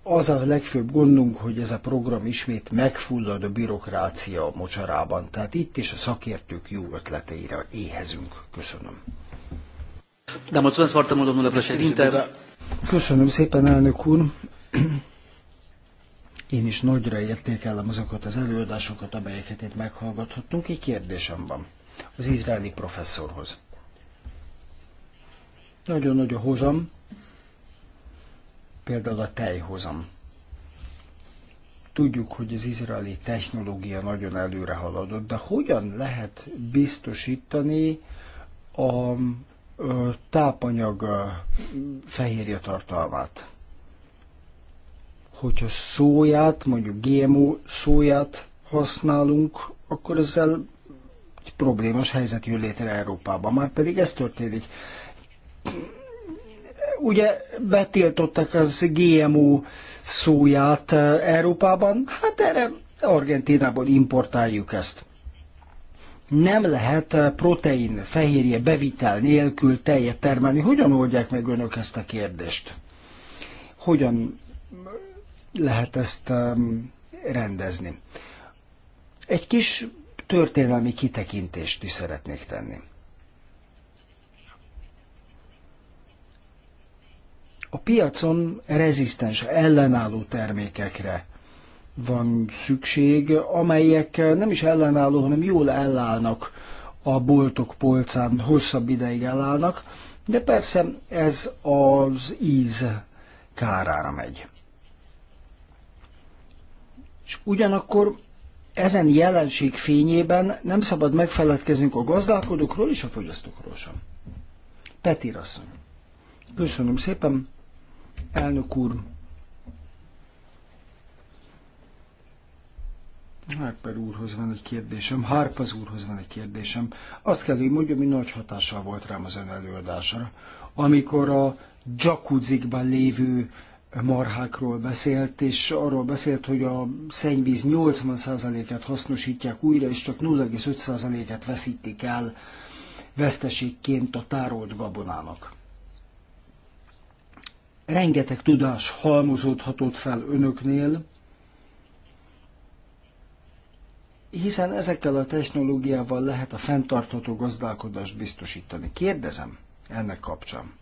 az a legfőbb gondunk, hogy ez a program ismét megfullad a bürokrácia mocsarában. Tehát itt is a szakértők jó ötleteire éhezünk. Köszönöm. Köszönöm szépen, elnök úr. Én is nagyra értékelem azokat az előadásokat, amelyeket itt meghallgathattunk. Egy kérdésem van az izraeli professzorhoz. Nagyon nagy a hozam, például a tejhozam. Tudjuk, hogy az izraeli technológia nagyon előre haladott, de hogyan lehet biztosítani a tápanyag fehérje tartalmát? Hogyha szóját, mondjuk GMO szóját használunk, akkor ezzel egy problémás helyzet jön létre Európában. Már pedig ez történik ugye betiltottak az GMO szóját eh, Európában, hát erre Argentinából importáljuk ezt. Nem lehet eh, protein fehérje bevitel nélkül tejet termelni. Hogyan oldják meg önök ezt a kérdést? Hogyan eh, lehet ezt rendezni? Egy kis történelmi kitekintést is szeretnék tenni. A piacon rezisztens, ellenálló termékekre van szükség, amelyek nem is ellenálló, hanem jól ellállnak a boltok polcán, hosszabb ideig elállnak, de persze ez az íz kárára megy. És ugyanakkor ezen jelenség fényében nem szabad megfeledkeznünk a gazdálkodókról és a fogyasztókról sem. Petir asszony. Köszönöm szépen, Elnök úr, Harper úrhoz van egy kérdésem, Harpaz úrhoz van egy kérdésem. Azt kell, hogy mondjam, hogy nagy hatással volt rám az ön előadásra. Amikor a jacuzzikban lévő marhákról beszélt, és arról beszélt, hogy a szennyvíz 80%-át hasznosítják újra, és csak 0,5%-át veszítik el veszteségként a tárolt gabonának rengeteg tudás halmozódhatott fel önöknél, hiszen ezekkel a technológiával lehet a fenntartható gazdálkodást biztosítani. Kérdezem ennek kapcsán.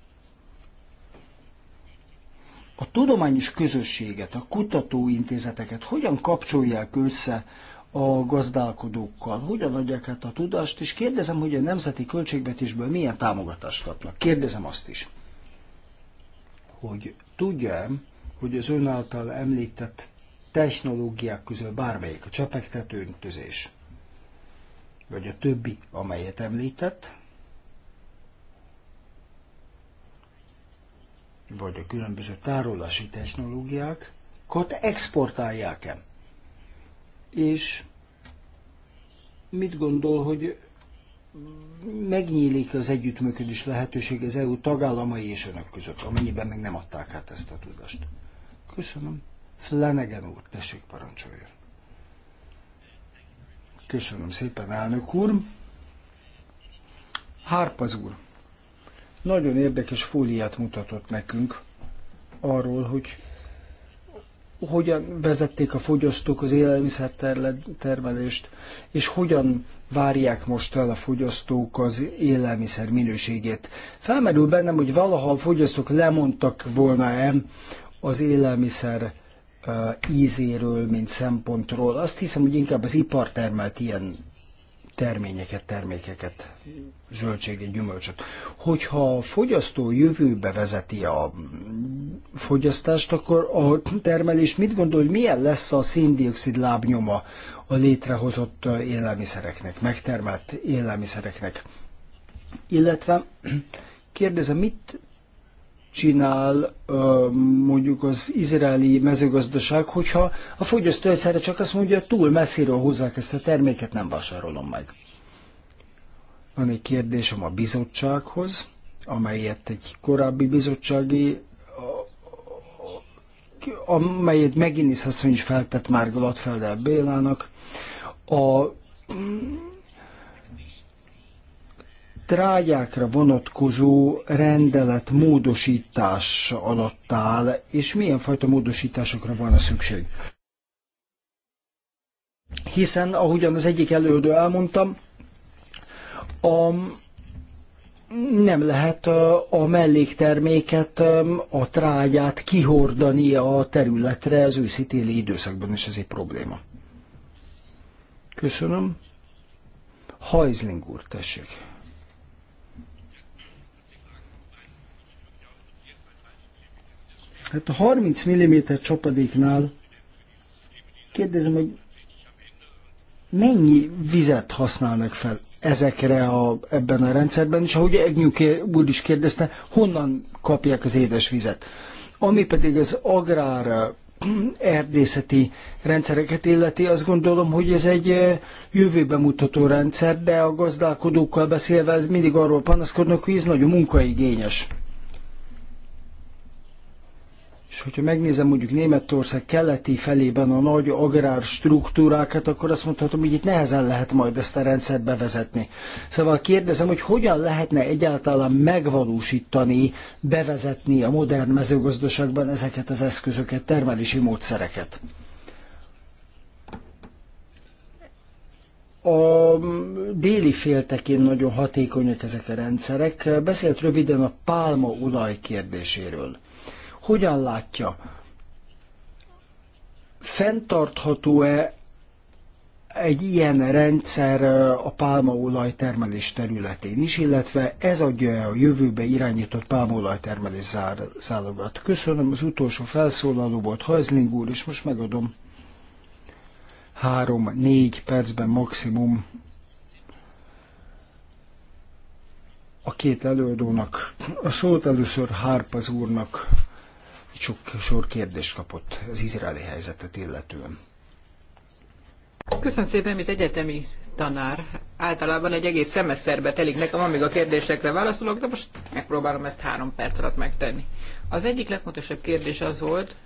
A tudományos közösséget, a kutatóintézeteket hogyan kapcsolják össze a gazdálkodókkal, hogyan adják át a tudást, és kérdezem, hogy a nemzeti költségvetésből milyen támogatást kapnak. Kérdezem azt is hogy tudja hogy az ön által említett technológiák közül bármelyik, a csepegtető öntözés, vagy a többi, amelyet említett, vagy a különböző tárolási technológiákat exportálják-e? És mit gondol, hogy megnyílik az együttműködés lehetőség az EU tagállamai és önök között, amennyiben meg nem adták át ezt a tudást. Köszönöm. Flanagan úr, tessék parancsoljon. Köszönöm szépen, elnök úr. Hárpaz úr, nagyon érdekes fóliát mutatott nekünk arról, hogy hogyan vezették a fogyasztók az élelmiszertermelést, és hogyan várják most el a fogyasztók az élelmiszer minőségét. Felmerül bennem, hogy valaha a fogyasztók lemondtak volna-e az élelmiszer ízéről, mint szempontról. Azt hiszem, hogy inkább az ipar termelt ilyen terményeket, termékeket, zöldséget, gyümölcsöt. Hogyha a fogyasztó jövőbe vezeti a fogyasztást, akkor a termelés mit gondol, hogy milyen lesz a széndiokszid lábnyoma a létrehozott élelmiszereknek, megtermelt élelmiszereknek? Illetve kérdezem, mit csinál mondjuk az izraeli mezőgazdaság, hogyha a fogyasztó egyszerre csak azt mondja, túl messziről hozzák ezt a terméket, nem vásárolom meg. Van egy kérdésem a bizottsághoz, amelyet egy korábbi bizottsági amelyet megint is asszony is feltett már Gladfelder Bélának. A trágyákra vonatkozó rendelet módosítás alatt áll, és milyen fajta módosításokra van a szükség. Hiszen, ahogyan az egyik előadó elmondtam, a, nem lehet a mellékterméket, a trágyát kihordani a területre az őszi időszakban, és ez egy probléma. Köszönöm. Hajzling úr, tessék. Hát a 30 mm csapadéknál kérdezem, hogy mennyi vizet használnak fel ezekre a, ebben a rendszerben, és ahogy Egnyú úr is kérdezte, honnan kapják az édes vizet. Ami pedig az agrár erdészeti rendszereket illeti, azt gondolom, hogy ez egy jövőbe mutató rendszer, de a gazdálkodókkal beszélve ez mindig arról panaszkodnak, hogy ez nagyon munkaigényes. És hogyha megnézem mondjuk Németország keleti felében a nagy agrár struktúrákat, akkor azt mondhatom, hogy itt nehezen lehet majd ezt a rendszert bevezetni. Szóval kérdezem, hogy hogyan lehetne egyáltalán megvalósítani, bevezetni a modern mezőgazdaságban ezeket az eszközöket, termelési módszereket. A déli féltekén nagyon hatékonyak ezek a rendszerek. Beszélt röviden a pálmaolaj kérdéséről. Hogyan látja? fenntartható e egy ilyen rendszer a pálmaolaj termelés területén is, illetve ez adja a jövőbe irányított pálmaolaj termelés zálogat. Köszönöm, az utolsó felszólaló volt Hajzling úr, és most megadom három-négy percben maximum a két előadónak. A szót először Hárpaz úrnak sok sor kérdést kapott az izraeli helyzetet illetően. Köszönöm szépen, mint egyetemi tanár. Általában egy egész szemeszterbe telik nekem, amíg a kérdésekre válaszolok, de most megpróbálom ezt három perc alatt megtenni. Az egyik legfontosabb kérdés az volt,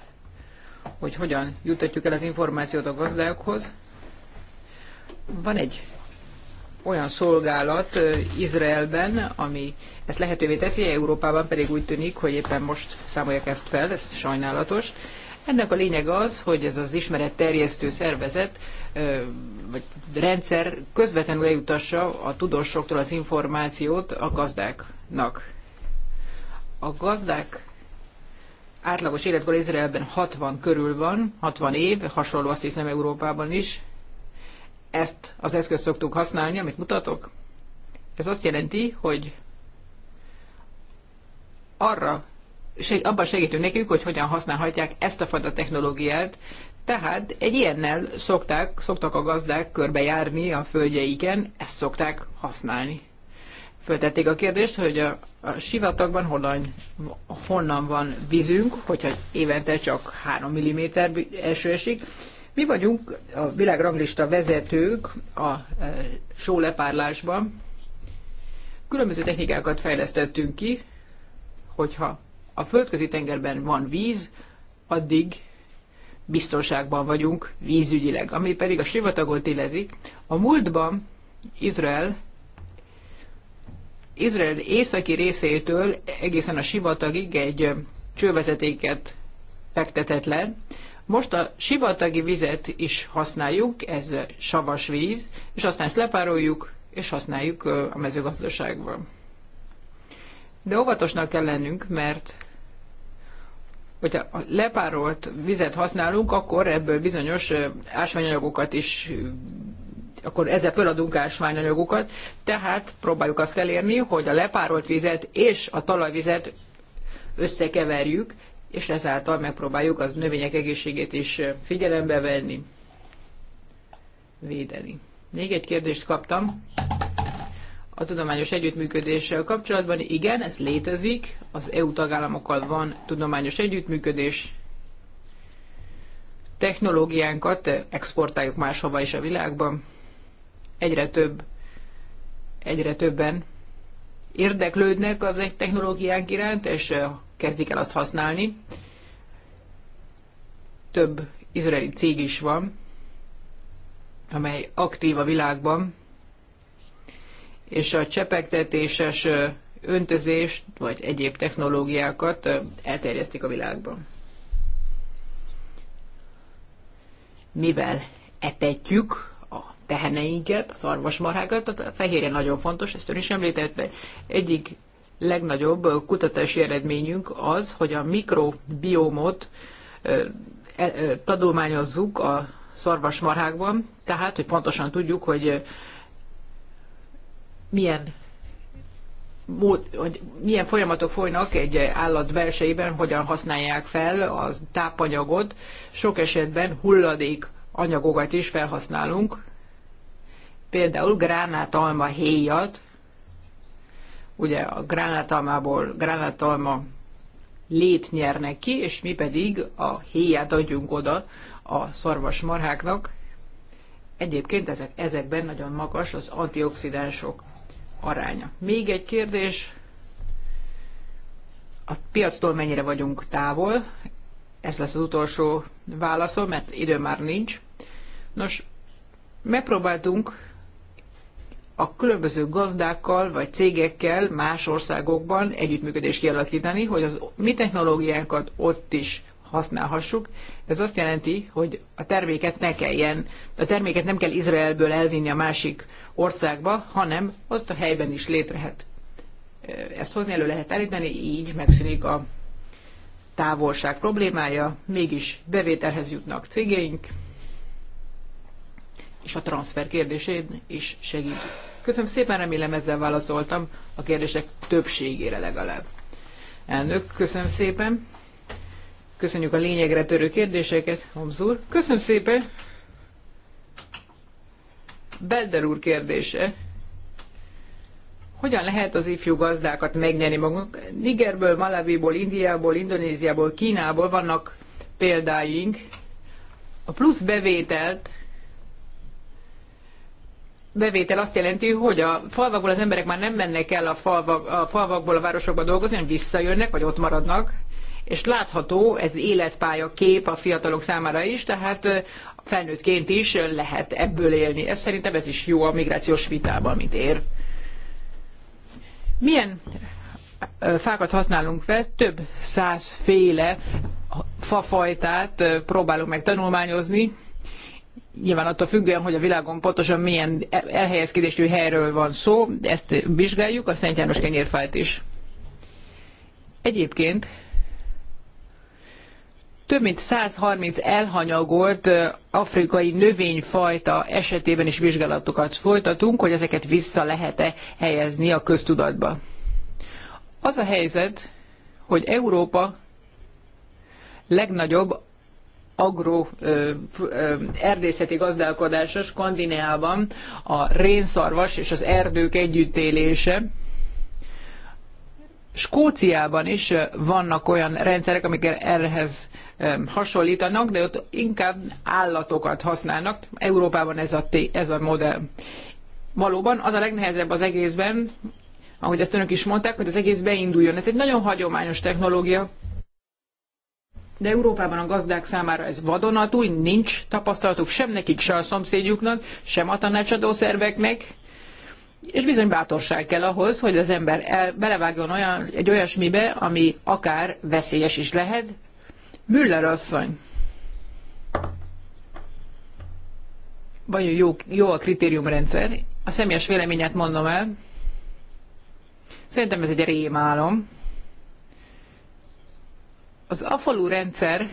hogy hogyan jutatjuk el az információt a gazdákhoz. Van egy olyan szolgálat Izraelben, ami ezt lehetővé teszi, Európában pedig úgy tűnik, hogy éppen most számolják ezt fel, ez sajnálatos. Ennek a lényeg az, hogy ez az ismeretterjesztő szervezet vagy rendszer közvetlenül eljutassa a tudósoktól az információt a gazdáknak. A gazdák átlagos életkor Izraelben 60 körül van, 60 év, hasonló azt hiszem Európában is. Ezt az eszközt szoktuk használni, amit mutatok. Ez azt jelenti, hogy arra seg, abban segítünk nekünk, hogy hogyan használhatják ezt a fajta technológiát. Tehát egy ilyennel szokták, szoktak a gazdák körbejárni a földjeiken, ezt szokták használni. Föltették a kérdést, hogy a, a sivatagban honnan, honnan van vízünk, hogyha évente csak 3 mm eső esik, mi vagyunk a világranglista vezetők a e, sólepárlásban. Különböző technikákat fejlesztettünk ki, hogyha a földközi tengerben van víz, addig biztonságban vagyunk vízügyileg. Ami pedig a sivatagot illeti, a múltban Izrael Izrael északi részétől egészen a sivatagig egy csővezetéket fektetett le. Most a sivatagi vizet is használjuk, ez savas víz, és aztán ezt lepároljuk, és használjuk a mezőgazdaságban. De óvatosnak kell lennünk, mert hogyha a lepárolt vizet használunk, akkor ebből bizonyos ásványanyagokat is, akkor ezzel föladunk ásványanyagokat, tehát próbáljuk azt elérni, hogy a lepárolt vizet és a talajvizet összekeverjük, és ezáltal megpróbáljuk az növények egészségét is figyelembe venni, védeni. Még egy kérdést kaptam a tudományos együttműködéssel kapcsolatban. Igen, ez létezik, az EU tagállamokkal van tudományos együttműködés, technológiánkat exportáljuk máshova is a világban. Egyre több, egyre többen érdeklődnek az egy technológiánk iránt, és kezdik el azt használni. Több izraeli cég is van, amely aktív a világban, és a csepegtetéses öntözést vagy egyéb technológiákat elterjesztik a világban. Mivel etetjük a teheneinket, a szarvasmarhákat, a fehérje nagyon fontos, ezt ön is említette, egyik legnagyobb kutatási eredményünk az, hogy a mikrobiomot e, tadományozzuk a szarvasmarhákban, tehát, hogy pontosan tudjuk, hogy milyen mód, hogy milyen folyamatok folynak egy állat belsejében, hogyan használják fel a tápanyagot. Sok esetben hulladék anyagokat is felhasználunk, például gránátalma héjat, ugye a gránátalmából gránátalma lét nyernek ki, és mi pedig a héját adjunk oda a szarvasmarháknak. Egyébként ezek, ezekben nagyon magas az antioxidánsok aránya. Még egy kérdés, a piactól mennyire vagyunk távol? Ez lesz az utolsó válaszom, mert idő már nincs. Nos, megpróbáltunk a különböző gazdákkal vagy cégekkel más országokban együttműködést kialakítani, hogy az mi technológiánkat ott is használhassuk. Ez azt jelenti, hogy a terméket ne kelljen, a terméket nem kell Izraelből elvinni a másik országba, hanem ott a helyben is létrehet. Ezt hozni elő lehet elíteni, így megszűnik a távolság problémája, mégis bevételhez jutnak cégeink, és a transfer kérdésén is segít. Köszönöm szépen, remélem ezzel válaszoltam a kérdések többségére legalább. Elnök, köszönöm szépen. Köszönjük a lényegre törő kérdéseket, Homz úr. Köszönöm szépen. Belder úr kérdése. Hogyan lehet az ifjú gazdákat megnyerni magunk? Nigerből, Malawiból, Indiából, Indonéziából, Kínából vannak példáink. A plusz bevételt bevétel azt jelenti, hogy a falvakból az emberek már nem mennek el a, falvak, a falvakból a városokba dolgozni, hanem visszajönnek, vagy ott maradnak, és látható ez életpálya kép a fiatalok számára is, tehát felnőttként is lehet ebből élni. Ez szerintem ez is jó a migrációs vitában, mint ér. Milyen fákat használunk fel, több százféle fafajtát próbálunk meg tanulmányozni, nyilván attól függően, hogy a világon pontosan milyen elhelyezkedésű helyről van szó, ezt vizsgáljuk, a Szent János kenyérfát is. Egyébként több mint 130 elhanyagolt afrikai növényfajta esetében is vizsgálatokat folytatunk, hogy ezeket vissza lehet-e helyezni a köztudatba. Az a helyzet, hogy Európa legnagyobb agro erdészeti gazdálkodása Skandináában a rénszarvas és az erdők együttélése. Skóciában is vannak olyan rendszerek, amik erhez hasonlítanak, de ott inkább állatokat használnak. Európában ez a, ez a modell. Valóban az a legnehezebb az egészben, ahogy ezt önök is mondták, hogy az egész beinduljon. Ez egy nagyon hagyományos technológia, de Európában a gazdák számára ez vadonatúj, nincs tapasztalatuk sem nekik, sem a szomszédjuknak, sem a tanácsadó szerveknek, és bizony bátorság kell ahhoz, hogy az ember el, belevágjon olyan, egy olyasmibe, ami akár veszélyes is lehet. Müller asszony. Vajon jó, jó a kritériumrendszer? A személyes véleményet mondom el. Szerintem ez egy rémálom. Az AFALU rendszer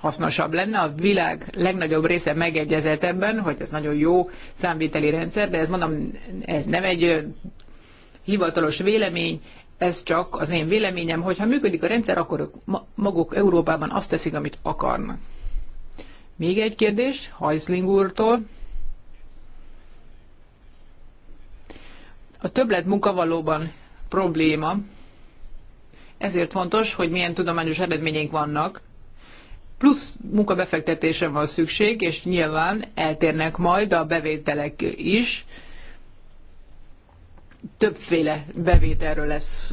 hasznosabb lenne, a világ legnagyobb része megegyezett ebben, hogy ez nagyon jó számviteli rendszer, de ez mondom, ez nem egy hivatalos vélemény, ez csak az én véleményem, hogy ha működik a rendszer, akkor ők maguk Európában azt teszik, amit akarnak. Még egy kérdés Hajszling úrtól. A többlet munka valóban probléma, ezért fontos, hogy milyen tudományos eredményeink vannak. Plusz munkabefektetésre van szükség, és nyilván eltérnek majd a bevételek is. Többféle bevételről lesz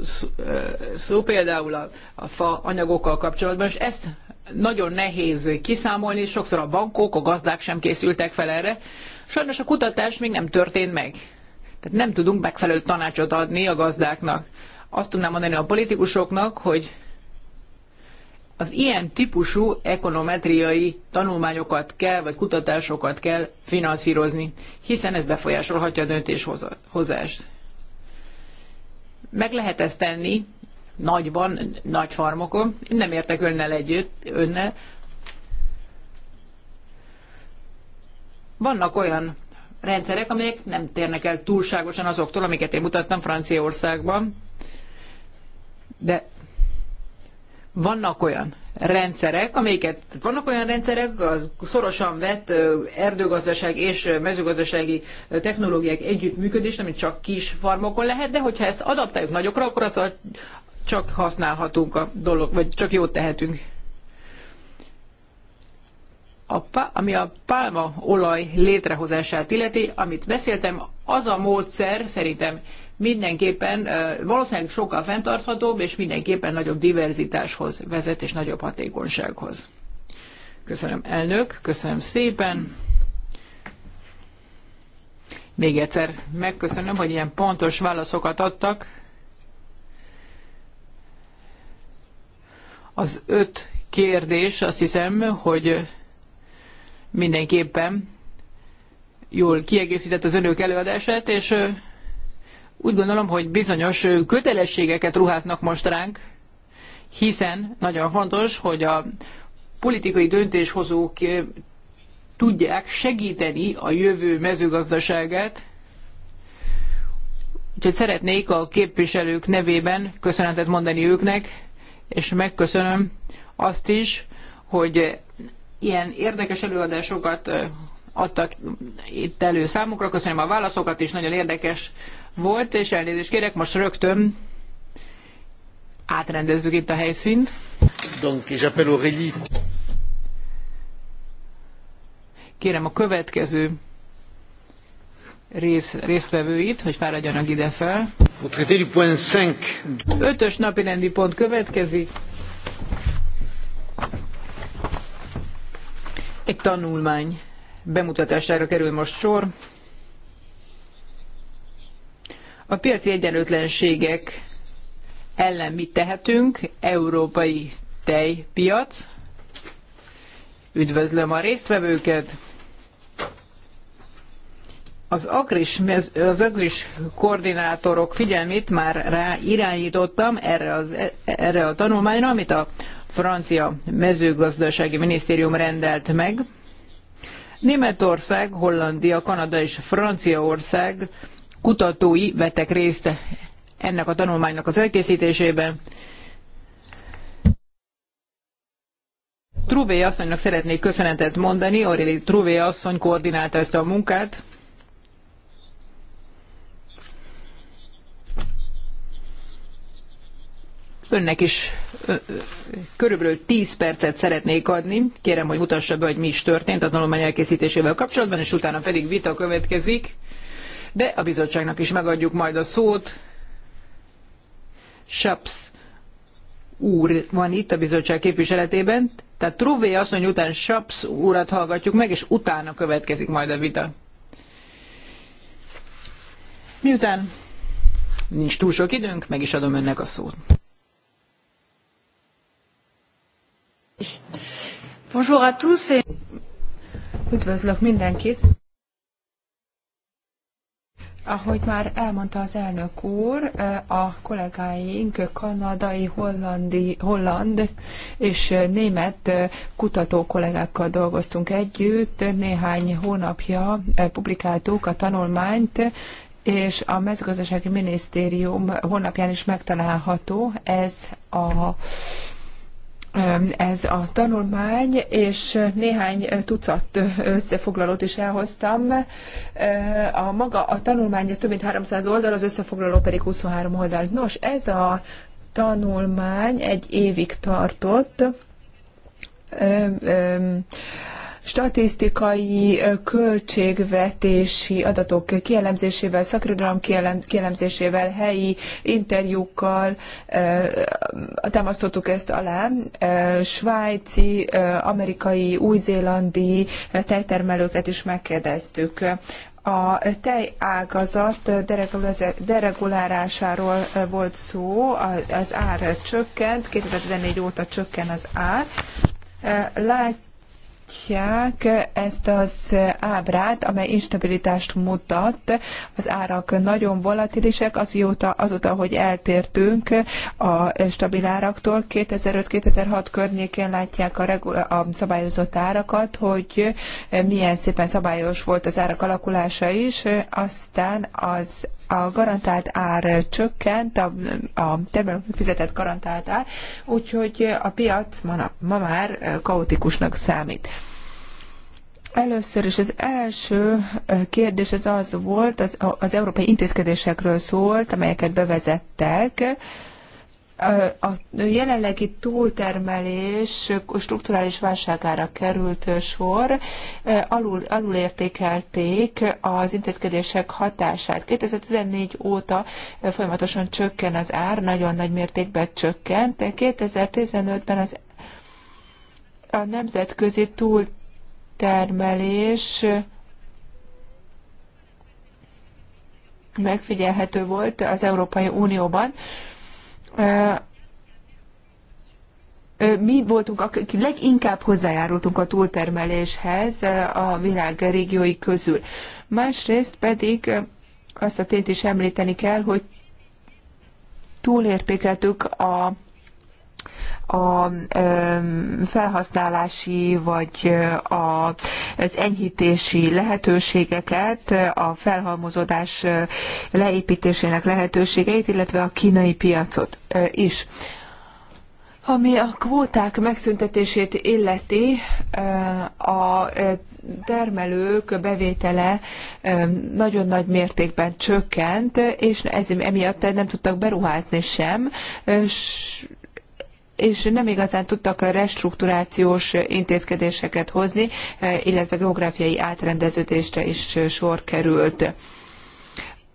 szó, például a, a fa anyagokkal kapcsolatban, és ezt nagyon nehéz kiszámolni, sokszor a bankok, a gazdák sem készültek fel erre. Sajnos a kutatás még nem történt meg. Tehát nem tudunk megfelelő tanácsot adni a gazdáknak azt tudnám mondani a politikusoknak, hogy az ilyen típusú ekonometriai tanulmányokat kell, vagy kutatásokat kell finanszírozni, hiszen ez befolyásolhatja a döntéshozást. Meg lehet ezt tenni nagyban, nagy farmokon. Én nem értek önnel együtt, önnel. Vannak olyan rendszerek, amelyek nem térnek el túlságosan azoktól, amiket én mutattam Franciaországban. De vannak olyan rendszerek, amelyeket, vannak olyan rendszerek, az szorosan vett erdőgazdaság és mezőgazdasági technológiák együttműködés, amit csak kis farmokon lehet, de hogyha ezt adaptáljuk nagyokra, akkor az csak használhatunk a dolog, vagy csak jót tehetünk a, ami a pálmaolaj létrehozását illeti, amit beszéltem, az a módszer szerintem mindenképpen valószínűleg sokkal fenntarthatóbb, és mindenképpen nagyobb diverzitáshoz vezet, és nagyobb hatékonysághoz. Köszönöm elnök, köszönöm szépen. Még egyszer megköszönöm, hogy ilyen pontos válaszokat adtak. Az öt kérdés, azt hiszem, hogy mindenképpen jól kiegészített az önök előadását, és úgy gondolom, hogy bizonyos kötelességeket ruháznak most ránk, hiszen nagyon fontos, hogy a politikai döntéshozók tudják segíteni a jövő mezőgazdaságát. Úgyhogy szeretnék a képviselők nevében köszönetet mondani őknek, és megköszönöm azt is, hogy ilyen érdekes előadásokat adtak itt elő számukra. Köszönöm a válaszokat is, nagyon érdekes volt, és elnézést kérek, most rögtön átrendezzük itt a helyszínt. Donc, j'appelle Aurélie. Kérem a következő rész, résztvevőit, hogy fáradjanak ide fel. Ötös napi rendi pont következik. Egy tanulmány bemutatására kerül most sor. A piaci egyenlőtlenségek ellen mit tehetünk? Európai tejpiac. Üdvözlöm a résztvevőket! az agris, az agris koordinátorok figyelmét már rá irányítottam erre, az, erre a tanulmányra, amit a francia mezőgazdasági minisztérium rendelt meg. Németország, Hollandia, Kanada és Franciaország kutatói vettek részt ennek a tanulmánynak az elkészítésében. Truvé asszonynak szeretnék köszönetet mondani, Aurélie Truvé asszony koordinálta ezt a munkát. önnek is körülbelül 10 percet szeretnék adni. Kérem, hogy mutassa be, hogy mi is történt a tanulmány elkészítésével kapcsolatban, és utána pedig vita következik. De a bizottságnak is megadjuk majd a szót. Saps úr van itt a bizottság képviseletében. Tehát Truvé azt mondja, után Saps úrat hallgatjuk meg, és utána következik majd a vita. Miután nincs túl sok időnk, meg is adom önnek a szót. Bonjour à tous et... Üdvözlök mindenkit! Ahogy már elmondta az elnök úr, a kollégáink kanadai, hollandi, holland és német kutató kollégákkal dolgoztunk együtt. Néhány hónapja publikáltuk a tanulmányt, és a mezőgazdasági minisztérium honlapján is megtalálható ez a ez a tanulmány, és néhány tucat összefoglalót is elhoztam. A maga a tanulmány, ez több mint 300 oldal, az összefoglaló pedig 23 oldal. Nos, ez a tanulmány egy évig tartott, statisztikai költségvetési adatok kielemzésével, szakirodalom kielemzésével, helyi interjúkkal támasztottuk ezt alá. Svájci, amerikai, új-zélandi tejtermelőket is megkérdeztük a tejágazat deregulálásáról volt szó, az ár csökkent, 2014 óta csökken az ár. Lát, látják ezt az ábrát, amely instabilitást mutat. Az árak nagyon volatilisek, azóta, azóta hogy eltértünk a stabil áraktól. 2005-2006 környékén látják a, regula- a szabályozott árakat, hogy milyen szépen szabályos volt az árak alakulása is. Aztán az a garantált ár csökkent, a, a termelőknek fizetett garantált ár, úgyhogy a piac ma, ma már kaotikusnak számít. Először is az első kérdés az az volt, az, az európai intézkedésekről szólt, amelyeket bevezettek a jelenlegi túltermelés strukturális válságára került sor, alul, alulértékelték az intézkedések hatását. 2014 óta folyamatosan csökken az ár, nagyon nagy mértékben csökkent. 2015-ben az a nemzetközi túltermelés megfigyelhető volt az Európai Unióban mi voltunk, akik leginkább hozzájárultunk a túltermeléshez a világ régiói közül. Másrészt pedig azt a tényt is említeni kell, hogy túlértékeltük a a felhasználási vagy az enyhítési lehetőségeket, a felhalmozódás leépítésének lehetőségeit, illetve a kínai piacot is. Ami a kvóták megszüntetését illeti, a termelők bevétele nagyon nagy mértékben csökkent, és ez emiatt nem tudtak beruházni sem, és nem igazán tudtak restrukturációs intézkedéseket hozni, eh, illetve geográfiai átrendeződésre is sor került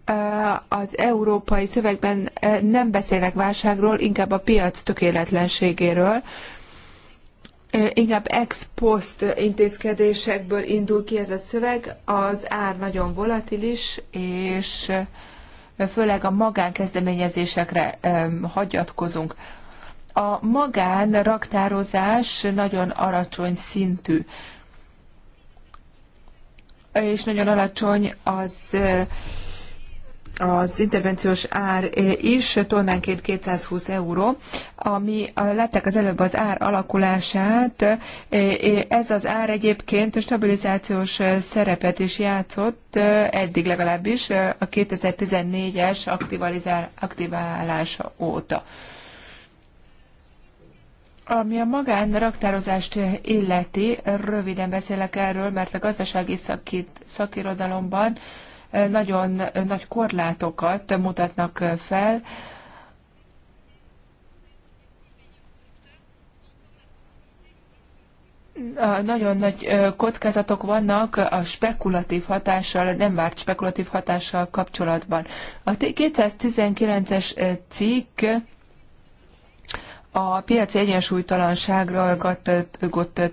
eh, az európai szövegben eh, nem beszélnek válságról, inkább a piac tökéletlenségéről, inkább ex post intézkedésekből indul ki ez a szöveg, az ár nagyon volatilis, és főleg a magánkezdeményezésekre hagyatkozunk a magán raktározás nagyon alacsony szintű, és nagyon alacsony az az intervenciós ár is tonnánként 220 euró, ami látták az előbb az ár alakulását. Ez az ár egyébként stabilizációs szerepet is játszott, eddig legalábbis a 2014-es aktiválása óta. Ami a magánraktározást illeti, röviden beszélek erről, mert a gazdasági szakít, szakirodalomban eh, nagyon eh, nagy korlátokat mutatnak eh, fel. Nagyon nagy kockázatok vannak a spekulatív hatással, nem várt spekulatív hatással kapcsolatban. A 219-es cikk a piaci egyensúlytalanságot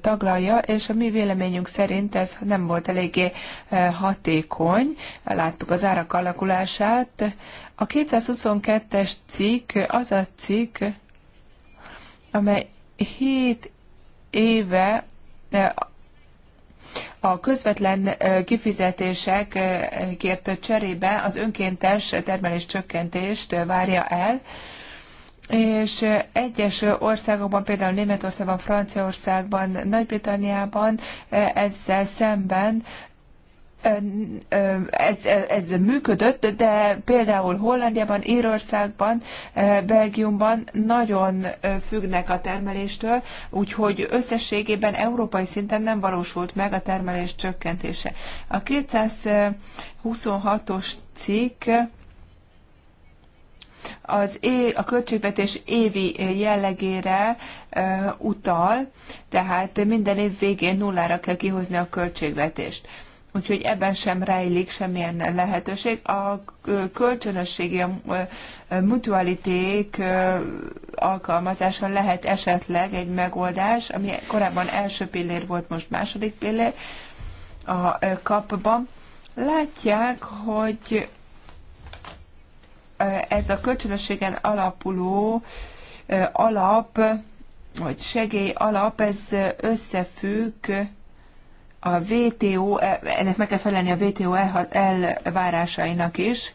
taglalja, és a mi véleményünk szerint ez nem volt eléggé eh, hatékony. Láttuk az árak alakulását. A 222-es cikk az a cikk, amely 7 éve eh, a közvetlen eh, kifizetésekért cserébe az önkéntes termelés csökkentést várja el, és egyes országokban, például Németországban, Franciaországban, Nagy-Britanniában ezzel szemben ez, ez működött, de például Hollandiában, Írországban, Belgiumban nagyon függnek a termeléstől, úgyhogy összességében európai szinten nem valósult meg a termelés csökkentése. A 226-os cikk az é, a költségvetés évi jellegére utal, tehát minden év végén nullára kell kihozni a költségvetést. Úgyhogy ebben sem rejlik semmilyen lehetőség. A kölcsönösségi, a mutualiték alkalmazása lehet esetleg egy megoldás, ami korábban első pillér volt, most második pillér a kapban. Látják, hogy ez a kölcsönösségen alapuló alap, vagy segély alap, ez összefügg a VTO, e, ennek meg kell felelni a VTO elvárásainak is.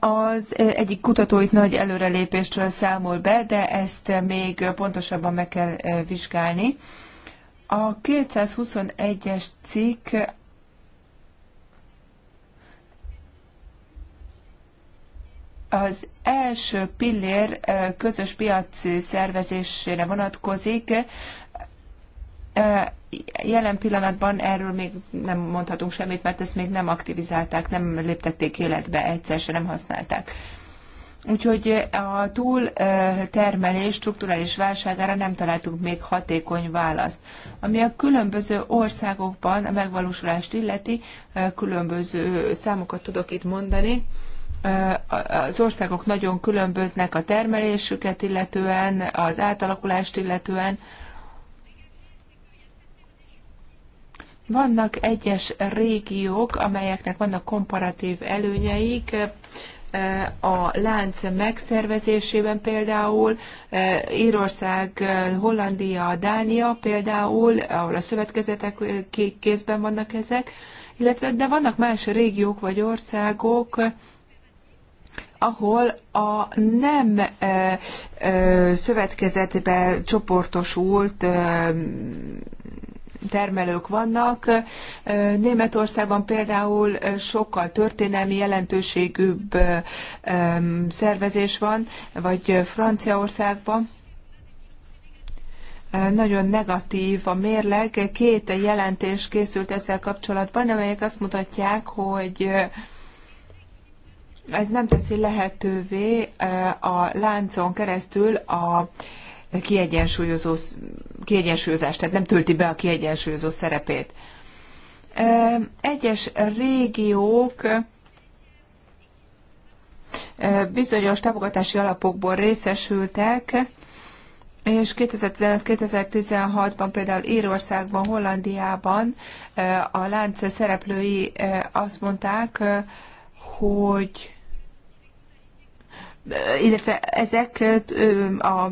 Az egyik kutató itt nagy előrelépéstről számol be, de ezt még pontosabban meg kell vizsgálni. A 221-es cikk az első pillér közös piac szervezésére vonatkozik. Jelen pillanatban erről még nem mondhatunk semmit, mert ezt még nem aktivizálták, nem léptették életbe, egyszer se nem használták. Úgyhogy a túltermelés strukturális válságára nem találtunk még hatékony választ. Ami a különböző országokban a megvalósulást illeti, különböző számokat tudok itt mondani az országok nagyon különböznek a termelésüket illetően, az átalakulást illetően. Vannak egyes régiók, amelyeknek vannak komparatív előnyeik, a lánc megszervezésében például, Írország, Hollandia, Dánia például, ahol a szövetkezetek kézben vannak ezek, illetve de vannak más régiók vagy országok, ahol a nem szövetkezetbe csoportosult termelők vannak. Németországban például sokkal történelmi jelentőségűbb szervezés van, vagy Franciaországban nagyon negatív a mérleg. Két jelentés készült ezzel kapcsolatban, amelyek azt mutatják, hogy ez nem teszi lehetővé e, a láncon keresztül a kiegyensúlyozó, kiegyensúlyozást, tehát nem tölti be a kiegyensúlyozó szerepét. E, egyes régiók e, bizonyos támogatási alapokból részesültek, és 2015-2016-ban például Írországban, Hollandiában a lánc szereplői azt mondták, hogy illetve ezek a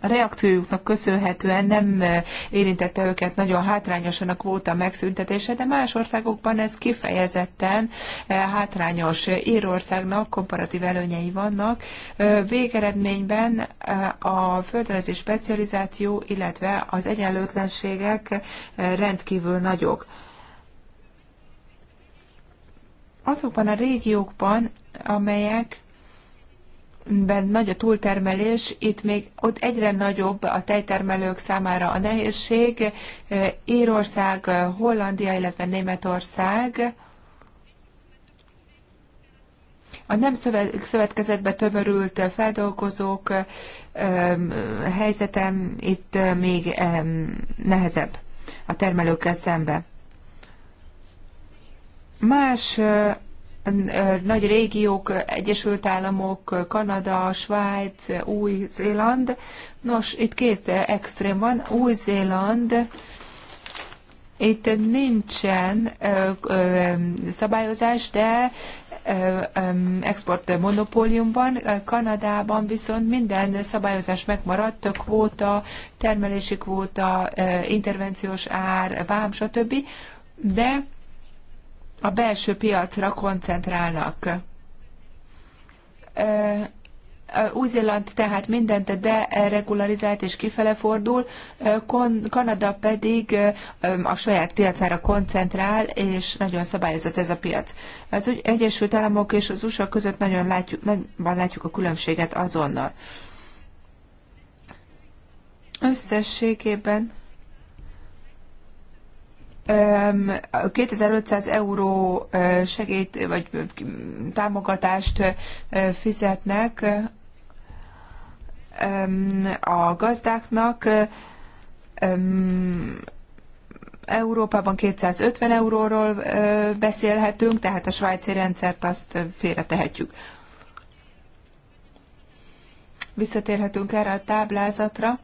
a reakciójuknak köszönhetően nem érintette őket nagyon hátrányosan a kvóta megszüntetése, de más országokban ez kifejezetten hátrányos. Írországnak komparatív előnyei vannak. Végeredményben a földrajzi specializáció, illetve az egyenlőtlenségek rendkívül nagyok azokban a régiókban, amelyek ben nagy a túltermelés, itt még ott egyre nagyobb a tejtermelők számára a nehézség. Írország, Hollandia, illetve Németország a nem szövetkezetbe tömörült feldolgozók helyzetem itt még nehezebb a termelőkkel szemben. Más nagy régiók, Egyesült Államok, Kanada, Svájc, Új-Zéland. Nos, itt két extrém van. Új-Zéland itt nincsen szabályozás, de export van. Kanadában viszont minden szabályozás megmaradt, kvóta, termelési kvóta, intervenciós ár, vám, stb. De a belső piacra koncentrálnak. Új-Zéland tehát mindent deregularizált és kifele fordul, Kanada pedig a saját piacára koncentrál, és nagyon szabályozott ez a piac. Az Egyesült Államok és az USA között nagyon látjuk, nagyban látjuk a különbséget azonnal. Összességében 2500 euró segít, vagy támogatást fizetnek a gazdáknak. Európában 250 euróról beszélhetünk, tehát a svájci rendszert azt félretehetjük. Visszatérhetünk erre a táblázatra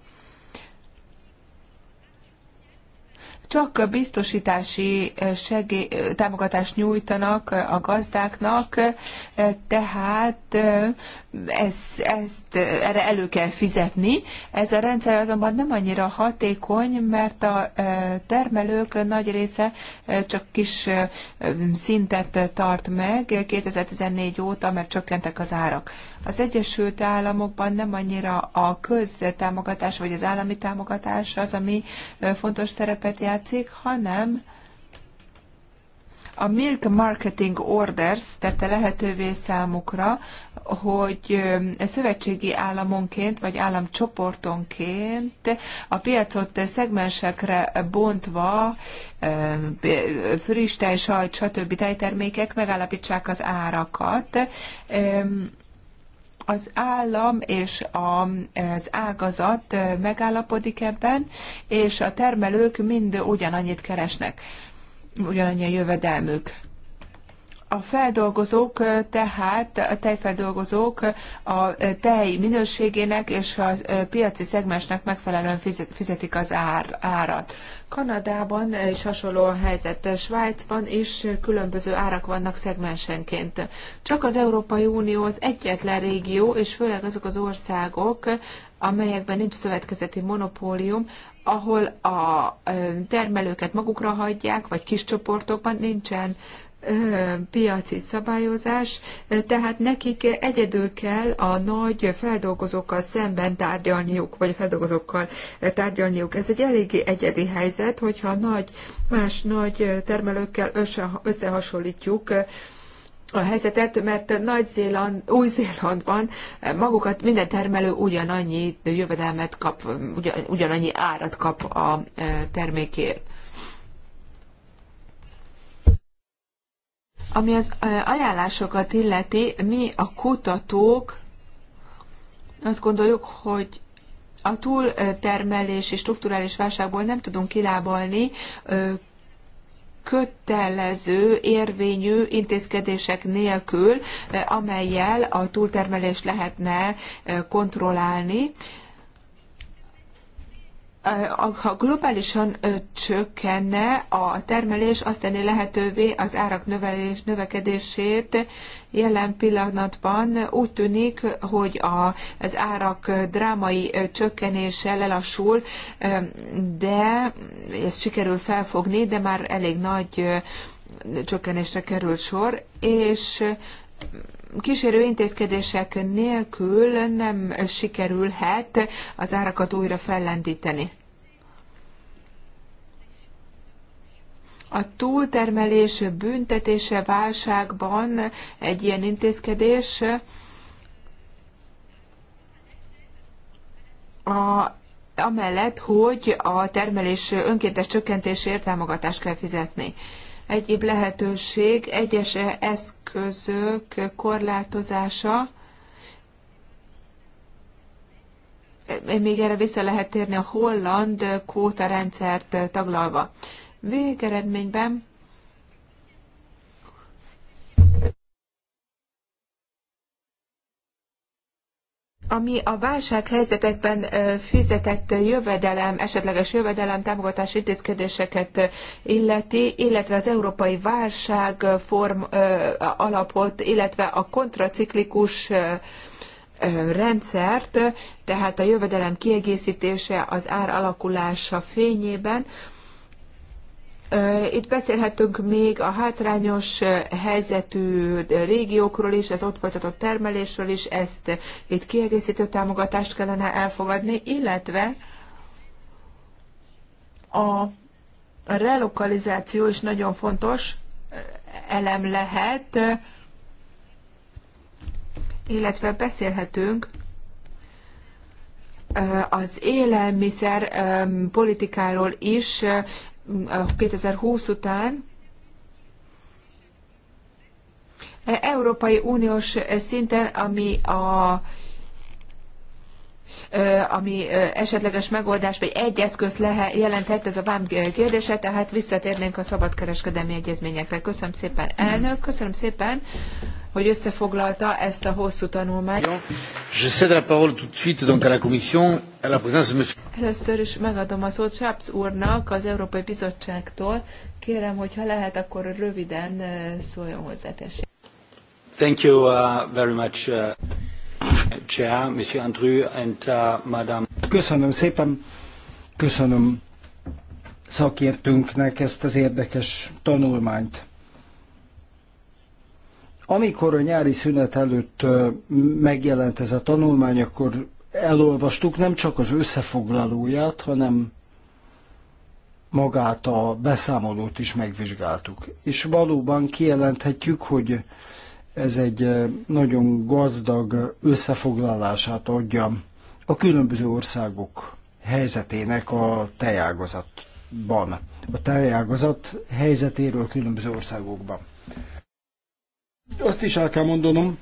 csak biztosítási eh, segély, eh, támogatást nyújtanak eh, a gazdáknak, tehát ez, ezt erre elő kell fizetni. Ez a rendszer azonban nem annyira hatékony, mert a termelők nagy része csak kis szintet tart meg 2014 óta, mert csökkentek az árak. Az Egyesült Államokban nem annyira a köztámogatás vagy az állami támogatás az, ami fontos szerepet játszik, tetszik, hanem a Milk Marketing Orders tette lehetővé számukra, hogy szövetségi államonként vagy államcsoportonként a piacot szegmensekre bontva friss tej, sajt, stb. tejtermékek megállapítsák az árakat az állam és az ágazat megállapodik ebben, és a termelők mind ugyanannyit keresnek, ugyanannyi a jövedelmük. A feldolgozók, tehát a tejfeldolgozók a tej minőségének és a piaci szegmensnek megfelelően fizetik az ár, árat. Kanadában is hasonló a helyzet, Svájcban is különböző árak vannak szegmensenként. Csak az Európai Unió az egyetlen régió, és főleg azok az országok, amelyekben nincs szövetkezeti monopólium, ahol a termelőket magukra hagyják, vagy kis csoportokban nincsen piaci szabályozás, tehát nekik egyedül kell a nagy feldolgozókkal szemben tárgyalniuk, vagy a feldolgozókkal tárgyalniuk. Ez egy eléggé egyedi helyzet, hogyha nagy, más nagy termelőkkel összehasonlítjuk a helyzetet, mert Nagy-Zéland, Új-Zélandban magukat minden termelő ugyanannyi jövedelmet kap, ugyanannyi árat kap a termékért. Ami az ajánlásokat illeti, mi a kutatók azt gondoljuk, hogy a túltermelés és strukturális válságból nem tudunk kilábalni, kötelező, érvényű intézkedések nélkül, amelyel a túltermelést lehetne kontrollálni ha globálisan csökkenne a termelés, azt tenni lehetővé az árak növelés, növekedését. Jelen pillanatban úgy tűnik, hogy a, az árak drámai csökkenése lelassul, de ezt sikerül felfogni, de már elég nagy csökkenésre került sor, és kísérő intézkedések nélkül nem sikerülhet az árakat újra fellendíteni. A túltermelés büntetése válságban egy ilyen intézkedés a, amellett, hogy a termelés önkéntes csökkentésért támogatást kell fizetni egyéb lehetőség, egyes eszközök korlátozása, még erre vissza lehet térni a holland rendszert taglalva. Végeredményben ami a válsághelyzetekben fizetett jövedelem, esetleges jövedelem támogatási intézkedéseket illeti, illetve az európai válságform alapot, illetve a kontraciklikus rendszert, tehát a jövedelem kiegészítése az ár alakulása fényében. Itt beszélhetünk még a hátrányos helyzetű régiókról is, az ott folytatott termelésről is, ezt itt kiegészítő támogatást kellene elfogadni, illetve a relokalizáció is nagyon fontos elem lehet, illetve beszélhetünk az élelmiszer politikáról is 2020 után Európai Uniós szinten, ami a ami esetleges megoldás, vagy egy eszköz lehet, jelentett ez a vám kérdése, tehát visszatérnénk a szabadkereskedelmi egyezményekre. Köszönöm szépen, elnök, köszönöm szépen, hogy összefoglalta ezt a hosszú tanulmányt. Először is megadom a szót Sápsz úrnak az Európai Bizottságtól. Kérem, hogy ha lehet, akkor röviden szóljon hozzá, tessék. Thank you uh, very much, uh, Chair, Monsieur Andrew and uh, Madame. Köszönöm szépen, köszönöm szakértőnknek ezt az érdekes tanulmányt. Amikor a nyári szünet előtt megjelent ez a tanulmány, akkor elolvastuk nem csak az összefoglalóját, hanem magát a beszámolót is megvizsgáltuk. És valóban kijelenthetjük, hogy ez egy nagyon gazdag összefoglalását adja a különböző országok helyzetének a tejágazatban, a tejágazat helyzetéről különböző országokban. Azt is el kell mondanom,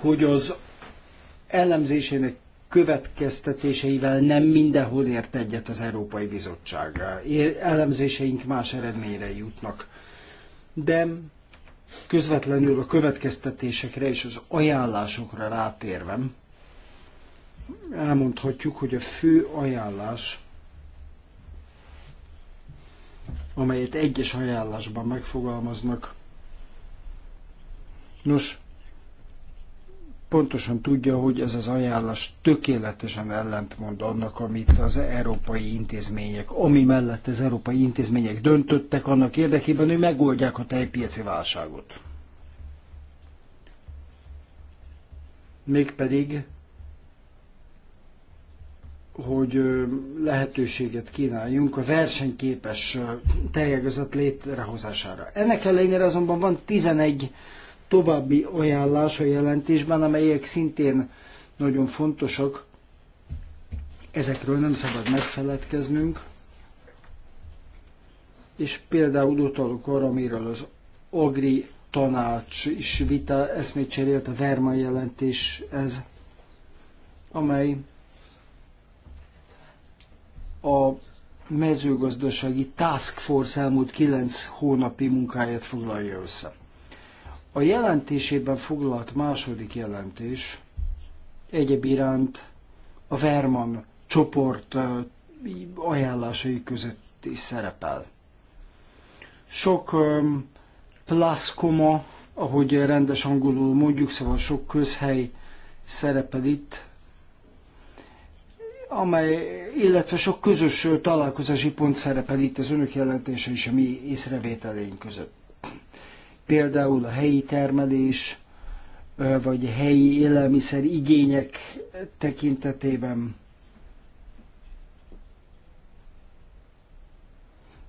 hogy az ellenzésének következtetéseivel nem mindenhol ért egyet az Európai Bizottság. Elemzéseink más eredményre jutnak. De közvetlenül a következtetésekre és az ajánlásokra rátérve, elmondhatjuk, hogy a fő ajánlás, amelyet egyes ajánlásban megfogalmaznak, Nos, pontosan tudja, hogy ez az ajánlás tökéletesen ellentmond annak, amit az európai intézmények, ami mellett az európai intézmények döntöttek annak érdekében, hogy megoldják a tejpiaci válságot. Mégpedig, hogy lehetőséget kínáljunk a versenyképes teljegazat létrehozására. Ennek ellenére azonban van 11 további ajánlás a jelentésben, amelyek szintén nagyon fontosak. Ezekről nem szabad megfeledkeznünk. És például utalok arra, amiről az Agri tanács is vita eszmét cserélt a Verma jelentés ez, amely a mezőgazdasági Task Force elmúlt 9 hónapi munkáját foglalja össze. A jelentésében foglalt második jelentés egyéb iránt a Verman csoport ajánlásai között is szerepel. Sok plaszkoma, ahogy rendes angolul mondjuk, szóval sok közhely szerepel itt, amely, illetve sok közös találkozási pont szerepel itt az önök jelentése és a mi észrevételeink között például a helyi termelés, vagy helyi élelmiszer igények tekintetében,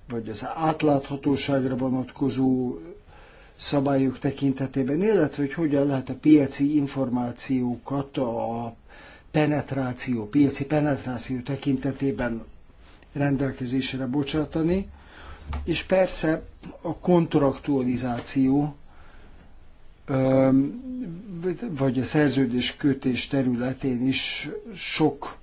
vagy az átláthatóságra vonatkozó szabályok tekintetében, illetve hogy hogyan lehet a piaci információkat a penetráció, piaci penetráció tekintetében rendelkezésre bocsátani. És persze a kontraktualizáció vagy a szerződés kötés területén is sok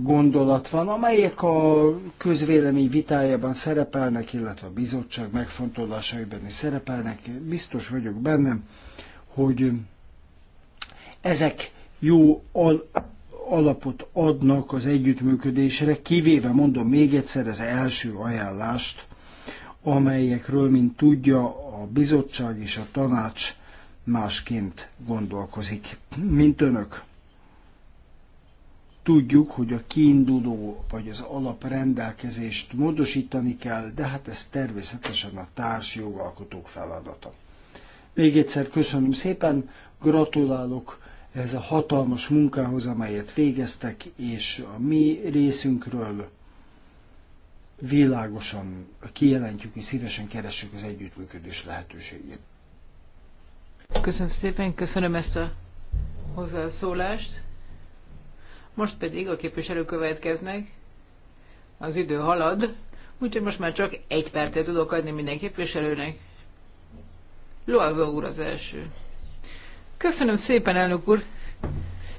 gondolat van, amelyek a közvélemény vitájában szerepelnek, illetve a bizottság megfontolásaiban is szerepelnek. Biztos vagyok bennem, hogy ezek jó al- alapot adnak az együttműködésre, kivéve mondom még egyszer az első ajánlást, amelyekről, mint tudja, a bizottság és a tanács másként gondolkozik, mint önök. Tudjuk, hogy a kiinduló vagy az alaprendelkezést módosítani kell, de hát ez természetesen a társ jogalkotók feladata. Még egyszer köszönöm szépen, gratulálok ez a hatalmas munkához, amelyet végeztek, és a mi részünkről világosan kijelentjük, és szívesen keressük az együttműködés lehetőségét. Köszönöm szépen, köszönöm ezt a hozzászólást. Most pedig a képviselők következnek. Az idő halad, úgyhogy most már csak egy percet tudok adni minden képviselőnek. Loazó úr az első. Köszönöm szépen, elnök úr!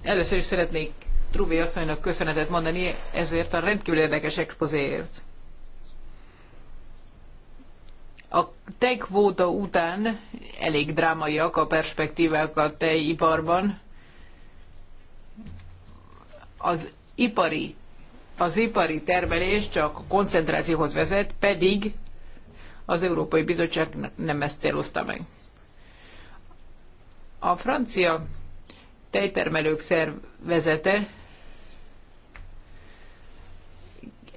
Először is szeretnék Trubi asszonynak köszönetet mondani ezért a rendkívül érdekes expozéért. A tejkvóta után elég drámaiak a perspektívák a tejiparban. Az ipari, az ipari termelés csak a koncentrációhoz vezet, pedig az Európai Bizottság nem ezt célozta meg. A francia tejtermelők szervezete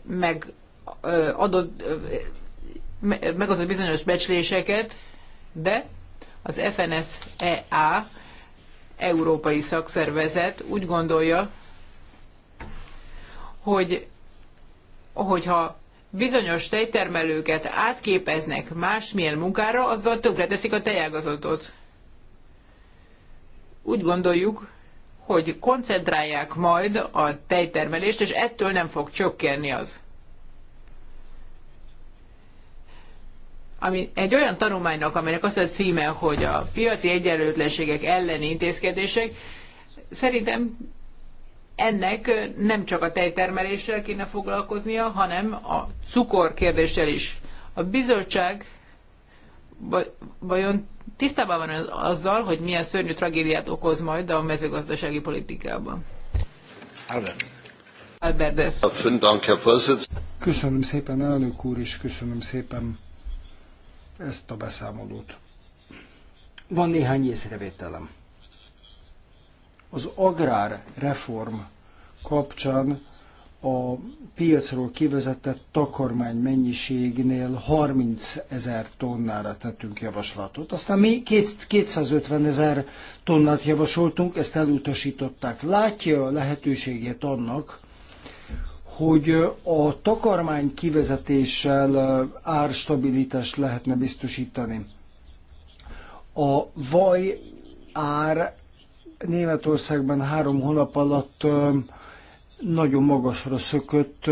meg adott a bizonyos becsléseket, de az FNSEA Európai Szakszervezet úgy gondolja, hogy hogyha bizonyos tejtermelőket átképeznek másmilyen munkára, azzal tönkreteszik a tejágazatot. Úgy gondoljuk, hogy koncentrálják majd a tejtermelést, és ettől nem fog csökkenni az. Ami egy olyan tanulmánynak, amelynek az a címe, hogy a piaci egyenlőtlenségek elleni intézkedések, szerintem ennek nem csak a tejtermeléssel kéne foglalkoznia, hanem a cukor kérdéssel is. A bizottság vajon tisztában van azzal, hogy milyen szörnyű tragédiát okoz majd a mezőgazdasági politikában. Albert. Albert Köszönöm szépen, elnök úr, és köszönöm szépen ezt a beszámolót. Van néhány észrevételem. Az agrárreform kapcsán a piacról kivezetett takarmány mennyiségnél 30 ezer tonnára tettünk javaslatot. Aztán mi 250 ezer tonnát javasoltunk, ezt elutasították. Látja a lehetőségét annak, hogy a takarmány kivezetéssel árstabilitást lehetne biztosítani. A vaj ár Németországban három hónap alatt nagyon magasra szökött,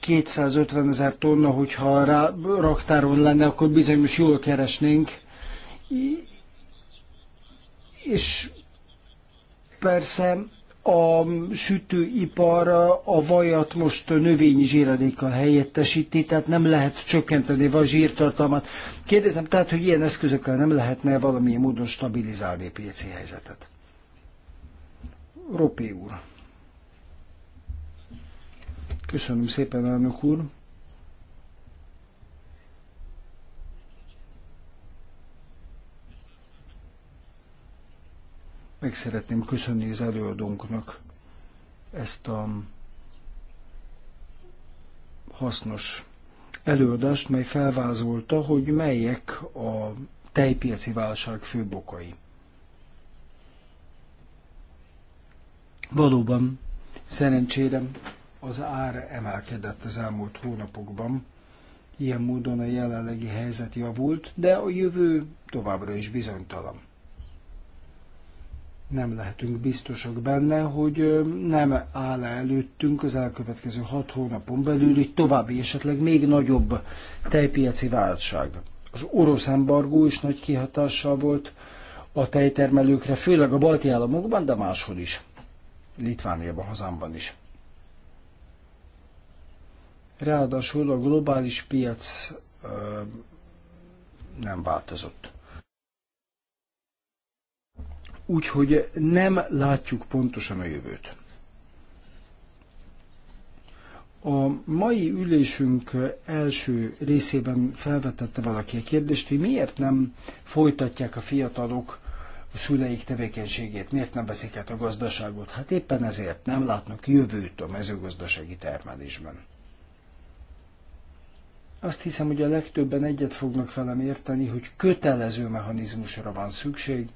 250 ezer tonna, hogyha rá, raktáron lenne, akkor bizony most jól keresnénk. És persze a sütőipar a vajat most növényi zsíradékkal helyettesíti, tehát nem lehet csökkenteni a zsírtartalmat. Kérdezem tehát, hogy ilyen eszközökkel nem lehetne valamilyen módon stabilizálni a piaci helyzetet. Ropi úr. Köszönöm szépen, elnök úr. Meg szeretném köszönni az előadónknak ezt a hasznos előadást, mely felvázolta, hogy melyek a tejpiaci válság főbokai. Valóban, szerencsére az ár emelkedett az elmúlt hónapokban, ilyen módon a jelenlegi helyzet javult, de a jövő továbbra is bizonytalan. Nem lehetünk biztosak benne, hogy nem áll -e előttünk az elkövetkező hat hónapon belül egy további, esetleg még nagyobb tejpiaci válság. Az orosz embargó is nagy kihatással volt a tejtermelőkre, főleg a balti államokban, de máshol is. Litvániában, hazámban is. Ráadásul a globális piac ö, nem változott. Úgyhogy nem látjuk pontosan a jövőt. A mai ülésünk első részében felvetette valaki a kérdést, hogy miért nem folytatják a fiatalok a szüleik tevékenységét, miért nem veszik át a gazdaságot? Hát éppen ezért nem látnak jövőt a mezőgazdasági termelésben. Azt hiszem, hogy a legtöbben egyet fognak velem érteni, hogy kötelező mechanizmusra van szükség,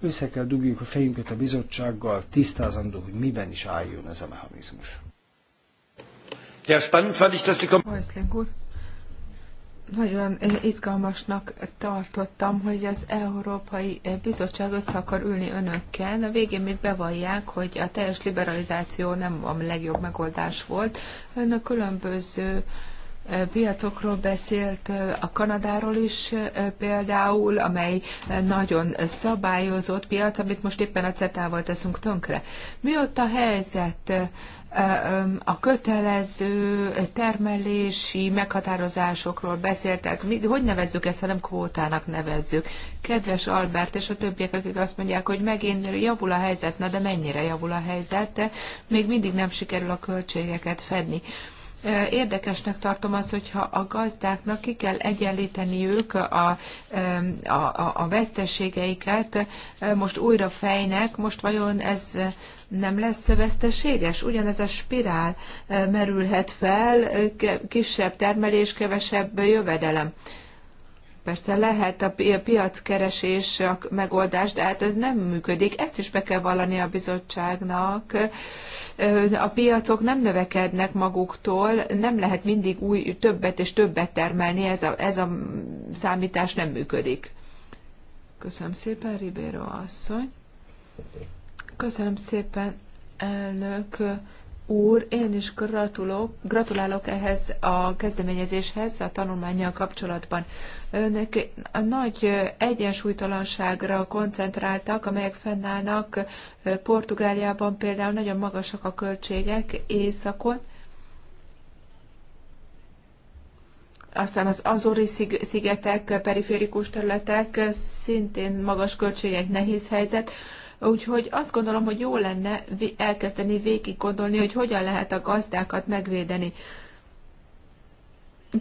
össze kell dugjuk a fejünket a bizottsággal, tisztázandó, hogy miben is álljon ez a mechanizmus. Ja, spannend fand ich, dass die nagyon izgalmasnak tartottam, hogy az Európai Bizottság össze akar ülni önökkel. A végén még bevallják, hogy a teljes liberalizáció nem a legjobb megoldás volt. Ön a különböző eh, piacokról beszélt, eh, a Kanadáról is eh, például, amely nagyon szabályozott piac, amit most éppen a CETA-val teszünk tönkre. Mi ott a helyzet? a kötelező termelési meghatározásokról beszéltek. Mi, hogy nevezzük ezt, ha nem kvótának nevezzük? Kedves Albert és a többiek, akik azt mondják, hogy megint javul a helyzet, na de mennyire javul a helyzet, de még mindig nem sikerül a költségeket fedni. Érdekesnek tartom azt, hogyha a gazdáknak ki kell egyenlíteni ők a, a, a, a veszteségeiket, most újra fejnek, most vajon ez nem lesz veszteséges? Ugyanez a spirál eh, merülhet fel, eh, kisebb termelés, kevesebb jövedelem. Persze lehet a piackeresés a megoldás, de hát ez nem működik. Ezt is be kell vallani a bizottságnak. Eh, a piacok nem növekednek maguktól, nem lehet mindig új, többet és többet termelni, ez a, ez a számítás nem működik. Köszönöm szépen, Ribéro asszony. Köszönöm szépen, elnök úr. Én is gratulok, gratulálok ehhez a kezdeményezéshez a tanulmányjal kapcsolatban. Önök a nagy egyensúlytalanságra koncentráltak, amelyek fennállnak Portugáliában például nagyon magasak a költségek északon, aztán az Azori szigetek, periférikus területek, szintén magas költségek, nehéz helyzet. Úgyhogy azt gondolom, hogy jó lenne elkezdeni végig gondolni, hogy hogyan lehet a gazdákat megvédeni.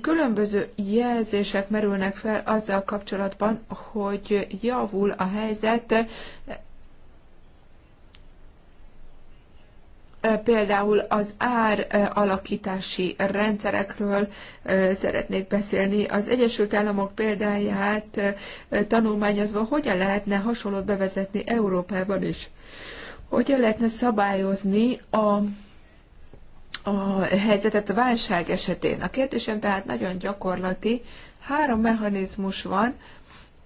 Különböző jelzések merülnek fel azzal kapcsolatban, hogy javul a helyzet például az ár alakítási rendszerekről szeretnék beszélni. Az Egyesült Államok példáját tanulmányozva hogyan lehetne hasonlót bevezetni Európában is? Hogyan lehetne szabályozni a a helyzetet a válság esetén. A kérdésem tehát nagyon gyakorlati. Három mechanizmus van,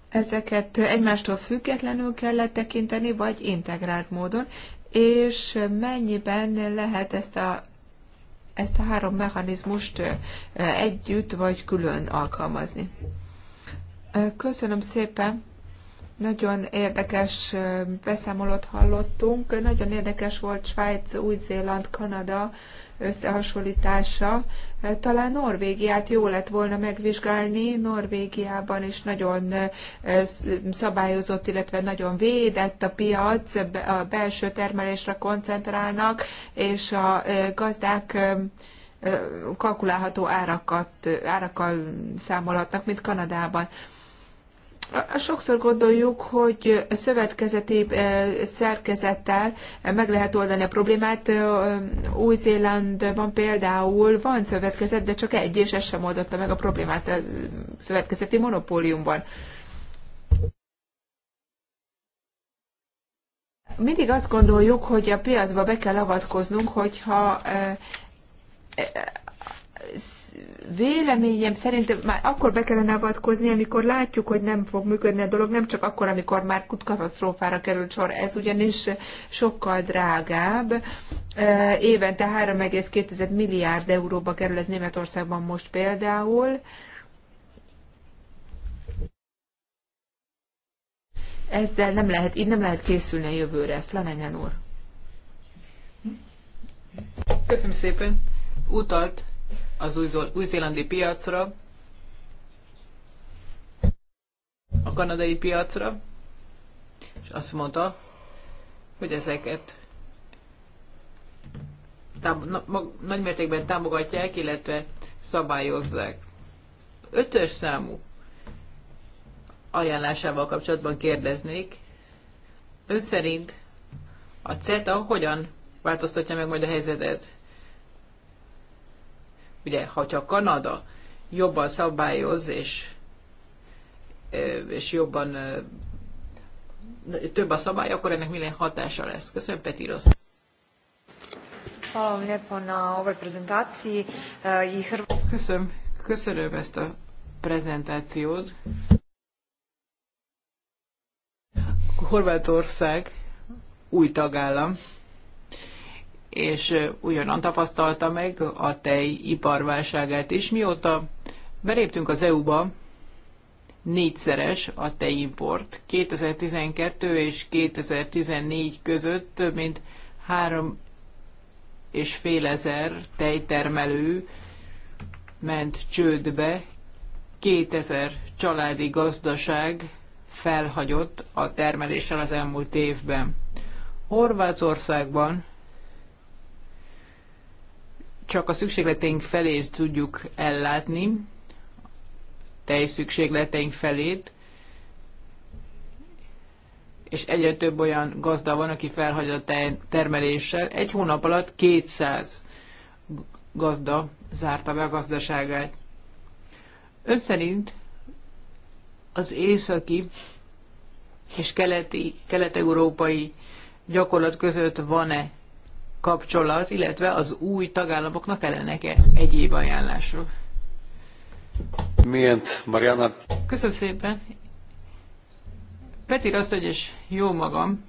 ezeket egymástól függetlenül kell tekinteni, vagy integrált módon, és mennyiben lehet ezt a ezt a három mechanizmust együtt vagy külön alkalmazni. Köszönöm szépen! Nagyon érdekes beszámolót hallottunk, nagyon érdekes volt Svájc, Új-Zéland, Kanada, összehasonlítása. Eh, talán Norvégiát jó lett volna megvizsgálni. Norvégiában is nagyon eh, szabályozott, illetve nagyon védett a piac, a belső termelésre koncentrálnak, és a eh, gazdák kalkulálható árakat, árakkal számolhatnak, mint Kanadában. Sokszor gondoljuk, hogy szövetkezeti eh, szerkezettel meg lehet oldani a problémát. Eh, Új-Zélandban például van szövetkezet, de csak egy, és ez sem oldotta meg a problémát a szövetkezeti monopóliumban. Mindig azt gondoljuk, hogy a piacba be kell avatkoznunk, hogyha eh, véleményem szerint már akkor be kellene avatkozni, amikor látjuk, hogy nem fog működni a dolog, nem csak akkor, amikor már katasztrófára kerül sor. Ez ugyanis sokkal drágább. Évente 3,2 milliárd euróba kerül ez Németországban most például. Ezzel nem lehet, így nem lehet készülni a jövőre. Flanagan úr. Köszönöm szépen. Utalt az új-zélandi piacra, a kanadai piacra, és azt mondta, hogy ezeket nagymértékben támogatják, illetve szabályozzák. Ötös számú ajánlásával kapcsolatban kérdeznék, ön szerint a CETA hogyan változtatja meg majd a helyzetet? Ugye, hogyha Kanada jobban szabályoz, és, és jobban több a szabály, akkor ennek milyen hatása lesz. Köszönöm, Peti Rossz. Hvala e, Köszönöm, köszönöm ezt a prezentációt. Horvátország új tagállam és ugyanan tapasztalta meg a iparválságát is. Mióta beléptünk az EU-ba, négyszeres a tejimport. 2012 és 2014 között több mint három és fél ezer tejtermelő ment csődbe, 2000 családi gazdaság felhagyott a termeléssel az elmúlt évben. Horvátországban csak a szükségleteink felét tudjuk ellátni, teljes szükségleteink felét, és egyre több olyan gazda van, aki felhagy a termeléssel. Egy hónap alatt 200 gazda zárta be a gazdaságát. Ön szerint az északi és keleti, kelet-európai gyakorlat között van-e kapcsolat, illetve az új tagállamoknak ellenek e egyéb ajánlásról. Miért, Mariana? Köszönöm szépen. Petir azt, hogy és jó magam,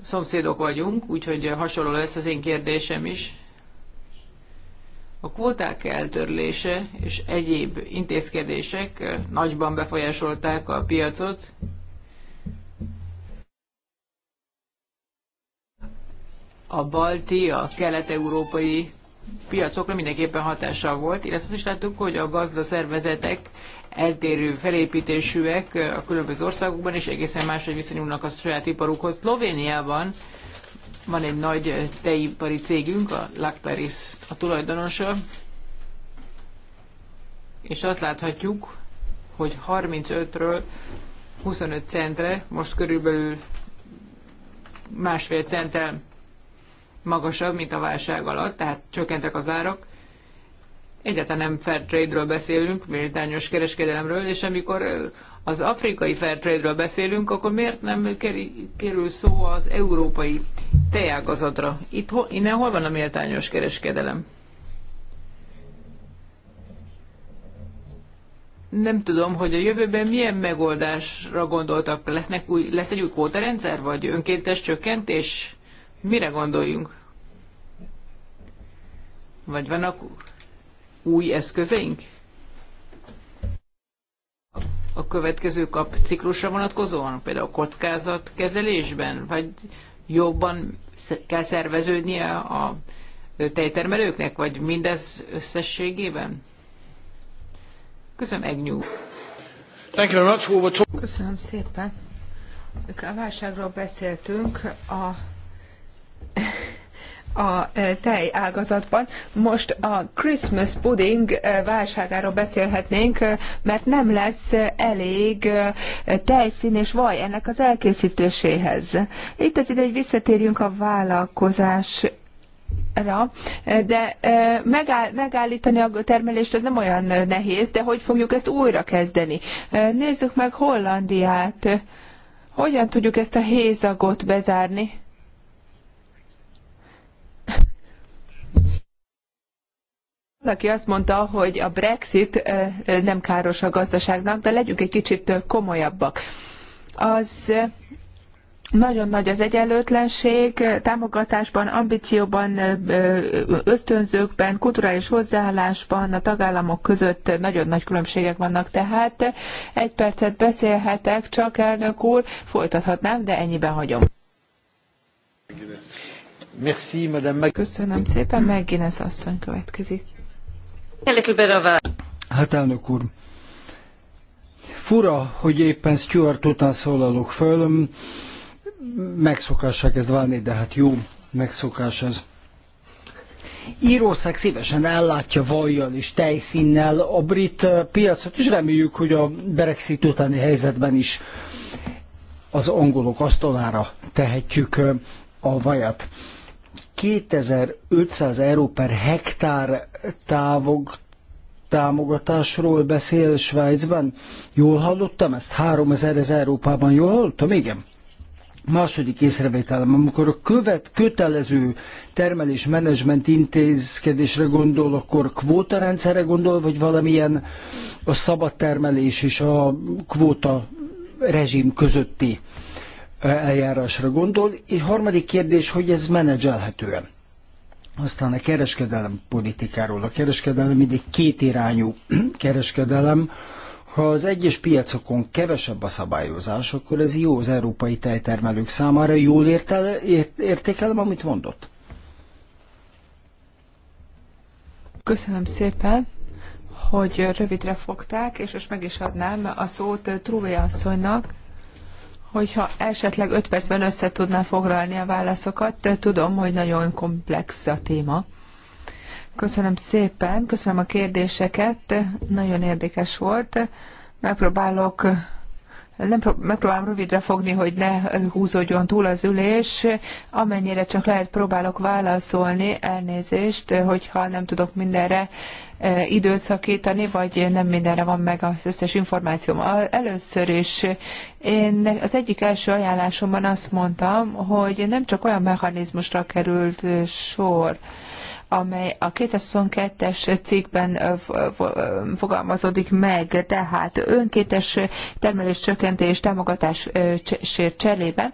szomszédok vagyunk, úgyhogy hasonló lesz az én kérdésem is. A kvóták eltörlése és egyéb intézkedések nagyban befolyásolták a piacot, a balti, a kelet-európai piacokra mindenképpen hatással volt, illetve azt is láttuk, hogy a gazdaszervezetek eltérő felépítésűek a különböző országokban, és egészen máshogy viszonyulnak a saját iparukhoz. Szlovéniában van egy nagy teipari cégünk, a Lactaris a tulajdonosa, és azt láthatjuk, hogy 35-ről 25 centre, most körülbelül másfél centel magasabb, mint a válság alatt, tehát csökkentek az árak. Egyáltalán nem fair trade-ről beszélünk, méltányos kereskedelemről, és amikor az afrikai fair trade-ről beszélünk, akkor miért nem kerül szó az európai teágazatra? Itt, innen hol van a méltányos kereskedelem? nem tudom, hogy a jövőben milyen megoldásra gondoltak. Lesznek új, lesz egy új kvótarendszer, vagy önkéntes csökkentés? Mire gondoljunk? Vagy vannak új eszközeink? A következő kap ciklusra vonatkozóan, például a kockázatkezelésben, vagy jobban kell szerveződnie a tejtermelőknek, vagy mindez összességében? Köszönöm, Egnyú. Köszönöm szépen. A válságról beszéltünk, a a e, tej ágazatban. Most a Christmas pudding e, válságáról beszélhetnénk, e, mert nem lesz elég tejszín és vaj ennek az elkészítéséhez. Itt az ide, hogy visszatérjünk a vállalkozás ra, de megáll, megállítani a termelést az nem olyan nehéz, de hogy fogjuk ezt újra kezdeni? Nézzük meg Hollandiát. Hogyan tudjuk ezt a hézagot bezárni? Valaki azt mondta, hogy a Brexit nem káros a gazdaságnak, de legyünk egy kicsit komolyabbak. Az nagyon nagy az egyenlőtlenség támogatásban, ambícióban, ösztönzőkben, kulturális hozzáállásban a tagállamok között nagyon nagy különbségek vannak. Tehát egy percet beszélhetek, csak elnök úr, folytathatnám, de ennyiben hagyom. Merci, madame. Köszönöm szépen, Megginez asszony következik. Hát elnök úr, fura, hogy éppen Stuart után szólalok föl, megszokásra kezd válni, de hát jó megszokás ez. Írország szívesen ellátja vajjal és tejszínnel a brit eh, piacot, és reméljük, hogy a Brexit utáni helyzetben is az angolok asztalára tehetjük eh, a vajat. 2500 euró per hektár távog, támogatásról beszél Svájcban. Jól hallottam ezt? 3000 ez Európában. Jól hallottam? Igen. Második észrevételem, amikor a követ kötelező termelés menedzsment intézkedésre gondol, akkor kvóta rendszerre gondol, vagy valamilyen a szabad termelés és a kvóta rezsim közötti eljárásra gondol. És harmadik kérdés, hogy ez menedzselhető-e. Aztán a kereskedelem politikáról. A kereskedelem mindig kétirányú kereskedelem. Ha az egyes piacokon kevesebb a szabályozás, akkor ez jó az európai tejtermelők számára. Jól értel, ért, értékelem, amit mondott? Köszönöm szépen, hogy rövidre fogták, és most meg is adnám a szót Truvé asszonynak hogyha esetleg 5 percben össze tudná foglalni a válaszokat. Tudom, hogy nagyon komplex a téma. Köszönöm szépen, köszönöm a kérdéseket, nagyon érdekes volt. Megpróbálok nem megpróbálom rövidre fogni, hogy ne húzódjon túl az ülés. Amennyire csak lehet, próbálok válaszolni, elnézést, hogyha nem tudok mindenre e, időt szakítani, vagy nem mindenre van meg az összes információm. Először is én az egyik első ajánlásomban azt mondtam, hogy nem csak olyan mechanizmusra került sor, amely a 222-es cikkben fogalmazódik meg, tehát önkétes termelés csökkentés támogatás cserében,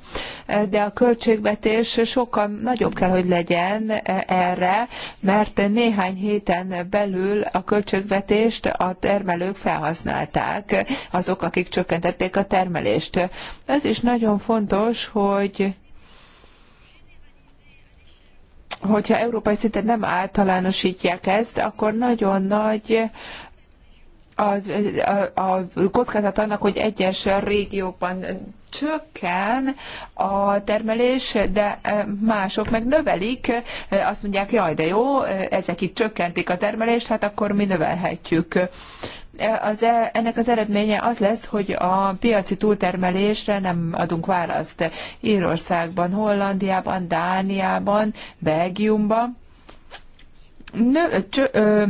de a költségvetés sokkal nagyobb kell, hogy legyen e, erre, mert néhány héten belül a költségvetést a termelők felhasználták, azok, akik csökkentették a termelést. Ez is nagyon fontos, hogy hogyha európai szinten nem általánosítják ezt, akkor nagyon nagy a, a, a kockázat annak, hogy egyes régiókban csökken a termelés, de e, mások meg növelik, e, azt mondják, jaj, de jó, e, ezek itt csökkentik a termelést, hát akkor mi növelhetjük az, e, ennek az eredménye az lesz, hogy a piaci túltermelésre nem adunk választ. Írországban, Hollandiában, Dániában, Belgiumban nö, ö,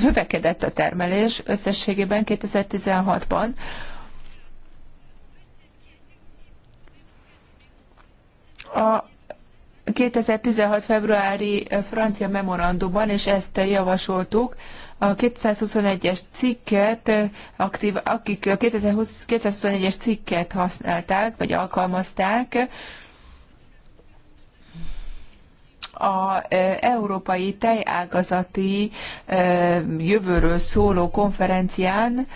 növekedett a termelés összességében 2016-ban. A 2016. februári eh, francia memorandumban, és ezt javasoltuk, a 221-es cikket, eh, aktív, akik a 221-es cikket használták, vagy alkalmazták, a eh, európai tejágazati jövőről szóló konferencián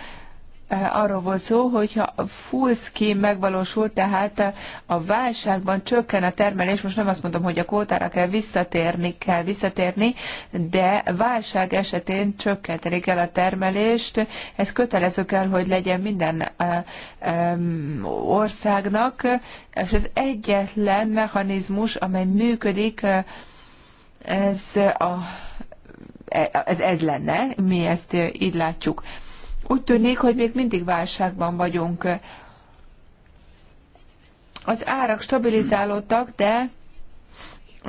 Eh, arról volt szó, hogyha a full scheme megvalósult, tehát eh, a válságban csökken a termelés, most nem azt mondom, hogy a kótára kell visszatérni, kell visszatérni, de válság esetén csökkenteni kell a termelést, ez kötelező kell, hogy legyen minden eh, országnak, és az egyetlen mechanizmus, amely működik, ez, a, ez, ez lenne, mi ezt így látjuk. Úgy tűnik, hogy még mindig válságban vagyunk. Az árak stabilizálódtak, de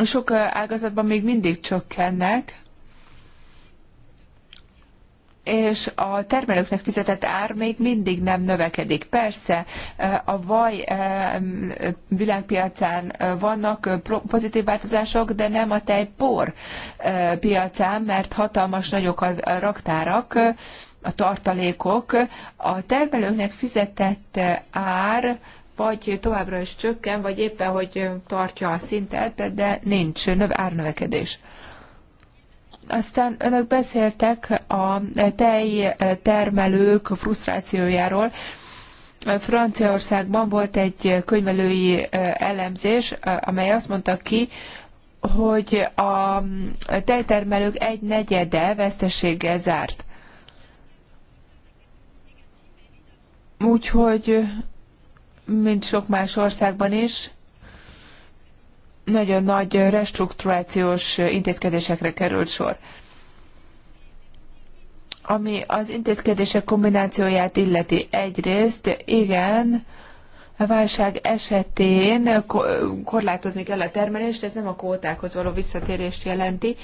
sok ágazatban még mindig csökkennek, és a termelőknek fizetett ár még mindig nem növekedik. Persze a vaj világpiacán vannak pozitív változások, de nem a tejpor piacán, mert hatalmas nagyok a raktárak, a tartalékok, a termelőknek fizetett ár vagy továbbra is csökken, vagy éppen, hogy tartja a szintet, de nincs árnövekedés. Aztán önök beszéltek a tej termelők frusztrációjáról. Franciaországban volt egy könyvelői elemzés, amely azt mondta ki, hogy a tejtermelők egy negyede veszteséggel zárt. Úgyhogy, mint sok más országban is, nagyon nagy restrukturációs intézkedésekre került sor. Ami az intézkedések kombinációját illeti egyrészt, igen, válság esetén korlátozni kell a termelést, ez nem a kótákhoz való visszatérést jelenti,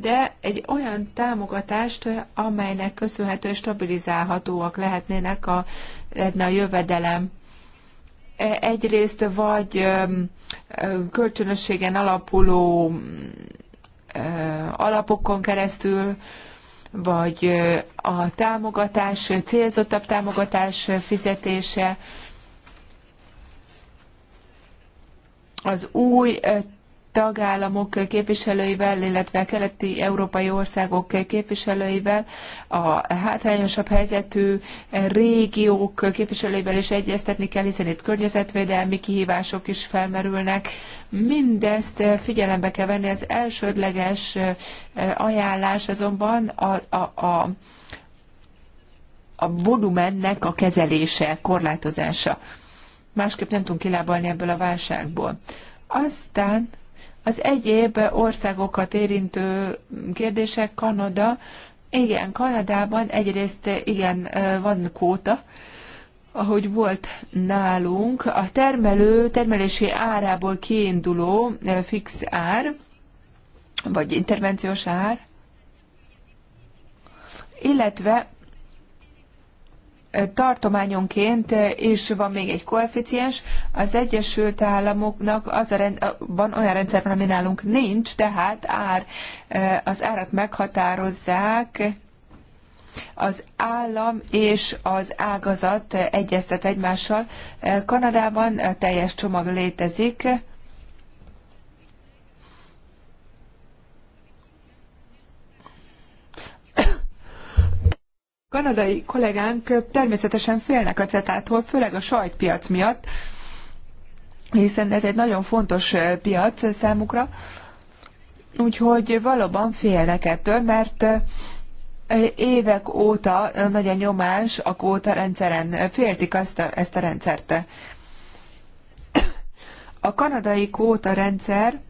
de egy olyan támogatást, amelynek köszönhető stabilizálhatóak lehetnének a, a jövedelem. E, egyrészt vagy kölcsönösségen alapuló alapokon keresztül, vagy a támogatás, célzottabb támogatás fizetése, az új tagállamok képviselőivel, illetve a keleti európai országok képviselőivel, a hátrányosabb helyzetű régiók képviselőivel is egyeztetni kell, hiszen itt környezetvédelmi kihívások is felmerülnek. Mindezt figyelembe kell venni, az elsődleges ajánlás azonban a, a, a a volumennek a kezelése, korlátozása másképp nem tudunk kilábalni ebből a válságból. Aztán az egyéb országokat érintő kérdések, Kanada, igen, Kanadában egyrészt igen, van kóta, ahogy volt nálunk, a termelő termelési árából kiinduló fix ár, vagy intervenciós ár, illetve tartományonként is van még egy koeficiens. Az Egyesült Államoknak az a rend, van olyan rendszer, ami nálunk nincs, tehát ár, az árat meghatározzák az állam és az ágazat egyeztet egymással. Kanadában teljes csomag létezik kanadai kollégánk természetesen félnek a cetától, főleg a sajtpiac miatt, hiszen ez egy nagyon fontos eh, piac számukra, úgyhogy valóban félnek ettől, mert eh, évek óta nagy eh, a nyomás a kóta rendszeren, féltik azt a, ezt a rendszert. A kanadai kóta rendszer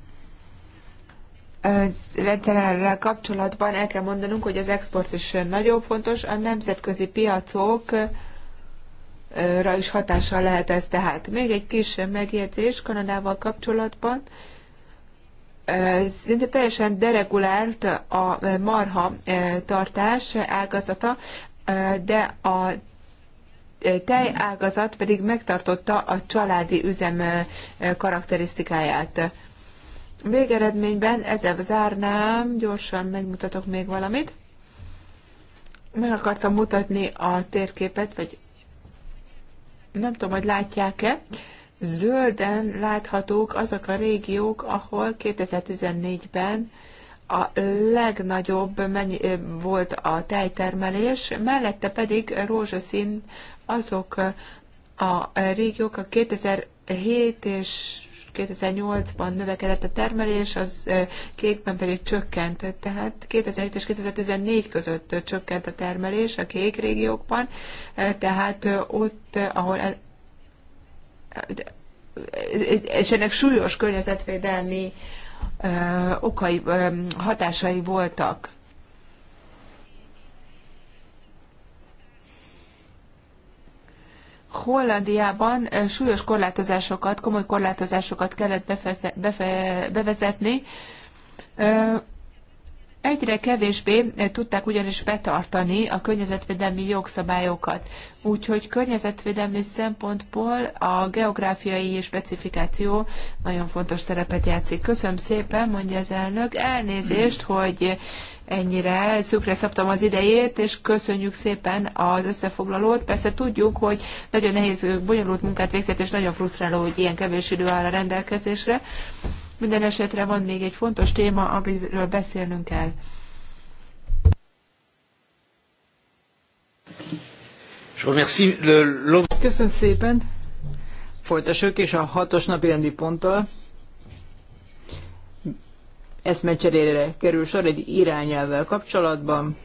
rendszerrel kapcsolatban el kell mondanunk, hogy az export is nagyon fontos, a nemzetközi piacok ra is hatással lehet ez tehát. Még egy kis megjegyzés Kanadával kapcsolatban. Szinte teljesen deregulált a marha tartás ágazata, de a ágazat pedig megtartotta a családi üzem karakterisztikáját. Végeredményben ezzel zárnám, gyorsan megmutatok még valamit. Meg akartam mutatni a térképet, vagy nem tudom, hogy látják-e, zölden láthatók azok a régiók, ahol 2014-ben a legnagyobb mennyi, volt a tejtermelés, mellette pedig rózsaszín azok a régiók, a 2007 és 2008-ban növekedett a termelés, az kékben pedig csökkent. Tehát 2007 és 2014 között csökkent a termelés a kék régiókban, tehát ott, ahol el, és ennek súlyos környezetvédelmi okai, hatásai voltak. Hollandiában eh, súlyos korlátozásokat, komoly korlátozásokat kellett bevezetni, eh, Egyre kevésbé tudták ugyanis betartani a környezetvédelmi jogszabályokat, úgyhogy környezetvédelmi szempontból a geográfiai specifikáció nagyon fontos szerepet játszik. Köszönöm szépen, mondja az elnök. Elnézést, hogy ennyire szükre szabtam az idejét, és köszönjük szépen az összefoglalót. Persze tudjuk, hogy nagyon nehéz, bonyolult munkát végzett, és nagyon frusztráló, hogy ilyen kevés idő áll a rendelkezésre. Minden esetre van még egy fontos téma, amiről beszélnünk kell. Köszönöm szépen. Folytassuk és a hatos napi rendi ponttal eszmecserére kerül sor egy irányelvvel kapcsolatban.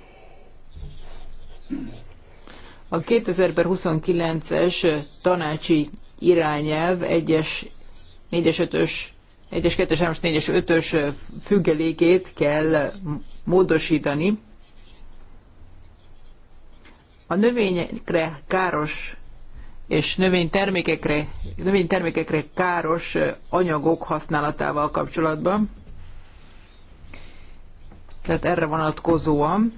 A 2029-es tanácsi irányelv 1-es, 4-es, 5-ös 1-es, 2-es, 3-as, 4-es, 5-ös függelékét kell módosítani. A növényekre káros és növénytermékekre, növénytermékekre káros anyagok használatával kapcsolatban. Tehát erre vonatkozóan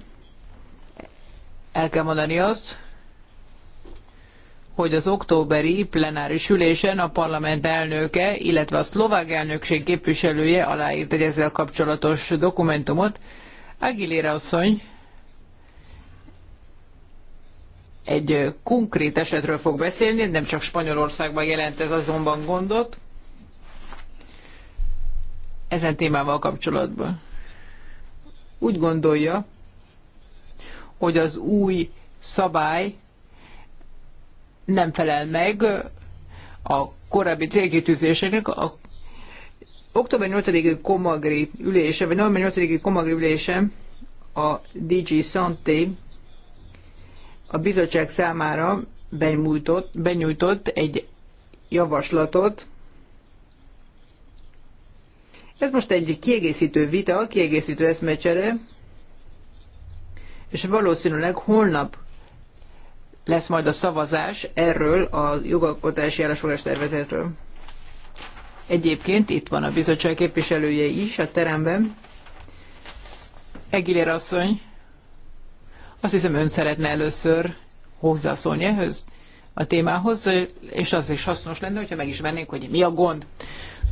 el kell mondani azt, hogy az októberi plenáris ülésen a parlament elnöke, illetve a szlovák elnökség képviselője aláírt egy ezzel kapcsolatos dokumentumot. Aguilera asszony egy konkrét esetről fog beszélni, nem csak Spanyolországban jelent ez azonban gondot, ezen témával kapcsolatban. Úgy gondolja, hogy az új szabály nem felel meg a korábbi célkitűzésének, a október 8-i komagri ülése, vagy november 8-i komagri ülése a DG Santé a bizottság számára benyújtott, benyújtott egy javaslatot. Ez most egy kiegészítő vita, kiegészítő eszmecsere, és valószínűleg holnap lesz majd a szavazás erről a jogalkotási állásfoglalás tervezetről. Egyébként itt van a bizottság képviselője is a teremben. Egilér asszony, azt hiszem ön szeretne először hozzászólni ehhez a témához, és az is hasznos lenne, hogyha megismernénk, hogy mi a gond.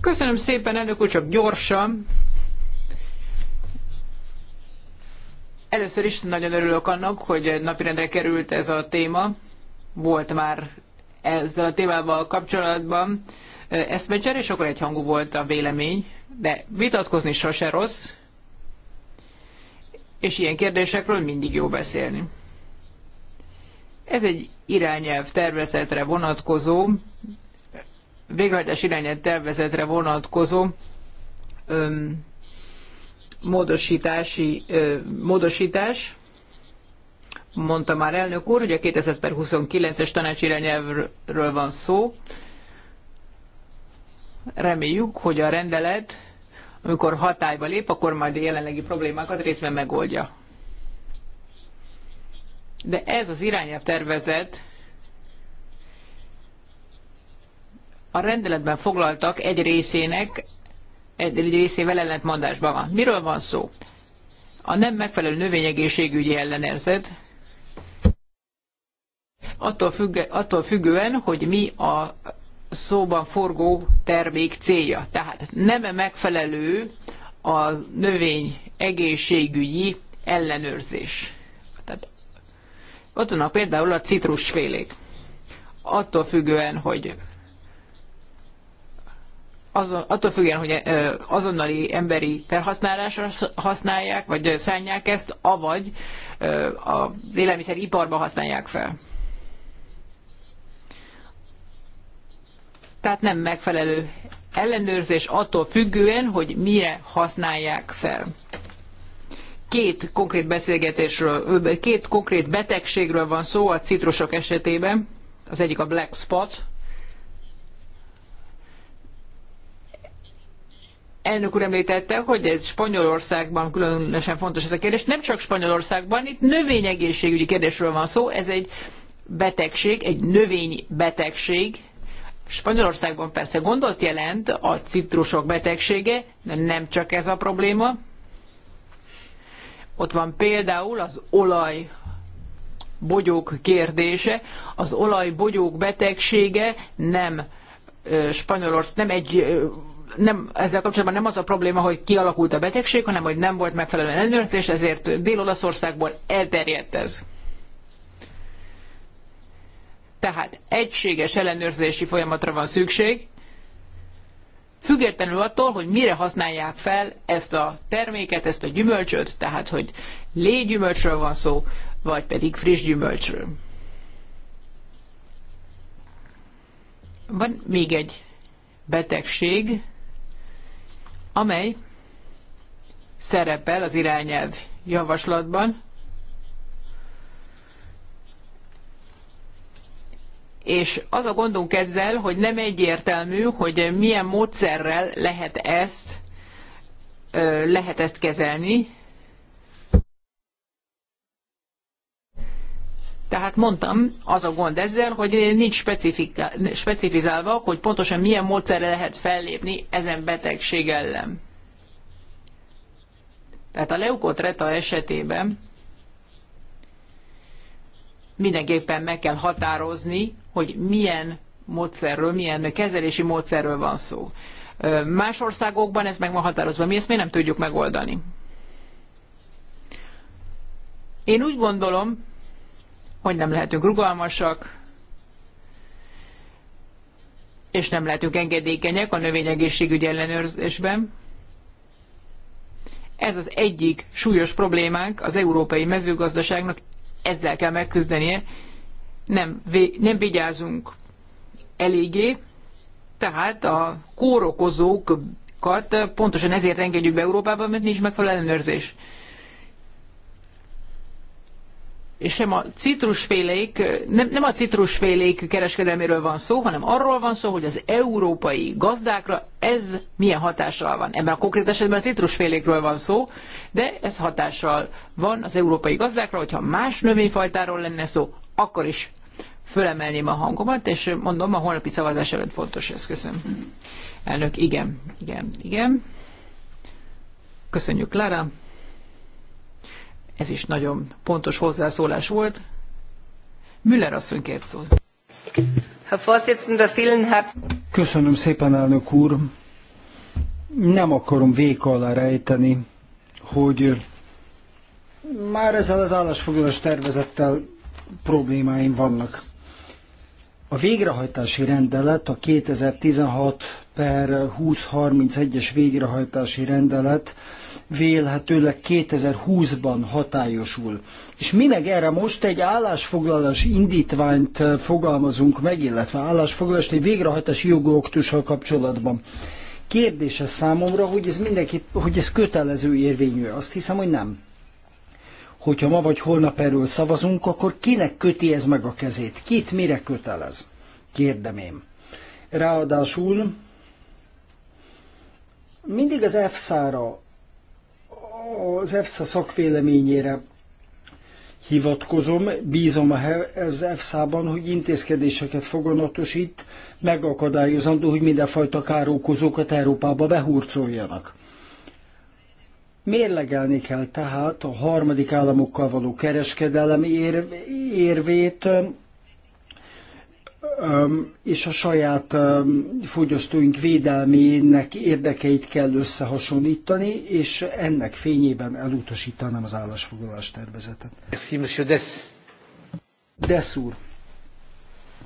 Köszönöm szépen, elnök úr, csak gyorsan. Először is nagyon örülök annak, hogy napirendre került ez a téma. Volt már ezzel a témával kapcsolatban eszmecser, és akkor hangú volt a vélemény, de vitatkozni sose rossz, és ilyen kérdésekről mindig jó beszélni. Ez egy irányelv tervezetre vonatkozó, végrehajtás irányelv tervezetre vonatkozó öm, módosítási, módosítás. Mondta már elnök úr, hogy a 2029-es irányelvről van szó. Reméljük, hogy a rendelet, amikor hatályba lép, akkor majd a jelenlegi problémákat részben megoldja. De ez az irányelv tervezet a rendeletben foglaltak egy részének egy részével ellentmondásban van. Miről van szó? A nem megfelelő növényegészségügyi ellenérzet attól, függ, attól függően, hogy mi a szóban forgó termék célja. Tehát nem -e megfelelő a növény egészségügyi ellenőrzés. Tehát ott vannak például a citrusfélék. Attól függően, hogy azon, attól függően, hogy azonnali emberi felhasználásra használják, vagy szánják ezt, avagy a élelmiszeriparban használják fel. Tehát nem megfelelő ellenőrzés attól függően, hogy mire használják fel. Két konkrét beszélgetésről, két konkrét betegségről van szó a citrusok esetében. Az egyik a black spot, elnök úr említette, hogy ez Spanyolországban különösen fontos ez a kérdés. Nem csak Spanyolországban, itt növényegészségügyi kérdésről van szó, ez egy betegség, egy növénybetegség. Spanyolországban persze gondot jelent a citrusok betegsége, de nem csak ez a probléma. Ott van például az olaj bogyók kérdése. Az olajbogyók betegsége nem Spanyolország, nem egy nem, ezzel kapcsolatban nem az a probléma, hogy kialakult a betegség, hanem hogy nem volt megfelelően ellenőrzés, ezért Dél-Olaszországból elterjedt ez. Tehát egységes ellenőrzési folyamatra van szükség, függetlenül attól, hogy mire használják fel ezt a terméket, ezt a gyümölcsöt, tehát hogy légyümölcsről van szó, vagy pedig friss gyümölcsről. Van még egy betegség, amely szerepel az irányelv javaslatban, és az a gondunk ezzel, hogy nem egyértelmű, hogy milyen módszerrel lehet ezt, lehet ezt kezelni, Tehát mondtam, az a gond ezzel, hogy nincs specifizálva, hogy pontosan milyen módszerre lehet fellépni ezen betegség ellen. Tehát a leukotreta esetében mindenképpen meg kell határozni, hogy milyen módszerről, milyen kezelési módszerről van szó. Más országokban ez meg van határozva. Mi ezt miért nem tudjuk megoldani? Én úgy gondolom, hogy nem lehetünk rugalmasak, és nem lehetünk engedékenyek a növényegészségügyi ellenőrzésben. Ez az egyik súlyos problémánk az európai mezőgazdaságnak, ezzel kell megküzdenie. Nem, nem vigyázunk eléggé, tehát a kórokozókat pontosan ezért engedjük be Európába, mert nincs megfelelő ellenőrzés és sem a citrusfélék, nem, nem a citrusfélék kereskedelméről van szó, hanem arról van szó, hogy az európai gazdákra ez milyen hatással van. Ebben a konkrét esetben a citrusfélékről van szó, de ez hatással van az európai gazdákra, hogyha más növényfajtáról lenne szó, akkor is fölemelném a hangomat, és mondom, a holnapi szavazás előtt fontos ez. Köszönöm. Elnök, igen, igen, igen. Köszönjük, Lára. Ez is nagyon pontos hozzászólás volt. Müller asszony kért szól. Köszönöm szépen, elnök úr. Nem akarom vék alá rejteni, hogy már ezzel az állásfoglalás tervezettel problémáim vannak. A végrehajtási rendelet, a 2016 per 2031-es végrehajtási rendelet vélhetőleg 2020-ban hatályosul. És mi meg erre most egy állásfoglalás indítványt fogalmazunk meg, illetve állásfoglalást egy végrehajtási jogoktussal kapcsolatban. Kérdése számomra, hogy ez mindenki, hogy ez kötelező érvényű. Azt hiszem, hogy nem hogyha ma vagy holnap erről szavazunk, akkor kinek köti ez meg a kezét? Kit mire kötelez? Kérdem én. Ráadásul mindig az EFSA-ra, az EFSA szakvéleményére hivatkozom, bízom az EFSA-ban, hogy intézkedéseket foganatosít, megakadályozandó, hogy mindenfajta károkozókat Európába behurcoljanak. Mérlegelni kell tehát a harmadik államokkal való kereskedelem ér, érvét, és a saját fogyasztóink védelmének érdekeit kell összehasonlítani, és ennek fényében elutasítanám az állásfoglalás tervezetet. Merci, monsieur Dess. Dess úr.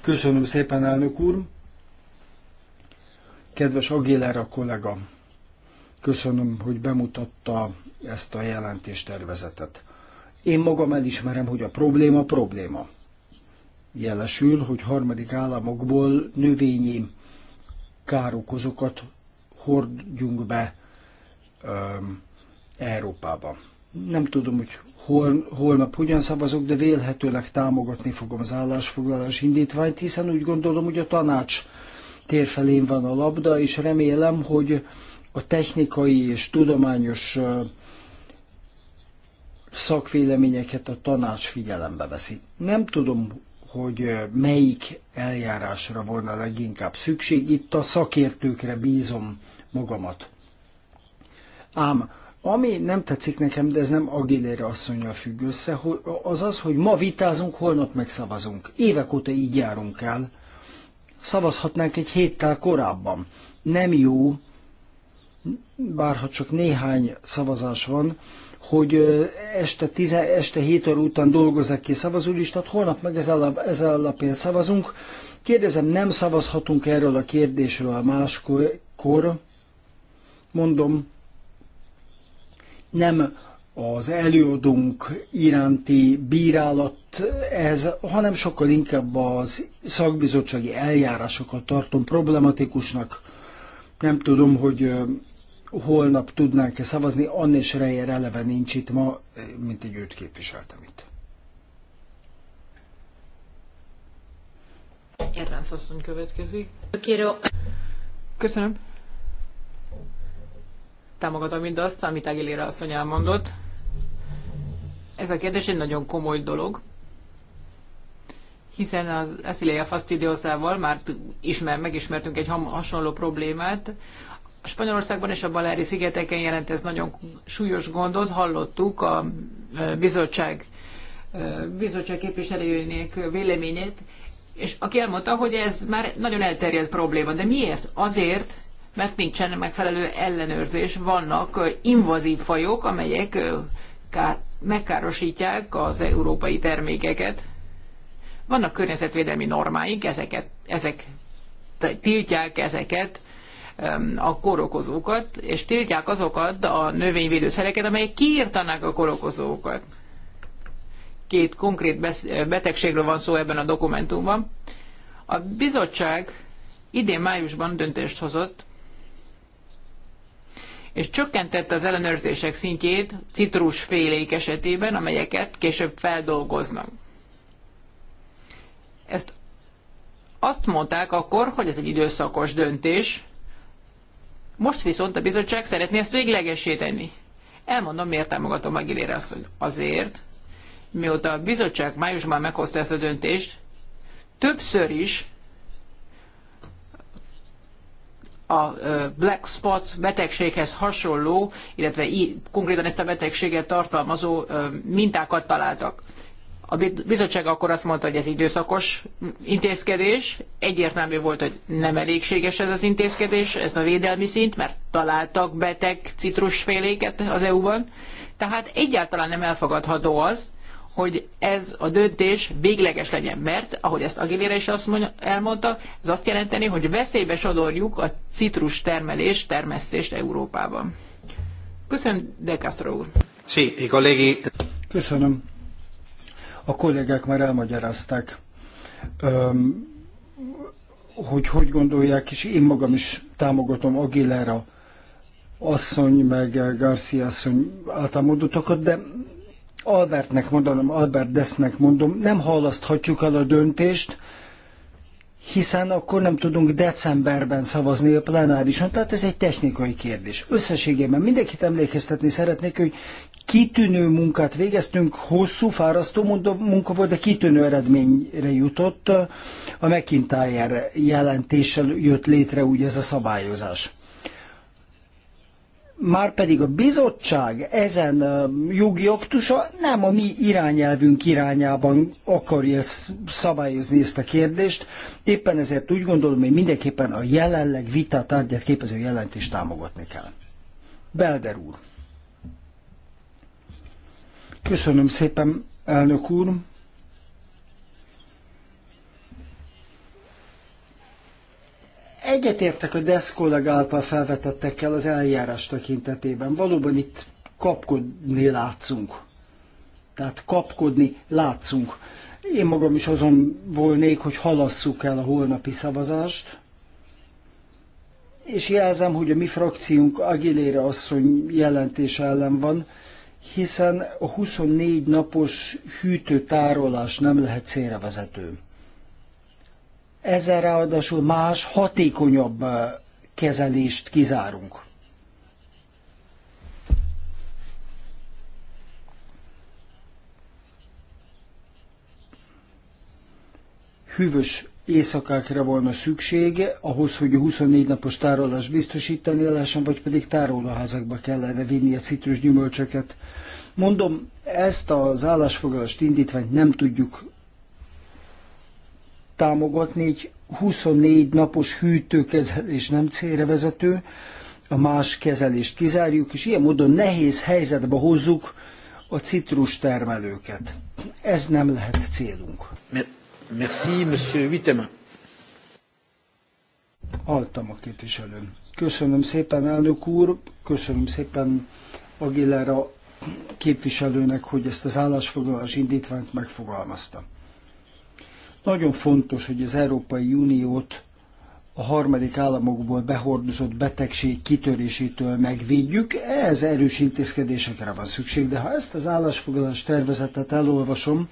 Köszönöm szépen, elnök úr. Kedves Agélera kollega, Köszönöm, hogy bemutatta ezt a jelentéstervezetet. Én magam elismerem, hogy a probléma probléma. Jelesül, hogy harmadik államokból növényi károkozókat hordjunk be um, Európába. Nem tudom, hogy hol, holnap hogyan szavazok, de vélhetőleg támogatni fogom az állásfoglalás indítványt, hiszen úgy gondolom, hogy a tanács térfelén van a labda, és remélem, hogy a technikai és tudományos szakvéleményeket a tanács figyelembe veszi. Nem tudom, hogy melyik eljárásra volna leginkább szükség. Itt a szakértőkre bízom magamat. Ám ami nem tetszik nekem, de ez nem Agilére asszonyjal függ össze, az az, hogy ma vitázunk, holnap megszavazunk. Évek óta így járunk el. Szavazhatnánk egy héttel korábban. Nem jó, bárha csak néhány szavazás van, hogy este, tize, este 7 óra után dolgozzák ki szavazólistát, holnap meg ezzel, ezzel alapján szavazunk. Kérdezem, nem szavazhatunk erről a kérdésről a máskor, mondom, nem az előadónk iránti bírálat ez, hanem sokkal inkább az szakbizottsági eljárásokat tartom problematikusnak. Nem tudom, hogy holnap tudnánk-e szavazni, Anne is eleve nincs itt ma, mint egy őt képviseltem itt. Erránc asszony következik. Köszönöm. Támogatom mindazt, amit Aguilera asszony elmondott. Ez a kérdés egy nagyon komoly dolog, hiszen az Eszilea fastidiosával már ismer, megismertünk egy hasonló problémát. Spanyolországban és a Baleári szigeteken jelent ez nagyon súlyos gondot. Hallottuk a bizottság, bizottság képviselőjének véleményét, és aki elmondta, hogy ez már nagyon elterjedt probléma. De miért? Azért, mert nincsen megfelelő ellenőrzés. Vannak invazív fajok, amelyek megkárosítják az európai termékeket. Vannak környezetvédelmi normáink, ezeket, ezek tiltják ezeket a korokozókat és tiltják azokat a növényvédőszereket, amelyek kiírtanák a korokozókat. Két konkrét betegségről van szó ebben a dokumentumban. A bizottság idén májusban döntést hozott, és csökkentette az ellenőrzések szintjét citrusfélék esetében, amelyeket később feldolgoznak. Ezt azt mondták akkor, hogy ez egy időszakos döntés, most viszont a bizottság szeretné ezt véglegesé tenni. Elmondom, miért támogatom Magilére asszony. Azért, mióta a bizottság májusban meghozta ezt a döntést, többször is a black spots betegséghez hasonló, illetve konkrétan ezt a betegséget tartalmazó mintákat találtak. A bizottság akkor azt mondta, hogy ez időszakos intézkedés. Egyértelmű volt, hogy nem elégséges ez az intézkedés, ez a védelmi szint, mert találtak beteg citrusféléket az EU-ban. Tehát egyáltalán nem elfogadható az, hogy ez a döntés végleges legyen, mert, ahogy ezt Agilére is azt mondja, elmondta, ez azt jelenteni, hogy veszélybe sodorjuk a citrus termelés, termesztést Európában. Köszönöm, De Castro úr. Sí, Köszönöm. A kollégák már elmagyarázták, hogy hogy gondolják, és én magam is támogatom Aguilera asszony, meg Garcia asszony által mondottakat, de Albertnek mondanom, Albert Desznek mondom, nem halaszthatjuk el a döntést, hiszen akkor nem tudunk decemberben szavazni a plenárison, tehát ez egy technikai kérdés. Összességében mindenkit emlékeztetni szeretnék, hogy kitűnő munkát végeztünk, hosszú, fárasztó munka volt, de kitűnő eredményre jutott. A McIntyre jelentéssel jött létre úgy ez a szabályozás. Márpedig a bizottság ezen jogi aktusa nem a mi irányelvünk irányában akarja szabályozni ezt a kérdést. Éppen ezért úgy gondolom, hogy mindenképpen a jelenleg vitatárgyát képező jelentést támogatni kell. Belder úr. Köszönöm szépen, elnök úr. Egyetértek a DESZ által felvetettekkel az eljárás tekintetében. Valóban itt kapkodni látszunk. Tehát kapkodni látszunk. Én magam is azon volnék, hogy halasszuk el a holnapi szavazást, és jelzem, hogy a mi frakciónk Agilére asszony jelentése ellen van, hiszen a 24 napos hűtőtárolás nem lehet célra vezető. Ezzel ráadásul más, hatékonyabb eh, kezelést kizárunk. Hűvös éjszakákra volna szüksége, ahhoz, hogy a 24 napos tárolást biztosítani lehessen, vagy pedig tárolóházakba kellene vinni a citrus gyümölcsöket. Mondom, ezt az állásfoglalást indítványt nem tudjuk támogatni, egy 24 napos hűtőkezelés nem célra vezető, a más kezelést kizárjuk, és ilyen módon nehéz helyzetbe hozzuk a citrus termelőket. Ez nem lehet célunk. Merci, monsieur Huitema. Altam a Köszönöm szépen, elnök úr, köszönöm szépen Aguilera képviselőnek, hogy ezt az állásfoglalás indítványt megfogalmazta. Nagyon fontos, hogy az Európai Uniót a harmadik államokból behordozott betegség kitörésétől megvédjük, ehhez erős intézkedésekre van szükség, de ha ezt az állásfoglalás tervezetet elolvasom,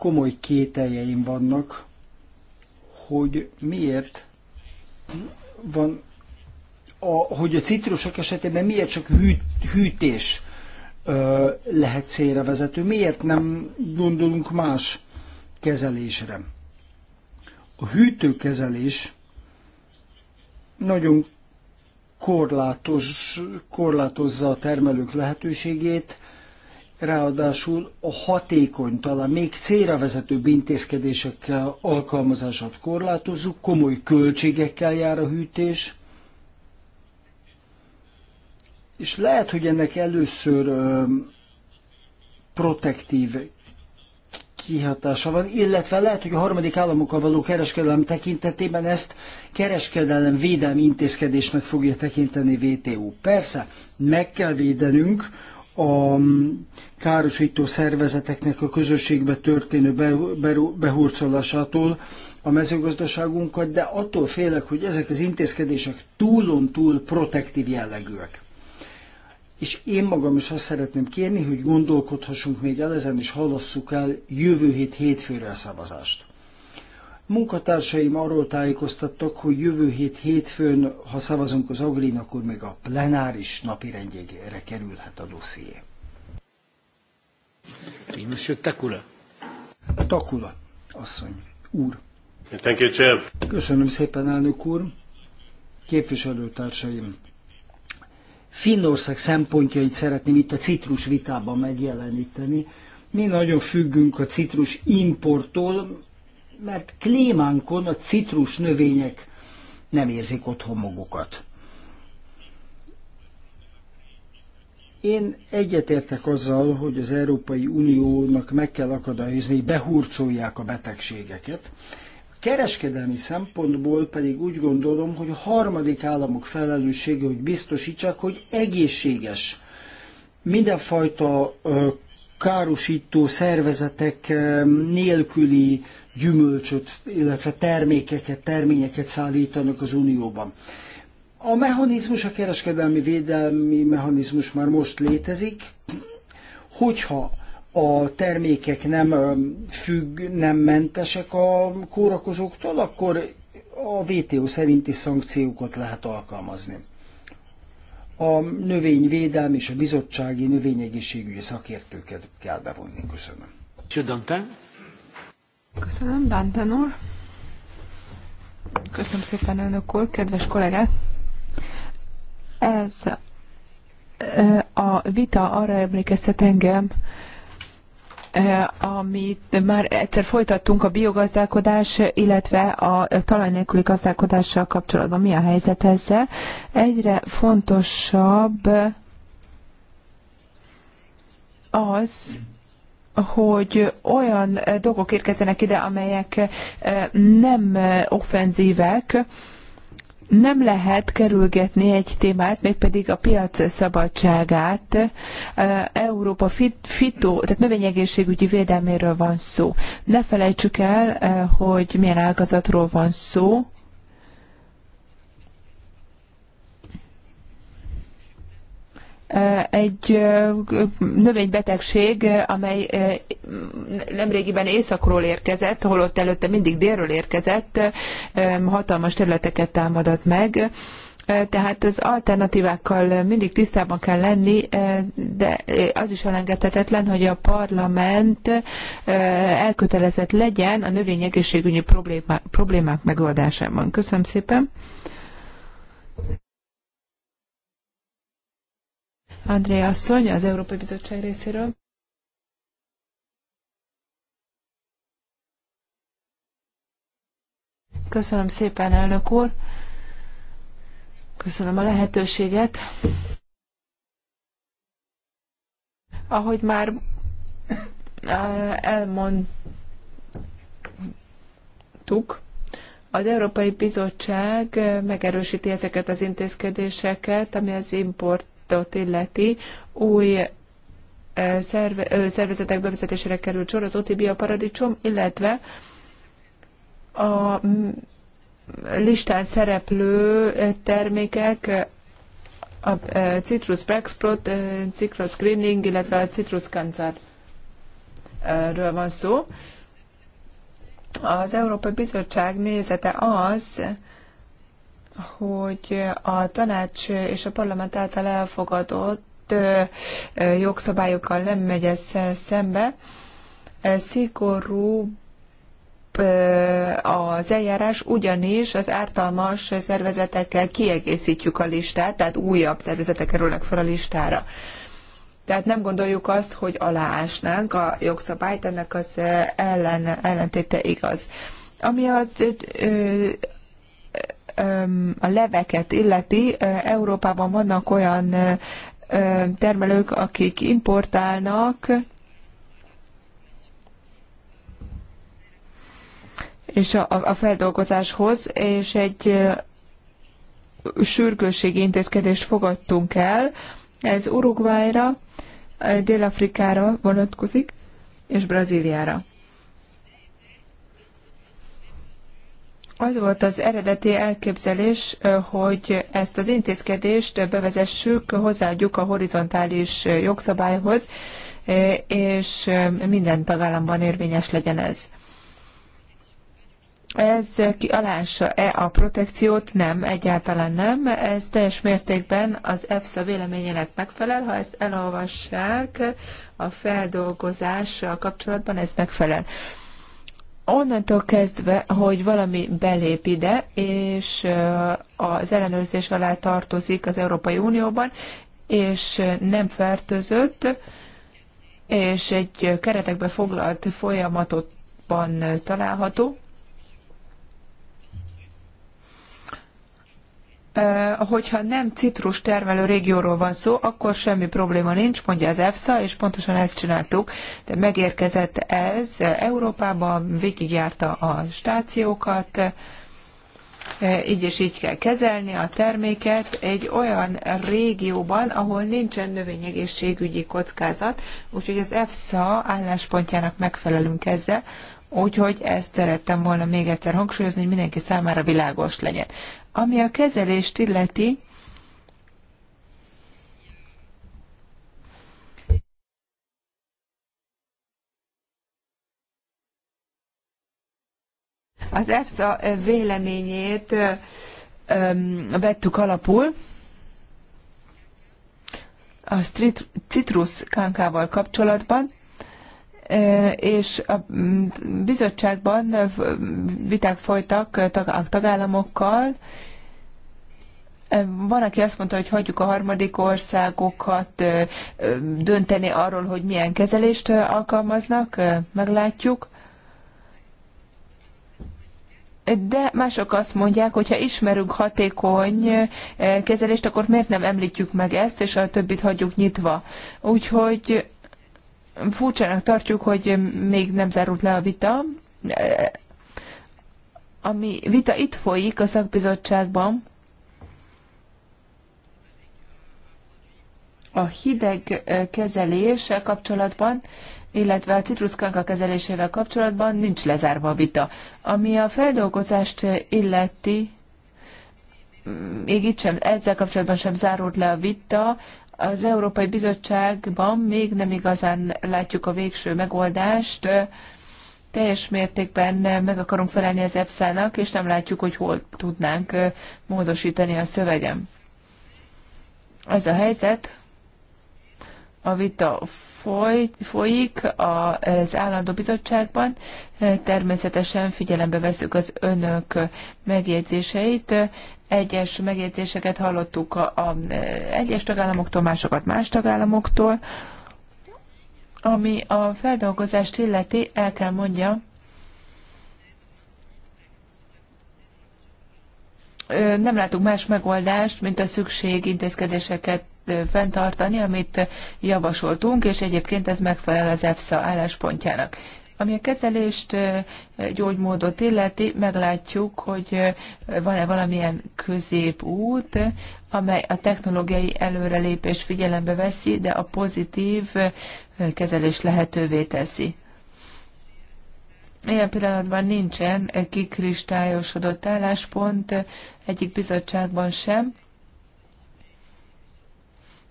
komoly kételjeim vannak, hogy miért van, a, hogy a citrusok esetében miért csak hű, hűtés ö, lehet célra vezető, miért nem gondolunk más kezelésre. A hűtőkezelés nagyon korlátos, korlátozza a termelők lehetőségét, Ráadásul a hatékony, talán még célra vezetőbb intézkedések alkalmazását korlátozzuk, komoly költségekkel jár a hűtés, és lehet, hogy ennek először ö, protektív kihatása van, illetve lehet, hogy a harmadik államokkal való kereskedelem tekintetében ezt kereskedelem védelmi intézkedésnek fogja tekinteni WTO. Persze, meg kell védenünk a károsító szervezeteknek a közösségbe történő behurcolásától a mezőgazdaságunkat, de attól félek, hogy ezek az intézkedések túlon túl protektív jellegűek. És én magam is azt szeretném kérni, hogy gondolkodhassunk még el ezen, és halasszuk el jövő hét hétfőre a szavazást. Munkatársaim arról tájékoztattak, hogy jövő hét hétfőn, ha szavazunk az Agrin, akkor még a plenáris napi rendjére kerülhet a dosszié. Monsieur Takula. Takula, asszony, úr. Thank you, Chair. Köszönöm szépen, elnök úr. Képviselőtársaim, Finnország szempontjait szeretném itt a citrus vitában megjeleníteni. Mi nagyon függünk a citrus importtól, mert klímánkon a citrus növények nem érzik otthon magukat. Én egyetértek azzal, hogy az Európai Uniónak meg kell akadályozni, hogy behurcolják a betegségeket. A kereskedelmi szempontból pedig úgy gondolom, hogy a harmadik államok felelőssége, hogy biztosítsák, hogy egészséges mindenfajta károsító szervezetek eh, nélküli gyümölcsöt, illetve termékeket, terményeket szállítanak az Unióban. A mechanizmus, a kereskedelmi védelmi mechanizmus már most létezik, hogyha a termékek nem eh, függ, nem mentesek a kórakozóktól, akkor a WTO szerinti szankciókat lehet alkalmazni a növényvédelmi és a bizottsági növényegészségügyi szakértőket kell bevonni. Köszönöm. Köszönöm, Danten úr. Köszönöm szépen, önök úr, kedves kollégák. Ez a vita arra emlékeztet engem, Eh, amit már egyszer folytattunk a biogazdálkodás, illetve a talaj nélküli gazdálkodással kapcsolatban. Mi a helyzet ezzel? Egyre fontosabb az, hogy olyan dolgok érkezzenek ide, amelyek eh, nem eh, offenzívek, nem lehet kerülgetni egy témát, mégpedig a piac szabadságát. Európa fit, fitó, tehát növényegészségügyi védelméről van szó. Ne felejtsük el, hogy milyen ágazatról van szó, egy növénybetegség, amely nemrégiben északról érkezett, holott előtte mindig délről érkezett, hatalmas területeket támadott meg. Tehát az alternatívákkal mindig tisztában kell lenni, de az is elengedhetetlen, hogy a parlament elkötelezett legyen a növényegészségügyi problémák, problémák megoldásában. Köszönöm szépen! Andrea asszony az Európai Bizottság részéről. Köszönöm szépen, elnök úr. Köszönöm a lehetőséget. Ahogy már elmondtuk, az Európai Bizottság megerősíti ezeket az intézkedéseket, ami az import projektot illeti, új szerve, szervezetek bevezetésére került sor, az OTB a paradicsom, illetve a listán szereplő termékek a citrus Brexprot, citrus screening, illetve a citrus cancer ről van szó. Az Európai Bizottság nézete az, hogy a tanács és a parlament által elfogadott jogszabályokkal nem megy ez szembe. Szigorú az eljárás, ugyanis az ártalmas szervezetekkel kiegészítjük a listát, tehát újabb szervezetek kerülnek fel a listára. Tehát nem gondoljuk azt, hogy aláásnánk a jogszabályt, ennek az ellen, ellentéte igaz. Ami az a leveket illeti, Európában vannak olyan termelők, akik importálnak, és a, a feldolgozáshoz, és egy sürgősségi intézkedést fogadtunk el. Ez Uruguayra, Dél-Afrikára vonatkozik, és Brazíliára. Az volt az eredeti elképzelés, hogy ezt az intézkedést bevezessük, hozzáadjuk a horizontális jogszabályhoz, és minden tagállamban érvényes legyen ez. Ez kialása e a protekciót? Nem, egyáltalán nem. Ez teljes mértékben az EFSA véleményének megfelel. Ha ezt elolvassák, a feldolgozással kapcsolatban ez megfelel onnantól kezdve, hogy valami belép ide, és az ellenőrzés alá tartozik az Európai Unióban, és nem fertőzött, és egy keretekbe foglalt folyamatot található, hogyha nem citrus termelő régióról van szó, akkor semmi probléma nincs, mondja az EFSA, és pontosan ezt csináltuk. De megérkezett ez Európába, végigjárta a stációkat, így és így kell kezelni a terméket egy olyan régióban, ahol nincsen növényegészségügyi kockázat, úgyhogy az EFSA álláspontjának megfelelünk ezzel, Úgyhogy ezt szerettem volna még egyszer hangsúlyozni, hogy mindenki számára világos legyen. Ami a kezelést illeti, az EFSA véleményét vettük alapul, a citrus kánkával kapcsolatban, és a bizottságban viták folytak a tagállamokkal, van, aki azt mondta, hogy hagyjuk a harmadik országokat dönteni arról, hogy milyen kezelést alkalmaznak, meglátjuk. De mások azt mondják, hogy ha ismerünk hatékony kezelést, akkor miért nem említjük meg ezt, és a többit hagyjuk nyitva. Úgyhogy furcsának tartjuk, hogy még nem zárult le a vita. Ami vita itt folyik a szakbizottságban, a hideg kezelése kapcsolatban, illetve a citruszkanka kezelésével kapcsolatban nincs lezárva a vita. Ami a feldolgozást illeti, még itt sem, ezzel kapcsolatban sem zárult le a vita, az Európai Bizottságban még nem igazán látjuk a végső megoldást, teljes mértékben meg akarunk felelni az EFSA-nak, és nem látjuk, hogy hol tudnánk módosítani a szövegem. Ez a helyzet, a vita foly, folyik az állandó bizottságban. Természetesen figyelembe veszük az önök megjegyzéseit. Egyes megjegyzéseket hallottuk a, a egyes tagállamoktól, másokat más tagállamoktól. Ami a feldolgozást illeti, el kell mondja, nem látunk más megoldást, mint a szükség intézkedéseket fenntartani, amit javasoltunk, és egyébként ez megfelel az EFSA álláspontjának. Ami a kezelést, gyógymódot illeti, meglátjuk, hogy van-e valamilyen középút, amely a technológiai előrelépés figyelembe veszi, de a pozitív kezelés lehetővé teszi. Ilyen pillanatban nincsen kikristályosodott álláspont egyik bizottságban sem,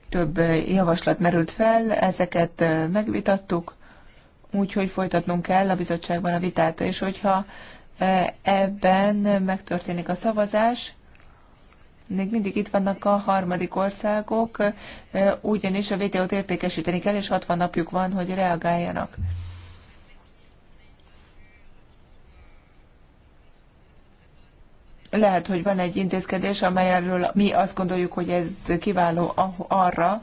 több javaslat merült fel, ezeket megvitattuk, úgyhogy folytatnunk kell a bizottságban a vitát, és hogyha ebben megtörténik a szavazás, még mindig itt vannak a harmadik országok, ugyanis a WTO-t értékesíteni kell, és 60 napjuk van, hogy reagáljanak. lehet, hogy van egy intézkedés, amelyről mi azt gondoljuk, hogy ez kiváló arra,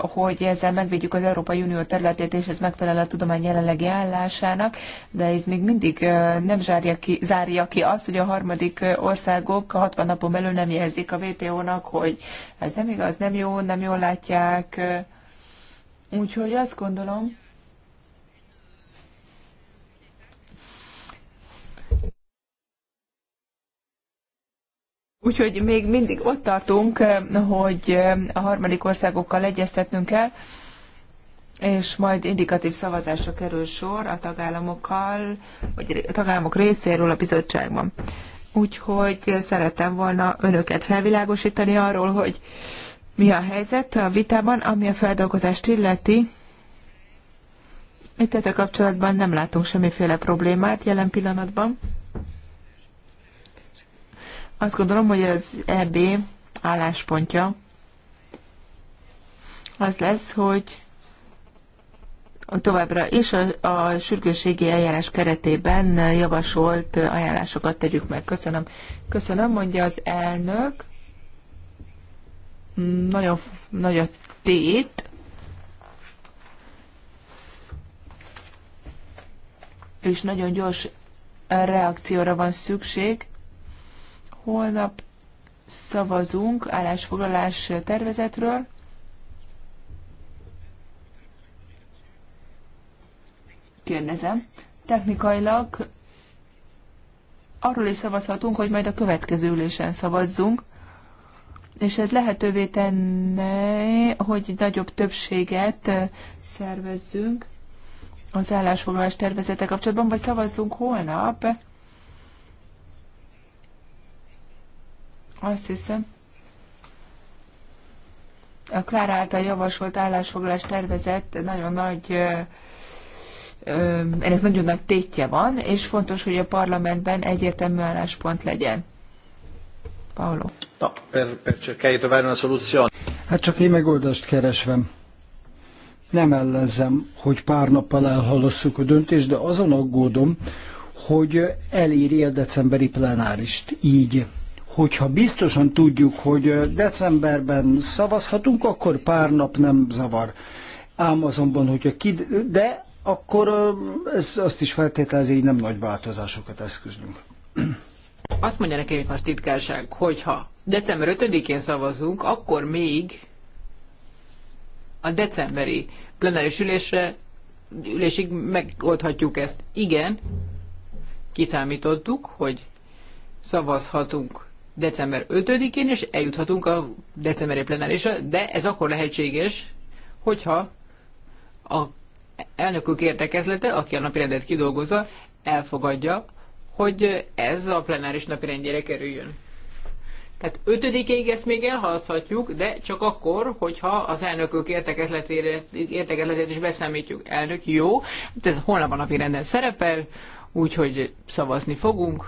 hogy ezzel megvédjük az Európai Unió területét, és ez megfelel a tudomány jelenlegi állásának, de ez még mindig nem zárja ki, zárja ki azt, hogy a harmadik országok 60 napon belül nem jelzik a WTO-nak, hogy ez nem igaz, nem jó, nem jól látják. Úgyhogy azt gondolom, Úgyhogy még mindig ott tartunk, hogy a harmadik országokkal egyeztetnünk kell, és majd indikatív szavazásra kerül sor a tagállamokkal, vagy a tagállamok részéről a bizottságban. Úgyhogy szerettem volna önöket felvilágosítani arról, hogy mi a helyzet a vitában, ami a feldolgozást illeti. Itt ezzel kapcsolatban nem látunk semmiféle problémát jelen pillanatban. Azt gondolom, hogy az EB álláspontja az lesz, hogy továbbra is a, a sürgősségi eljárás keretében javasolt ajánlásokat tegyük meg. Köszönöm. Köszönöm, mondja az elnök. Nagyon nagy a tét. És nagyon gyors reakcióra van szükség. Holnap szavazunk állásfoglalás tervezetről. Kérdezem, technikailag arról is szavazhatunk, hogy majd a következő ülésen szavazzunk, és ez lehetővé tenne, hogy nagyobb többséget eh, szervezzünk az állásfoglalás tervezete kapcsolatban, vagy szavazzunk holnap, Azt hiszem, a Klár által javasolt állásfoglalás tervezett. nagyon nagy ennek nagyon nagy tétje van, és fontos, hogy a parlamentben egyértelmű álláspont legyen. Paolo. Na, per, per csak di trovare a Hát csak én megoldást keresvem. Nem ellenzem, hogy pár nappal elhalasszuk a döntést, de azon aggódom, hogy eléri a decemberi plenárist. Így hogyha biztosan tudjuk, hogy decemberben szavazhatunk, akkor pár nap nem zavar. Ám azonban, hogyha ki, de akkor ez azt is feltételezi, hogy nem nagy változásokat eszközünk. Azt mondja nekem itt most titkárság, hogyha december 5-én szavazunk, akkor még a decemberi plenáris ülésre, ülésig megoldhatjuk ezt. Igen, kiszámítottuk, hogy szavazhatunk december 5-én, és eljuthatunk a decemberi plenárisra, de ez akkor lehetséges, hogyha a elnökök értekezlete, aki a napirendet kidolgozza, elfogadja, hogy ez a plenáris napirendjére kerüljön. Tehát 5 ezt még elhalaszthatjuk, de csak akkor, hogyha az elnökök értekezletét is beszámítjuk. Elnök, jó, hát ez holnap a napi renden szerepel, úgyhogy szavazni fogunk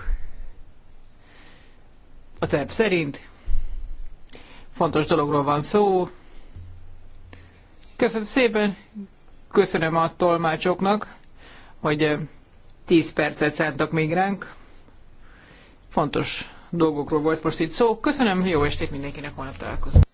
a terv szerint. Fontos dologról van szó. Köszönöm szépen, köszönöm a tolmácsoknak, hogy 10 eh, percet szántak még ránk. Fontos dolgokról volt most itt szó. Köszönöm, jó estét mindenkinek, holnap találkozunk.